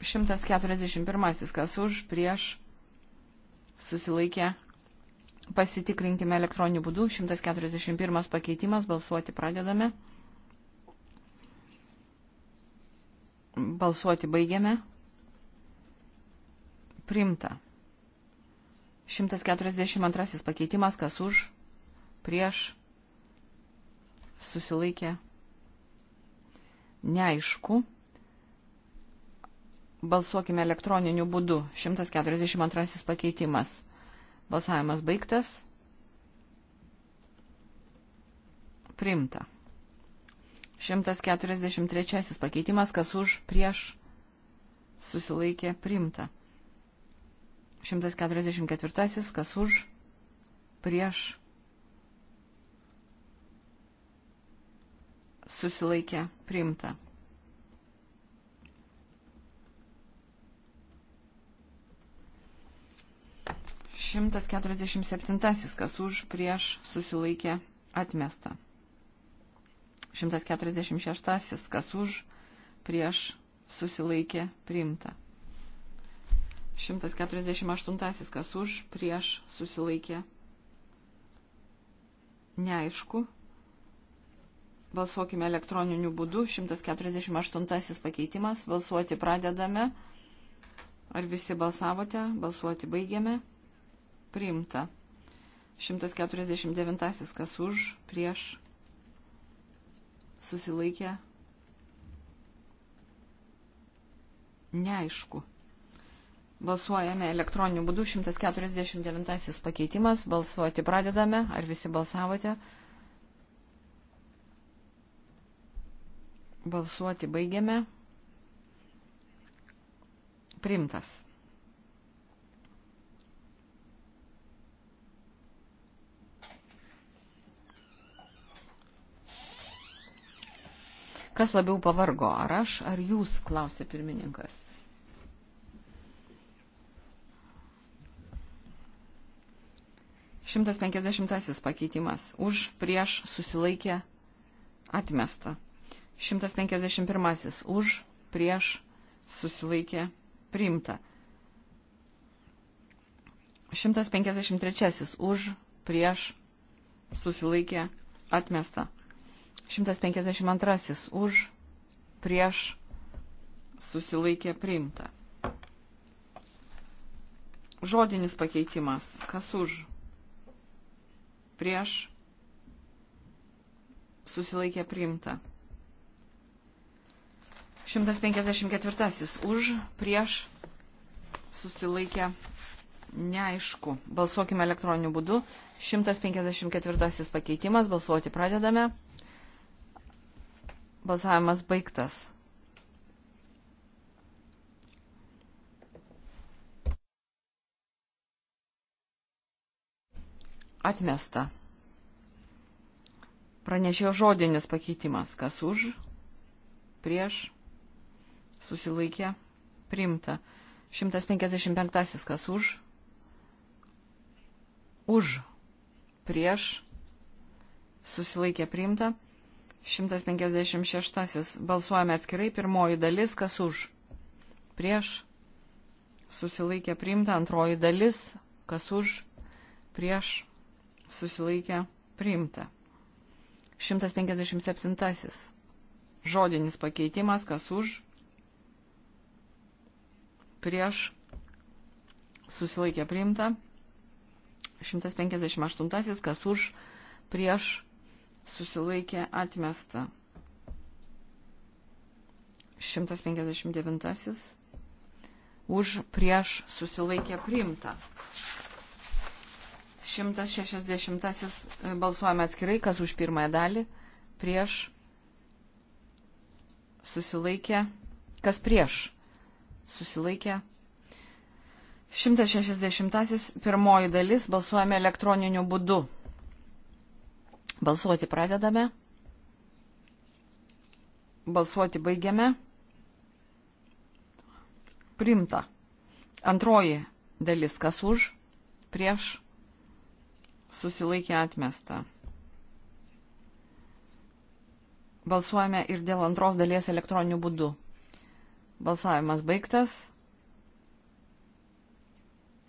141. Kas už, prieš, susilaikė. Pasitikrinkime elektroniniu būdu. 141 pakeitimas. Balsuoti pradedame. Balsuoti baigiame. Primta. 142 pakeitimas. Kas už, prieš, susilaikė neaišku. Balsuokime elektroniniu būdu. 142 pakeitimas. Balsavimas baigtas. Primta. 143 pakeitimas, kas už, prieš, susilaikė, primta. 144, kas už, prieš, susilaikė priimta. Šimtas keturiasdešimt septintasis, kas už prieš susilaikė atmesta. Šimtas keturiasdešimt šeštasis, kas už prieš susilaikė priimta. 148 kas už, prieš, susilaikė. Neaišku, Balsuokime elektroniniu būdu. 148 pakeitimas. Balsuoti pradedame. Ar visi balsavote? Balsuoti baigiame. Priimta. 149 kas už, prieš, susilaikė. Neaišku. Balsuojame elektroniniu būdu. 149 pakeitimas. Balsuoti pradedame. Ar visi balsavote? Balsuoti. Balsuoti baigiame. Primtas. Kas labiau pavargo, ar aš, ar jūs, klausė pirmininkas. Šimtas penkiasdešimtasis pakeitimas. Už, prieš, susilaikė, atmesta. 151 už, prieš, susilaikė, priimta. 153 už, prieš, susilaikė, atmesta. 152 už, prieš, susilaikė, priimta. Žodinis pakeitimas. Kas už? Prieš, susilaikė, priimta. 154 už, prieš, susilaikė, neaišku. Balsuokime elektroniniu būdu. 154 pakeitimas, balsuoti pradedame. Balsavimas baigtas. Atmesta. Pranešėjo žodinis pakeitimas. Kas už? Prieš? susilaikė, priimta. 155 kas už, už, prieš, susilaikė, priimta. 156 balsuojame atskirai, pirmoji dalis kas už, prieš, susilaikė, priimta. Antroji dalis kas už, prieš, susilaikė, priimta. 157. Žodinis pakeitimas, kas už, prieš susilaikė priimta. 158 kas už prieš susilaikė atmesta. 159 už prieš susilaikė priimta. 160 balsuojame atskirai, kas už pirmąją dalį, prieš susilaikė, kas prieš susilaikė. 160. Pirmoji dalis balsuojame elektroniniu būdu. Balsuoti pradedame. Balsuoti baigiame. Primta. Antroji dalis kas už, prieš, susilaikė atmesta. Balsuojame ir dėl antros dalies elektroniniu būdu. Balsavimas baigtas.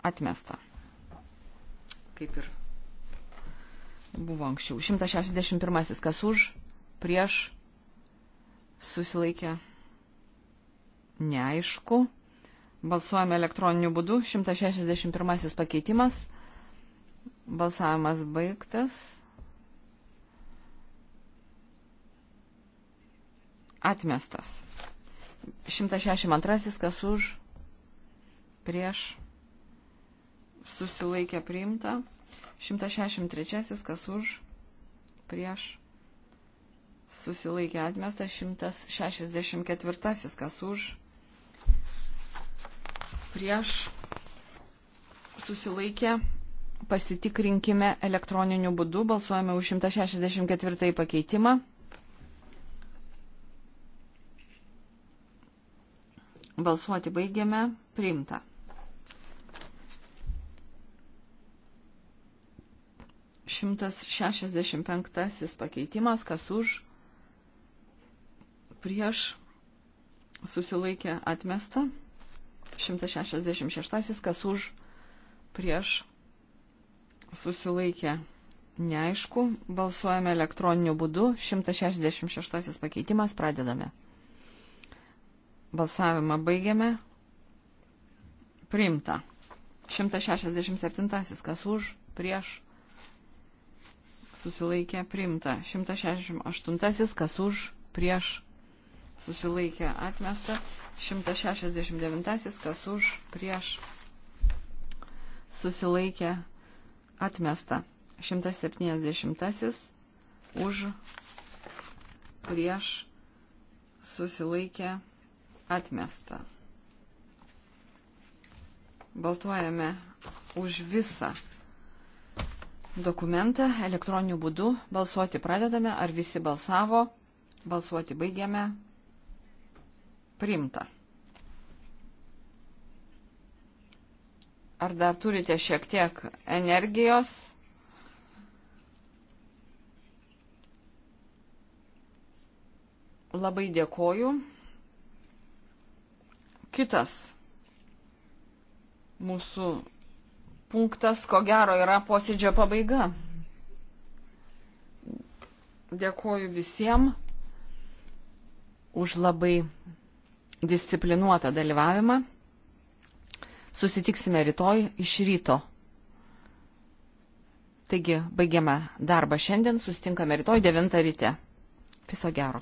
Atmesta. Kaip ir buvo anksčiau. 161. Kas už, prieš, susilaikė. Neaišku. Balsuojame elektroniniu būdu. 161 pakeitimas. Balsavimas baigtas. Atmestas. 162, kas už, prieš, susilaikė priimta. 163, kas už, prieš, susilaikė atmesta. 164, kas už, prieš, susilaikė. Pasitikrinkime elektroniniu būdu, balsuojame už 164 pakeitimą. Balsuoti baigiame. Priimta. Šimtas šešiasdešimt penktasis pakeitimas, kas už, prieš, susilaikė atmesta. Šimtas šešiasdešimt šeštasis, kas už, prieš, susilaikė neaišku. Balsuojame elektroniniu būdu. Šimtas šešiasdešimt šeštasis pakeitimas, pradedame. Balsavimą baigiame. Priimta. 167. Kas už, prieš, susilaikė, priimta. 168. Kas už, prieš, susilaikė, atmesta. 169. Kas už, prieš, susilaikė, atmesta. 170. Už, prieš, susilaikė, atmesta atmesta. Baltuojame už visą dokumentą elektroniniu būdu. Balsuoti pradedame, ar visi balsavo. Balsuoti baigiame. Primta. Ar dar turite šiek tiek energijos? Labai dėkoju. Kitas mūsų punktas, ko gero, yra posėdžio pabaiga. Dėkuoju visiems už labai disciplinuotą dalyvavimą. Susitiksime rytoj iš ryto. Taigi, baigiame darbą šiandien, susitinkame rytoj 9 ryte. Viso gero.